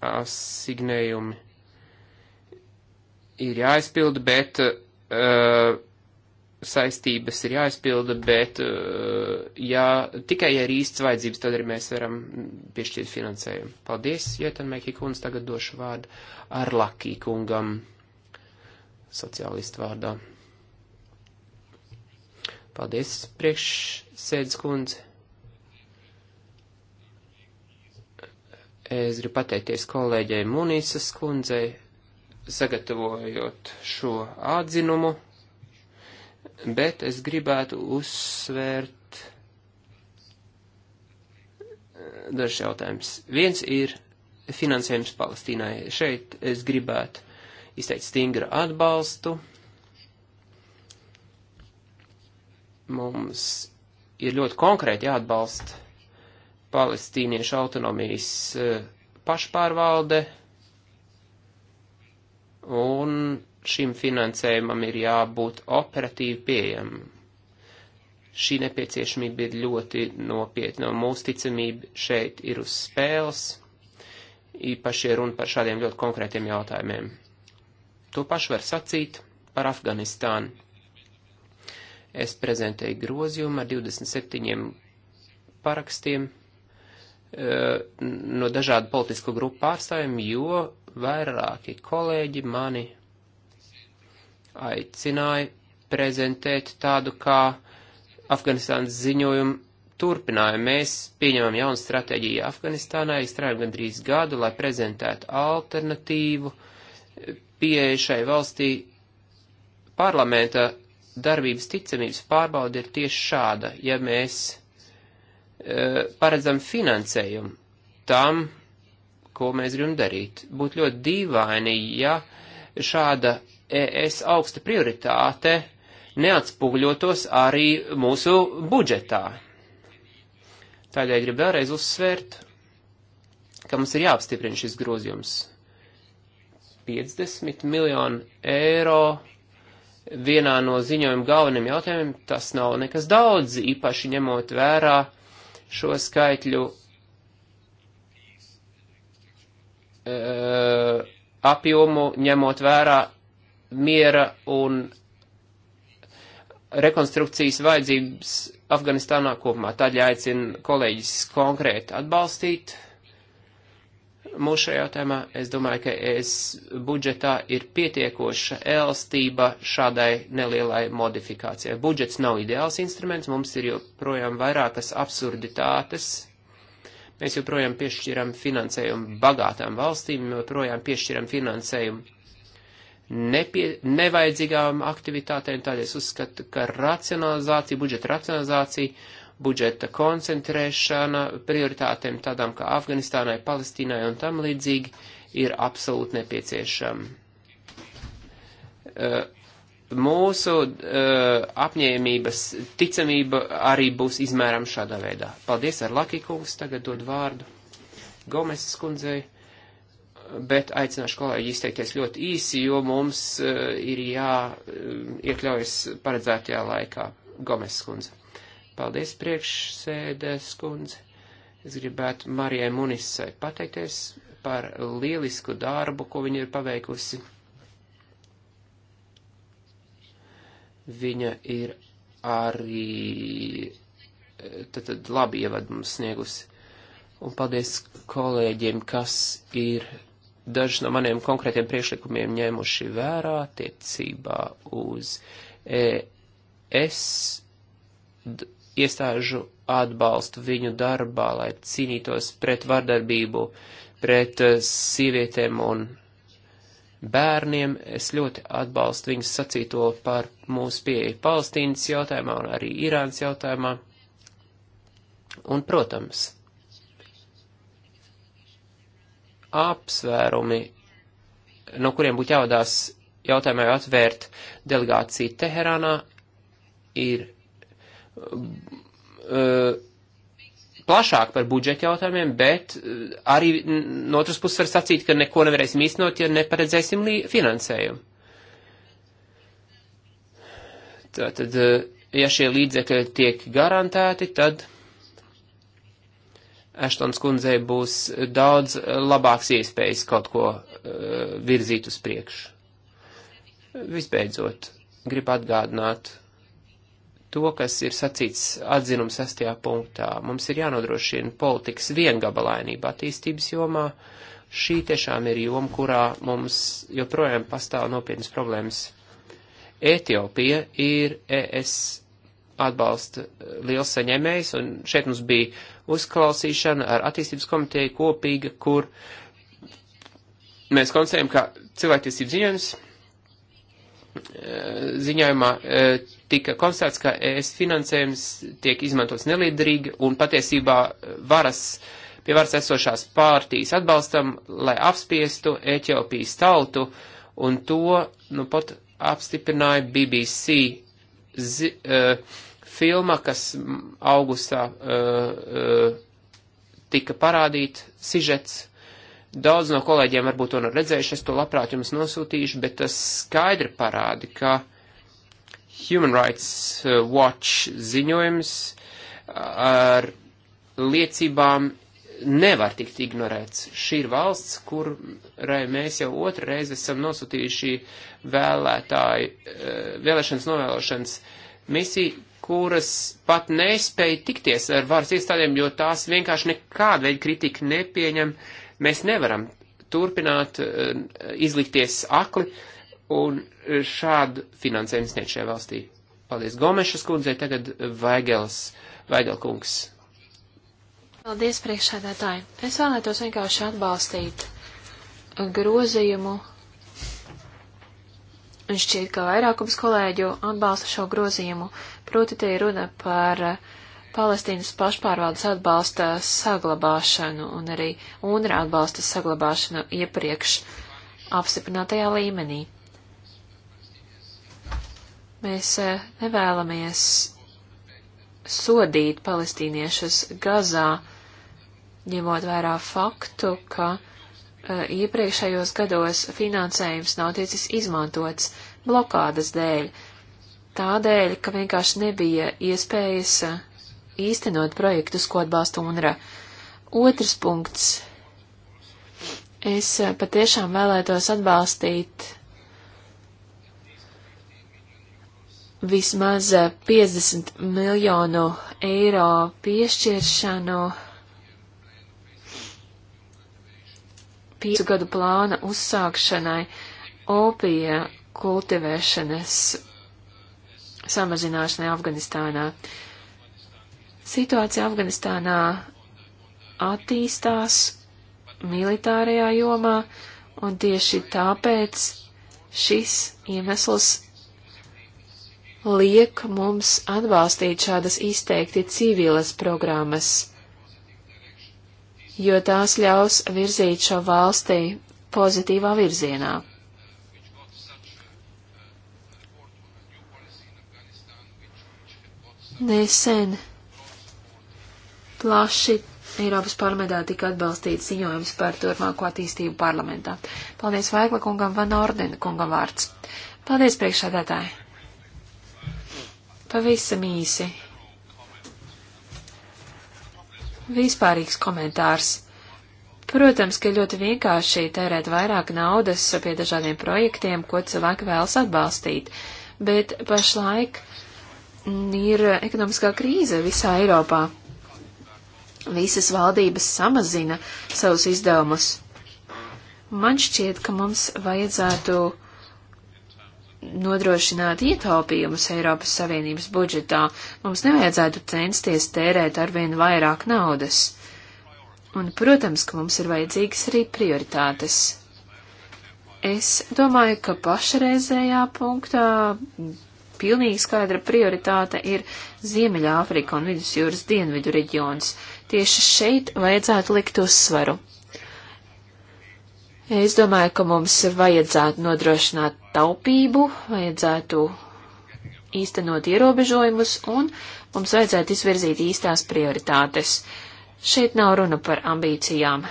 asignējumi ir jāizpilda, bet uh, saistības ir jāizpilda, bet uh, eh, jā, tikai ja ir īsts vajadzības, tad arī mēs varam piešķirt finansējumu. Paldies, Jetanmēki kundz, tagad došu vārdu Arlakī kungam sociālistu vārdā. Paldies, priekšsēdz kundze. Es gribu pateikties kolēģei Munīsas kundzei, sagatavojot šo atzinumu, bet es gribētu uzsvērt eh, dažs jautājums. Viens ir finansējums Palestīnai. Šeit es gribētu izteikt stingru atbalstu. Mums ir ļoti konkrēti jāatbalsta palestīniešu autonomijas e, pašpārvalde, un šim finansējumam ir jābūt operatīvi pieejamam. Šī nepieciešamība ir ļoti nopietna, un mūsu ticamība šeit ir uz spēles, īpaši runa par šādiem ļoti konkrētiem jautājumiem. To pašu var sacīt par Afganistānu. Es prezentēju grozījumu ar 27 parakstiem E, no dažādu politisko grupu pārstāvjiem, jo vairāki kolēģi mani aicināja prezentēt tādu kā Afganistānas ziņojumu turpinājumu. Mēs pieņemam jaunu stratēģiju Afganistānai, strādājam gandrīz gadu, lai prezentētu alternatīvu pieeja šai valstī. Parlamenta darbības ticamības pārbauda ir tieši šāda. Ja mēs Eh, paredzam finansējumu tam, ko mēs gribam darīt. Būtu ļoti dīvaini, ja šāda ES augsta prioritāte neatspūgļotos arī mūsu budžetā. Tādēļ gribu vēlreiz uzsvērt, ka mums ir jāapstiprina šis grozījums. 50 miljonu eiro vienā no ziņojuma galveniem jautājumiem, tas nav nekas daudz, īpaši ņemot vērā uh, šo skaitļu uh, apjomu ņemot vērā miera un rekonstrukcijas vajadzības Afganistānā kopumā. Tad jāicina kolēģis konkrēti atbalstīt mūs šajā tēmā. Es domāju, ka es budžetā ir pietiekoša elstība šādai nelielai modifikācijai. Budžets nav ideāls instruments, mums ir joprojām vairākas absurditātes. Mēs joprojām piešķiram finansējumu bagātām valstīm, joprojām piešķiram finansējumu nepie, nevajadzīgām aktivitātēm. Tādēļ es uzskatu, ka racionalizācija, budžeta racionalizācija budžeta koncentrēšana prioritātēm tādām kā Afganistānai, Palestīnai un tam līdzīgi ir absolūti nepieciešama. Eh, mūsu eh, apņēmības ticamība arī būs izmēram šādā veidā. Paldies ar Lakikungs, tagad dod vārdu Gomeses kundzei, bet aicināšu kolēģi izteikties ļoti īsi, jo mums eh, ir jāiekļaujas paredzētajā laikā. Gomeses kundze. Paldies priekšsēdēs kundze. Es gribētu Marijai Munisai pateikties par lielisku darbu, ko viņa ir paveikusi. Viņa ir arī tad, tad labi ievad mums sniegusi. Un paldies kolēģiem, kas ir dažs no maniem konkrētiem priekšlikumiem ņēmuši vērā tiecībā uz e, es iestāžu atbalstu viņu darbā, lai cīnītos pret vardarbību, pret eh, sievietēm un bērniem. Es ļoti atbalstu viņas sacīto par mūsu pieeju Palestīnas jautājumā un arī Irānas jautājumā. Un, protams, apsvērumi, no kuriem būtu jāvadās jautājumā jau atvērt delegāciju Teherānā, ir plašāk par budžeta jautājumiem, bet arī no otras puses var sacīt, ka neko nevarēsim īstenot, ja neparedzēsim finansējumu. Tātad, ja šie līdzekļi tiek garantēti, tad Eštons kundzei būs daudz labāks iespējas kaut ko uh, virzīt uz priekšu. Visbeidzot, gribu atgādināt to, kas ir sacīts atzinums sastajā punktā. Mums ir jānodrošina politikas viengabalainība attīstības jomā. Šī tiešām ir joma, kurā mums joprojām pastāv nopietnas problēmas. Etiopija ir ES atbalsta eh, liels saņēmējs, un šeit mums bija uzklausīšana ar attīstības komiteju kopīga, kur mēs konstatējam, ka cilvēktiesību ziņojums eh, ziņojumā eh, tika konstatēts, ka ES finansējums tiek izmantots nelīderīgi un patiesībā varas, pie varas esošās pārtīs atbalstam, lai apspiestu Ēķiopijas tautu, un to nu pat apstiprināja BBC zi, uh, filma, kas augustā uh, uh, tika parādīta, sižets. Daudz no kolēģiem varbūt to nav redzējuši, es to labprāt jums nosūtīšu, bet tas skaidri parādi, ka uh, Human Rights uh, Watch ziņojums uh, ar liecībām nevar tikt ignorēts. Šī ir valsts, kurai mēs jau otru reizi esam nosūtījuši vēlētāju, uh, vēlēšanas novēlošanas misiju, kuras pat nespēja tikties ar varas iestādēm, jo tās vienkārši nekāda veida kritika nepieņem. Mēs nevaram turpināt izlikties akli. Uh, un e, šādu finansējumu sniegt šajā valstī. Paldies Gomešas kundzei, tagad Vaigels, Vaigelkungs. Paldies priekšsēdētāji. Es vēlētos vienkārši atbalstīt grozījumu. Un šķiet, ka vairākums kolēģu atbalsta šo grozījumu. Proti tie runa par Palestīnas pašpārvaldes atbalsta saglabāšanu un arī UNRA atbalsta saglabāšanu iepriekš apstiprinātajā līmenī. Mēs eh, nevēlamies sodīt palestīniešus Gazā, ņemot vērā faktu, ka eh, iepriekšējos gados finansējums nav tiecis izmantots blokādas dēļ, tādēļ, ka vienkārši nebija iespējas eh, īstenot projektus, ko atbalsta UNRA. Otrs punkts. Es patiešām vēlētos atbalstīt vismaz 50 eh, miljonu eiro piešķiršanu piecu gadu plāna uzsākšanai opija kultivēšanas samazināšanai Afganistānā. Situācija Afganistānā attīstās militārajā jomā, un tieši tāpēc šis iemesls liek mums atbalstīt šādas izteikti civilas programmas, jo tās ļaus virzīt šo valstī pozitīvā virzienā. Nesen plaši Eiropas parlamentā tika atbalstīts ziņojums par turpmāko attīstību parlamentā. Paldies Vaigla kungam, Van Orden kungam vārds. Paldies priekšādātāji! Pavisam īsi. Vispārīgs komentārs. Protams, ka ļoti vienkārši tērēt vairāk naudas pie dažādiem projektiem, ko cilvēki vēlas atbalstīt, bet pašlaik mm, ir ekonomiskā krīze visā Eiropā. Visas valdības samazina savus izdevumus. Man šķiet, ka mums vajadzētu uh, nodrošināt ietaupījumus Eiropas Savienības budžetā, mums nevajadzētu censties tērēt arvien vairāk naudas. Un, protams, ka mums ir vajadzīgas arī prioritātes. Es domāju, ka pašreizējā punktā pilnīgi skaidra prioritāte ir Ziemeļāfrika un Vidusjūras dienvidu reģions. Tieši šeit vajadzētu likt uzsvaru. Es domāju, ka mums vajadzētu nodrošināt taupību, vajadzētu īstenot ierobežojumus un mums vajadzētu izvirzīt īstās prioritātes. Šeit nav runa par ambīcijām.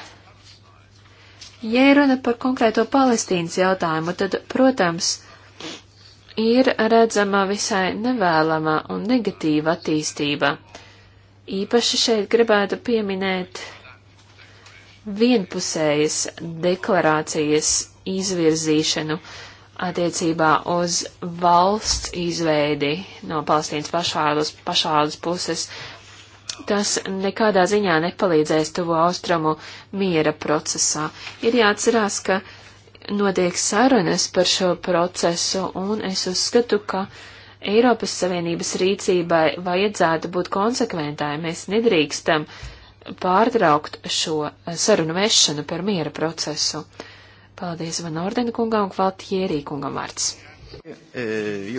Ja runa par konkrēto Palestīnas jautājumu, tad, protams, ir redzama visai nevēlama un negatīva attīstība. Īpaši šeit gribētu pieminēt vienpusējas deklarācijas izvirzīšanu attiecībā uz valsts izveidi no Palestīnas pašvārdas, pašvārdas puses. Tas nekādā ziņā nepalīdzēs tuvu austrumu miera procesā. Ir jāatcerās, ka notiek sarunas par šo procesu, un es uzskatu, ka Eiropas Savienības rīcībai vajadzētu būt konsekventai. Mēs nedrīkstam uh, pārtraukt šo sarunu vešanu par miera procesu. Paldies Van Ordena kungam un Kvaltierī kungam vārds. E,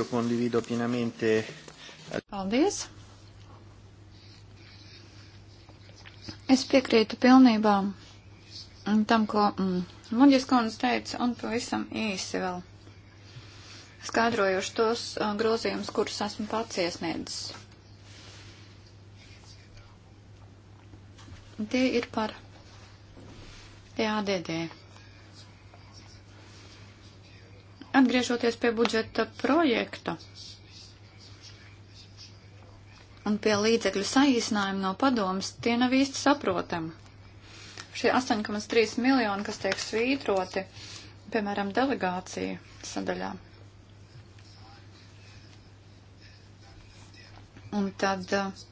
Paldies. Es piekrītu pilnībā tam, ko mm, Muģis kundze teica, un pavisam īsi vēl skaidrojuši tos uh, grozījumus, kurus esmu pats iesniedzis. Tie ir par EADD. Atgriežoties pie budžeta projekta un pie līdzekļu saīsinājuma no padomas, tie nav īsti saprotami. Šie 8,3 miljoni, kas tiek svītroti, piemēram, delegācija sadaļā. Un tad uh,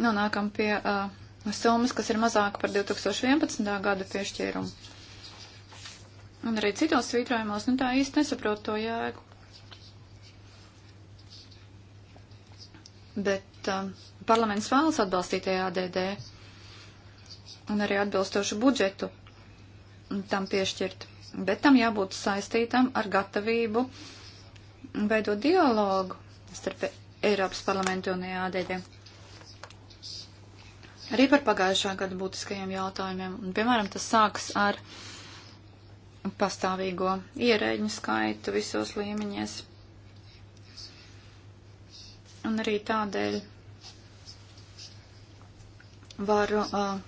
nu, nākam pie uh, summas, kas ir mazāka par 2011. gada piešķīrumu. Un arī citos svītrojumos, nu tā īsti nesaprot to jēgu. Bet um, parlaments vēlas atbalstīt EADD un arī atbilstošu budžetu tam piešķirt. Bet tam jābūt saistītam ar gatavību veidot dialogu starp Eiropas parlamentu un EADD arī par pagājušā gada būtiskajiem jautājumiem. Un, piemēram, tas sāks ar pastāvīgo ierēģu skaitu visos līmeņos. Un arī tādēļ varu uh,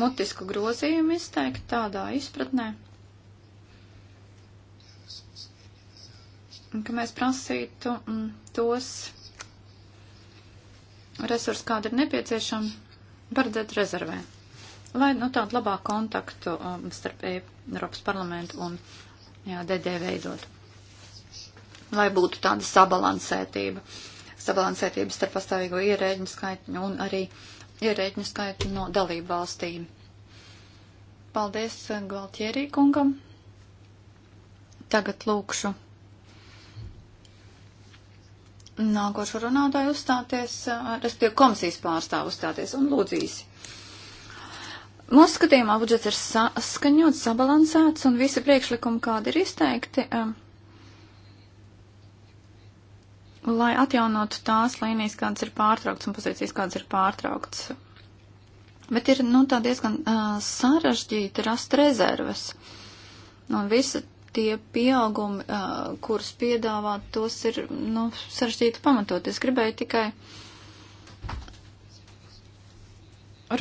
mutisku grozījumu izteikt tādā izpratnē, ka mēs prasītu mm, tos resursi, kāda ir nepieciešama, paredzēt rezervē. Lai nu tādu labāku kontaktu um, starp e, Eiropas parlamentu un jā, DD veidot. Lai būtu tāda sabalansētība. Sabalansētība starp pastāvīgo ierēģinu skaitu un arī ierēģinu skaitu no dalību valstīm. Paldies uh, Galtierī kungam. Tagad lūkšu nākošo runātāju uzstāties, respektīvi komisijas pārstāvu uzstāties un lūdzīsi. Mūsu skatījumā budžets ir saskaņots, sabalansēts un visi priekšlikumi, kādi ir izteikti, lai atjaunotu tās līnijas, kādas ir pārtrauktas un pozīcijas, kādas ir pārtrauktas. Bet ir, nu, tā diezgan uh, sarežģīti rast rezerves. Un visa tie pieaugumi, kurus piedāvāt, tos ir nu, sarežģīti pamatot. Es gribēju tikai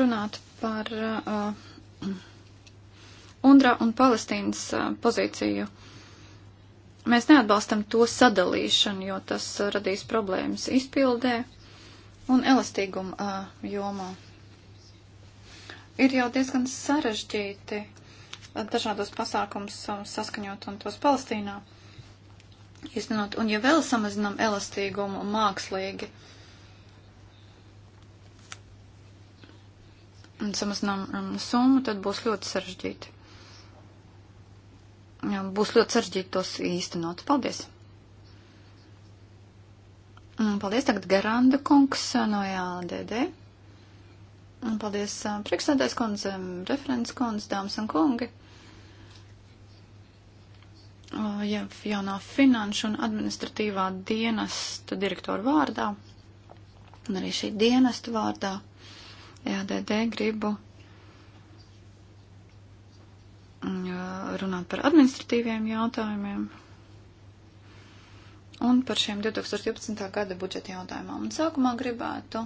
runāt par uh, UNDRA un Palestīnas uh, pozīciju. Mēs neatbalstam to sadalīšanu, jo tas radīs problēmas izpildē un elastīguma uh, jomā. Ir jau diezgan sarežģīti dažādos pasākums um, saskaņot un tos Palestīnā īstenot. Un ja vēl samazinam elastīgumu mākslīgi un samazinam um, summu, tad būs ļoti sarežģīti. Jā, būs ļoti sarežģīti tos īstenot. Paldies! Paldies tagad Geranda kungs uh, no JADD. Paldies uh, priekšsēdājs kundze, um, referents kundze, dāmas un kungi. Uh, ja jaunā finanšu un administratīvā dienesta direktora vārdā un arī šī dienesta vārdā EADD gribu mm, uh, runāt par administratīviem jautājumiem un par šiem 2012. gada budžeta jautājumām. Un sākumā gribētu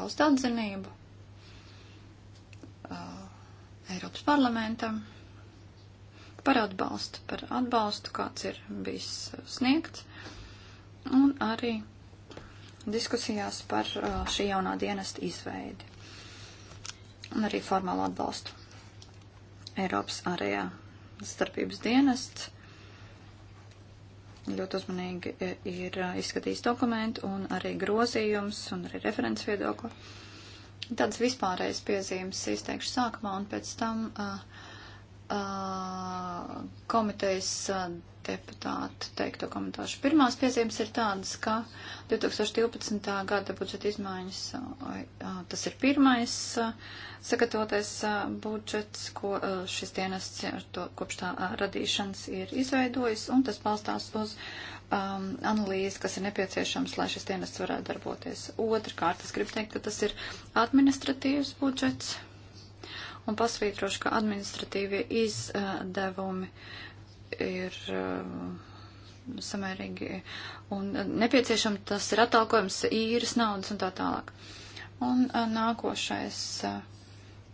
paust atzinību uh, Eiropas parlamentam par atbalstu, par atbalstu, kāds ir bijis sniegts, un arī diskusijās par uh, šī jaunā dienesta izveidi un arī formālu atbalstu. Eiropas ārējā starpības dienests ļoti uzmanīgi e, ir uh, izskatījis dokumentu un arī grozījums un arī referents viedokli. Tāds vispārējais piezīmes izteikšu sākumā un pēc tam uh, uh, komitejas uh, deputātu teikto komentāšu. Pirmās piezīmes ir tādas, ka 2012. gada budžeta izmaiņas, tas ir pirmais sagatavotais budžets, ko šis dienests to, kopš tā radīšanas ir izveidojis, un tas balstās uz um, analīzi, kas ir nepieciešams, lai šis dienests varētu darboties. Otrkārt, es gribu teikt, ka tas ir administratīvs budžets un pasvītrošu, ka administratīvie izdevumi ir uh, samērīgi un nepieciešami. Tas ir atalgojums īres naudas un tā tālāk. Un uh, nākošais uh,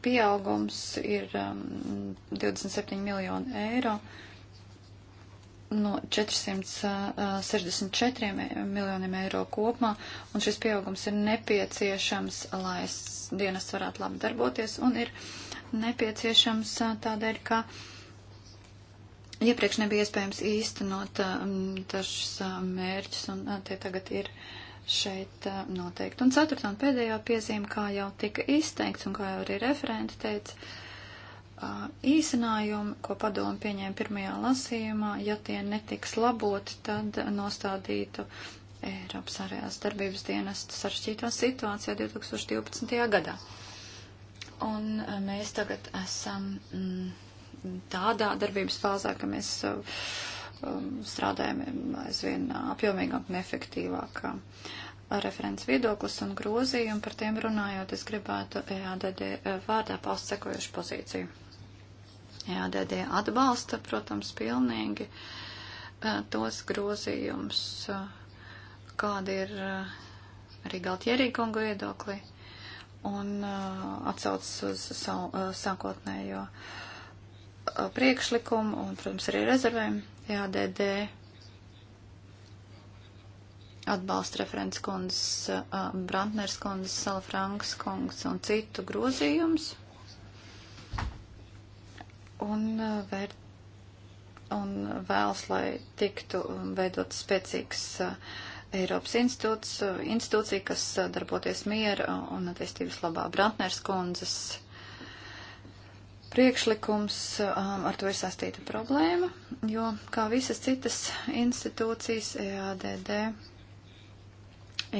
pieaugums ir 27 um, miljoni eiro no 464 miljoniem eiro kopumā, un šis pieaugums ir nepieciešams, lai dienas varētu labi darboties, un ir nepieciešams tādēļ, ka iepriekš nebija iespējams īstenot dažus mērķus, un tie tagad ir šeit noteikti. Un ceturtā un pēdējā piezīme, kā jau tika izteikts un kā jau arī referenti teica, īsinājumu, ko padomu pieņēma pirmajā lasījumā, ja tie netiks laboti, tad nostādītu Eiropas arējās darbības dienestu saršķītā situācijā 2012. gadā. Un eh, mēs tagad esam mm, tādā darbības fāzē, ka mēs eh, um, strādājam eh, aizvien apjomīgāk un efektīvāk. Referents viedoklis un grozījumi par tiem runājot, es gribētu EADD vārdā paust sekojušu pozīciju. EADD atbalsta, protams, pilnīgi tos grozījumus, kādi ir arī Galtjerī kungu viedokli un uh, atsaucas uz savu uh, sākotnējo uh, priekšlikumu un, protams, arī rezervēm JADD atbalsta referents kundzes, Brantners kundzes, Salafrankas kungs un citu grozījums. Un, vēr, un vēlas, lai tiktu um, veidot spēcīgs uh, Eiropas institūts, institūcija, kas darboties miera un attīstības labā Brantners kundzes priekšlikums, um, ar to ir sastīta problēma, jo kā visas citas institūcijas, EADD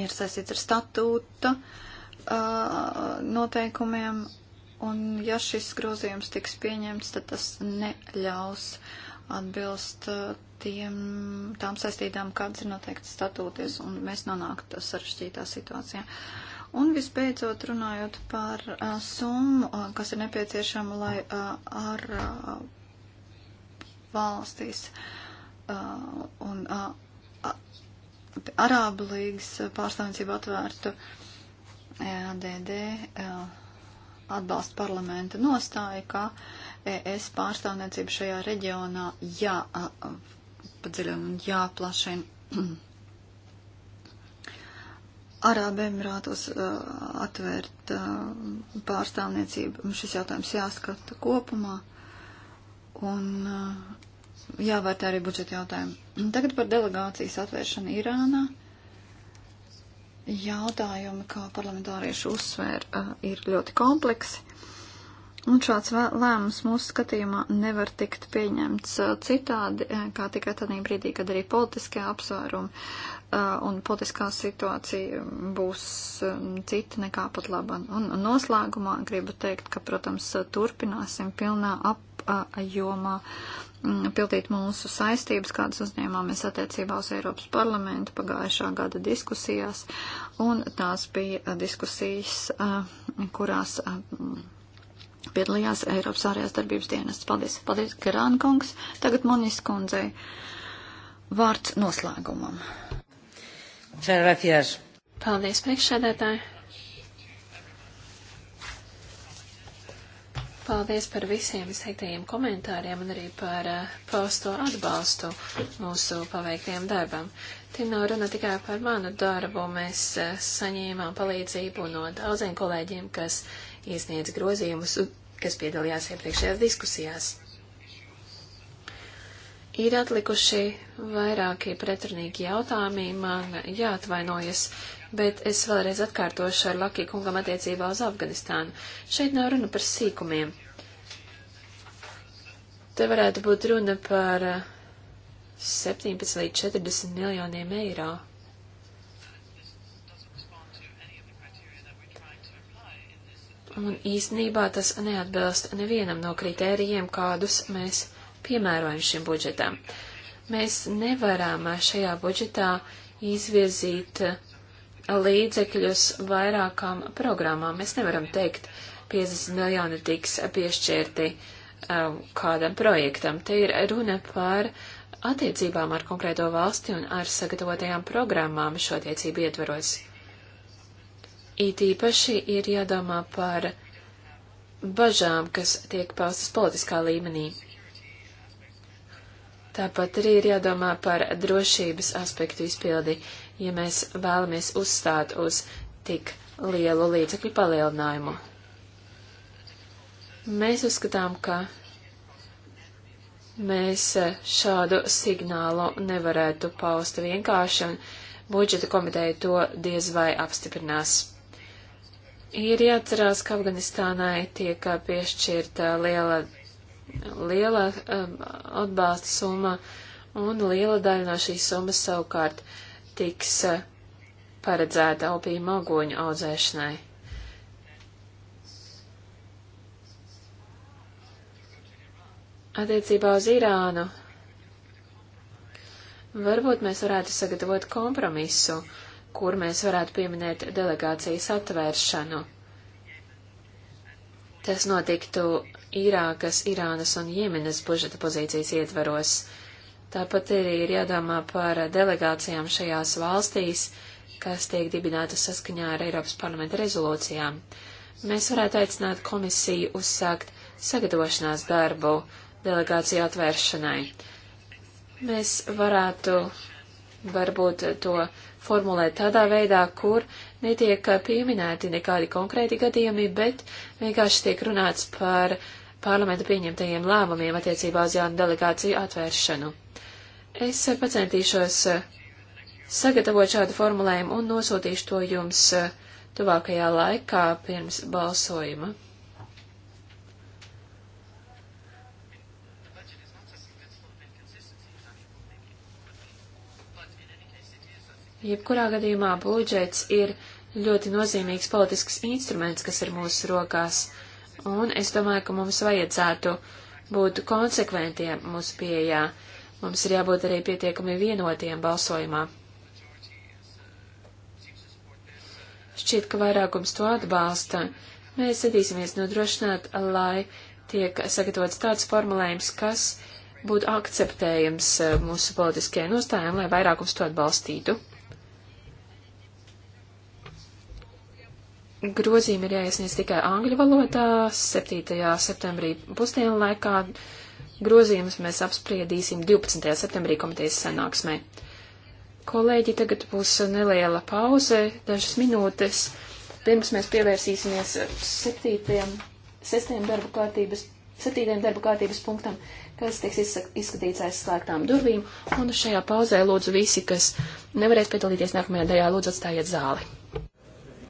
ir sasīts ar statūta uh, noteikumiem, un ja šis grozījums tiks pieņemts, tad tas neļaus uh, atbilst uh, tiem, tām saistītām, kādas ir noteikti statūties, un mēs nonāktu sarežģītā situācijā. Un visbeidzot, runājot par uh, summu, uh, kas ir nepieciešama, lai uh, ar uh, valstīs uh, un uh, Arābu līgas pārstāvniecību atvērtu EADD uh, atbalstu parlamenta nostāju, ka uh, ES pārstāvniecība šajā reģionā jāpadziļina un jāplašina. Arābu Emirātos uh, atvērt uh, pārstāvniecību. Šis jautājums jāskata kopumā un uh, jāvērtē arī budžeta jautājumi. Tagad par delegācijas atvēršanu Irānā. Jautājumi, kā parlamentārieši uzsver, uh, ir ļoti kompleksi. Un šāds lēmums mūsu skatījumā nevar tikt pieņemts citādi, kā tikai tādī brīdī, kad arī politiskie apsvērumi un politiskā situācija būs cita nekā pat laba. Un noslēgumā gribu teikt, ka, protams, turpināsim pilnā apjomā pildīt mūsu saistības, kādas uzņēmāmies attiecībā uz Eiropas parlamentu pagājušā gada diskusijās, un tās bija diskusijas, kurās piedalījās Eiropas ārējās darbības dienas. Paldies, paldies, Gerānkungs. Tagad Monis kundzei vārds noslēgumam. Paldies, priekšsēdētāji. Paldies par visiem izteiktajiem komentāriem un arī par eh, pausto atbalstu mūsu paveiktajam darbam. Te nav runa tikai par manu darbu. Mēs eh, saņēmām palīdzību no daudziem kolēģiem, kas iesniedz grozījumus, kas piedalījās iepriekšējās diskusijās. Ir atlikuši vairāki pretrunīgi jautājumi, man jāatvainojas, bet es vēlreiz atkārtošu ar Lakī kungam attiecībā uz Afganistānu. Šeit nav runa par sīkumiem. Te varētu būt runa par 17 eh, līdz 40 miljoniem eiro. Un īstenībā tas neatbilst nevienam no kritērijiem, kādus mēs piemērojam šim budžetam. Mēs nevaram eh, šajā budžetā izvirzīt uh, līdzekļus vairākām programmām. Mēs nevaram teikt, 50 miljoni tiks piešķirti um, kādam projektam. Te ir runa par attiecībām ar konkrēto valsti un ar sagatavotajām programmām šo attiecību ietveros. It īpaši ir jādomā par bažām, kas tiek paustas politiskā līmenī. Tāpat arī ir jādomā par drošības aspektu izpildi ja mēs vēlamies uzstāt uz tik lielu līdzekļu palielinājumu. Mēs uzskatām, ka mēs šādu signālu nevarētu paust vienkārši, un budžeta komiteja to diez vai apstiprinās. Ir jāatcerās, ka Afganistānai tiek piešķirta liela, liela um, atbalsta summa, un liela daļa no šīs summas savukārt uh, tiks eh, paredzēta opija magoņu audzēšanai. Attiecībā uz Irānu varbūt mēs varētu sagatavot kompromisu, kur mēs varētu pieminēt delegācijas atvēršanu. Tas notiktu Irākas, Irānas un Jemenas budžeta pozīcijas ietvaros. Tāpat arī ir jādomā par delegācijām šajās valstīs, kas tiek dibinātas saskaņā ar Eiropas parlamenta rezolūcijām. Mēs varētu aicināt komisiju uzsākt sagatavošanās darbu delegāciju atvēršanai. Mēs varētu varbūt to formulēt tādā veidā, kur netiek pieminēti nekādi konkrēti gadījumi, bet vienkārši tiek runāts par parlamenta pieņemtajiem lēmumiem attiecībā uz jaunu delegāciju atvēršanu. Es pacentīšos eh, sagatavot šādu formulējumu un nosūtīšu to jums eh, tuvākajā laikā pirms balsojuma. Jebkurā gadījumā budžets ir ļoti nozīmīgs politisks instruments, kas ir mūsu rokās, un es domāju, ka mums vajadzētu būt konsekventiem mūsu pieejā. Mums ir jābūt arī pietiekami vienotiem balsojumā. Šķiet, ka vairākums to atbalsta. Mēs centīsimies nodrošināt, lai tiek sagatavots tāds formulējums, kas būtu akceptējams eh, mūsu politiskajai nostājām, lai vairākums to atbalstītu. Grozījumi ir jāiesniedz tikai angļu valodā 7. septembrī pusdienu laikā. Grozījumus mēs apspriedīsim 12. septembrī komitejas sanāksmē. Kolēģi, tagad būs neliela pauze, dažas minūtes. Pirms mēs pievērsīsimies septītiem, sestiem darbu kārtības, septītiem darbu kārtības punktam, kas tiks izskatīts aiz slēgtām durvīm, un šajā pauzē lūdzu visi, kas nevarēs piedalīties nākamajā daļā, lūdzu atstājiet zāli.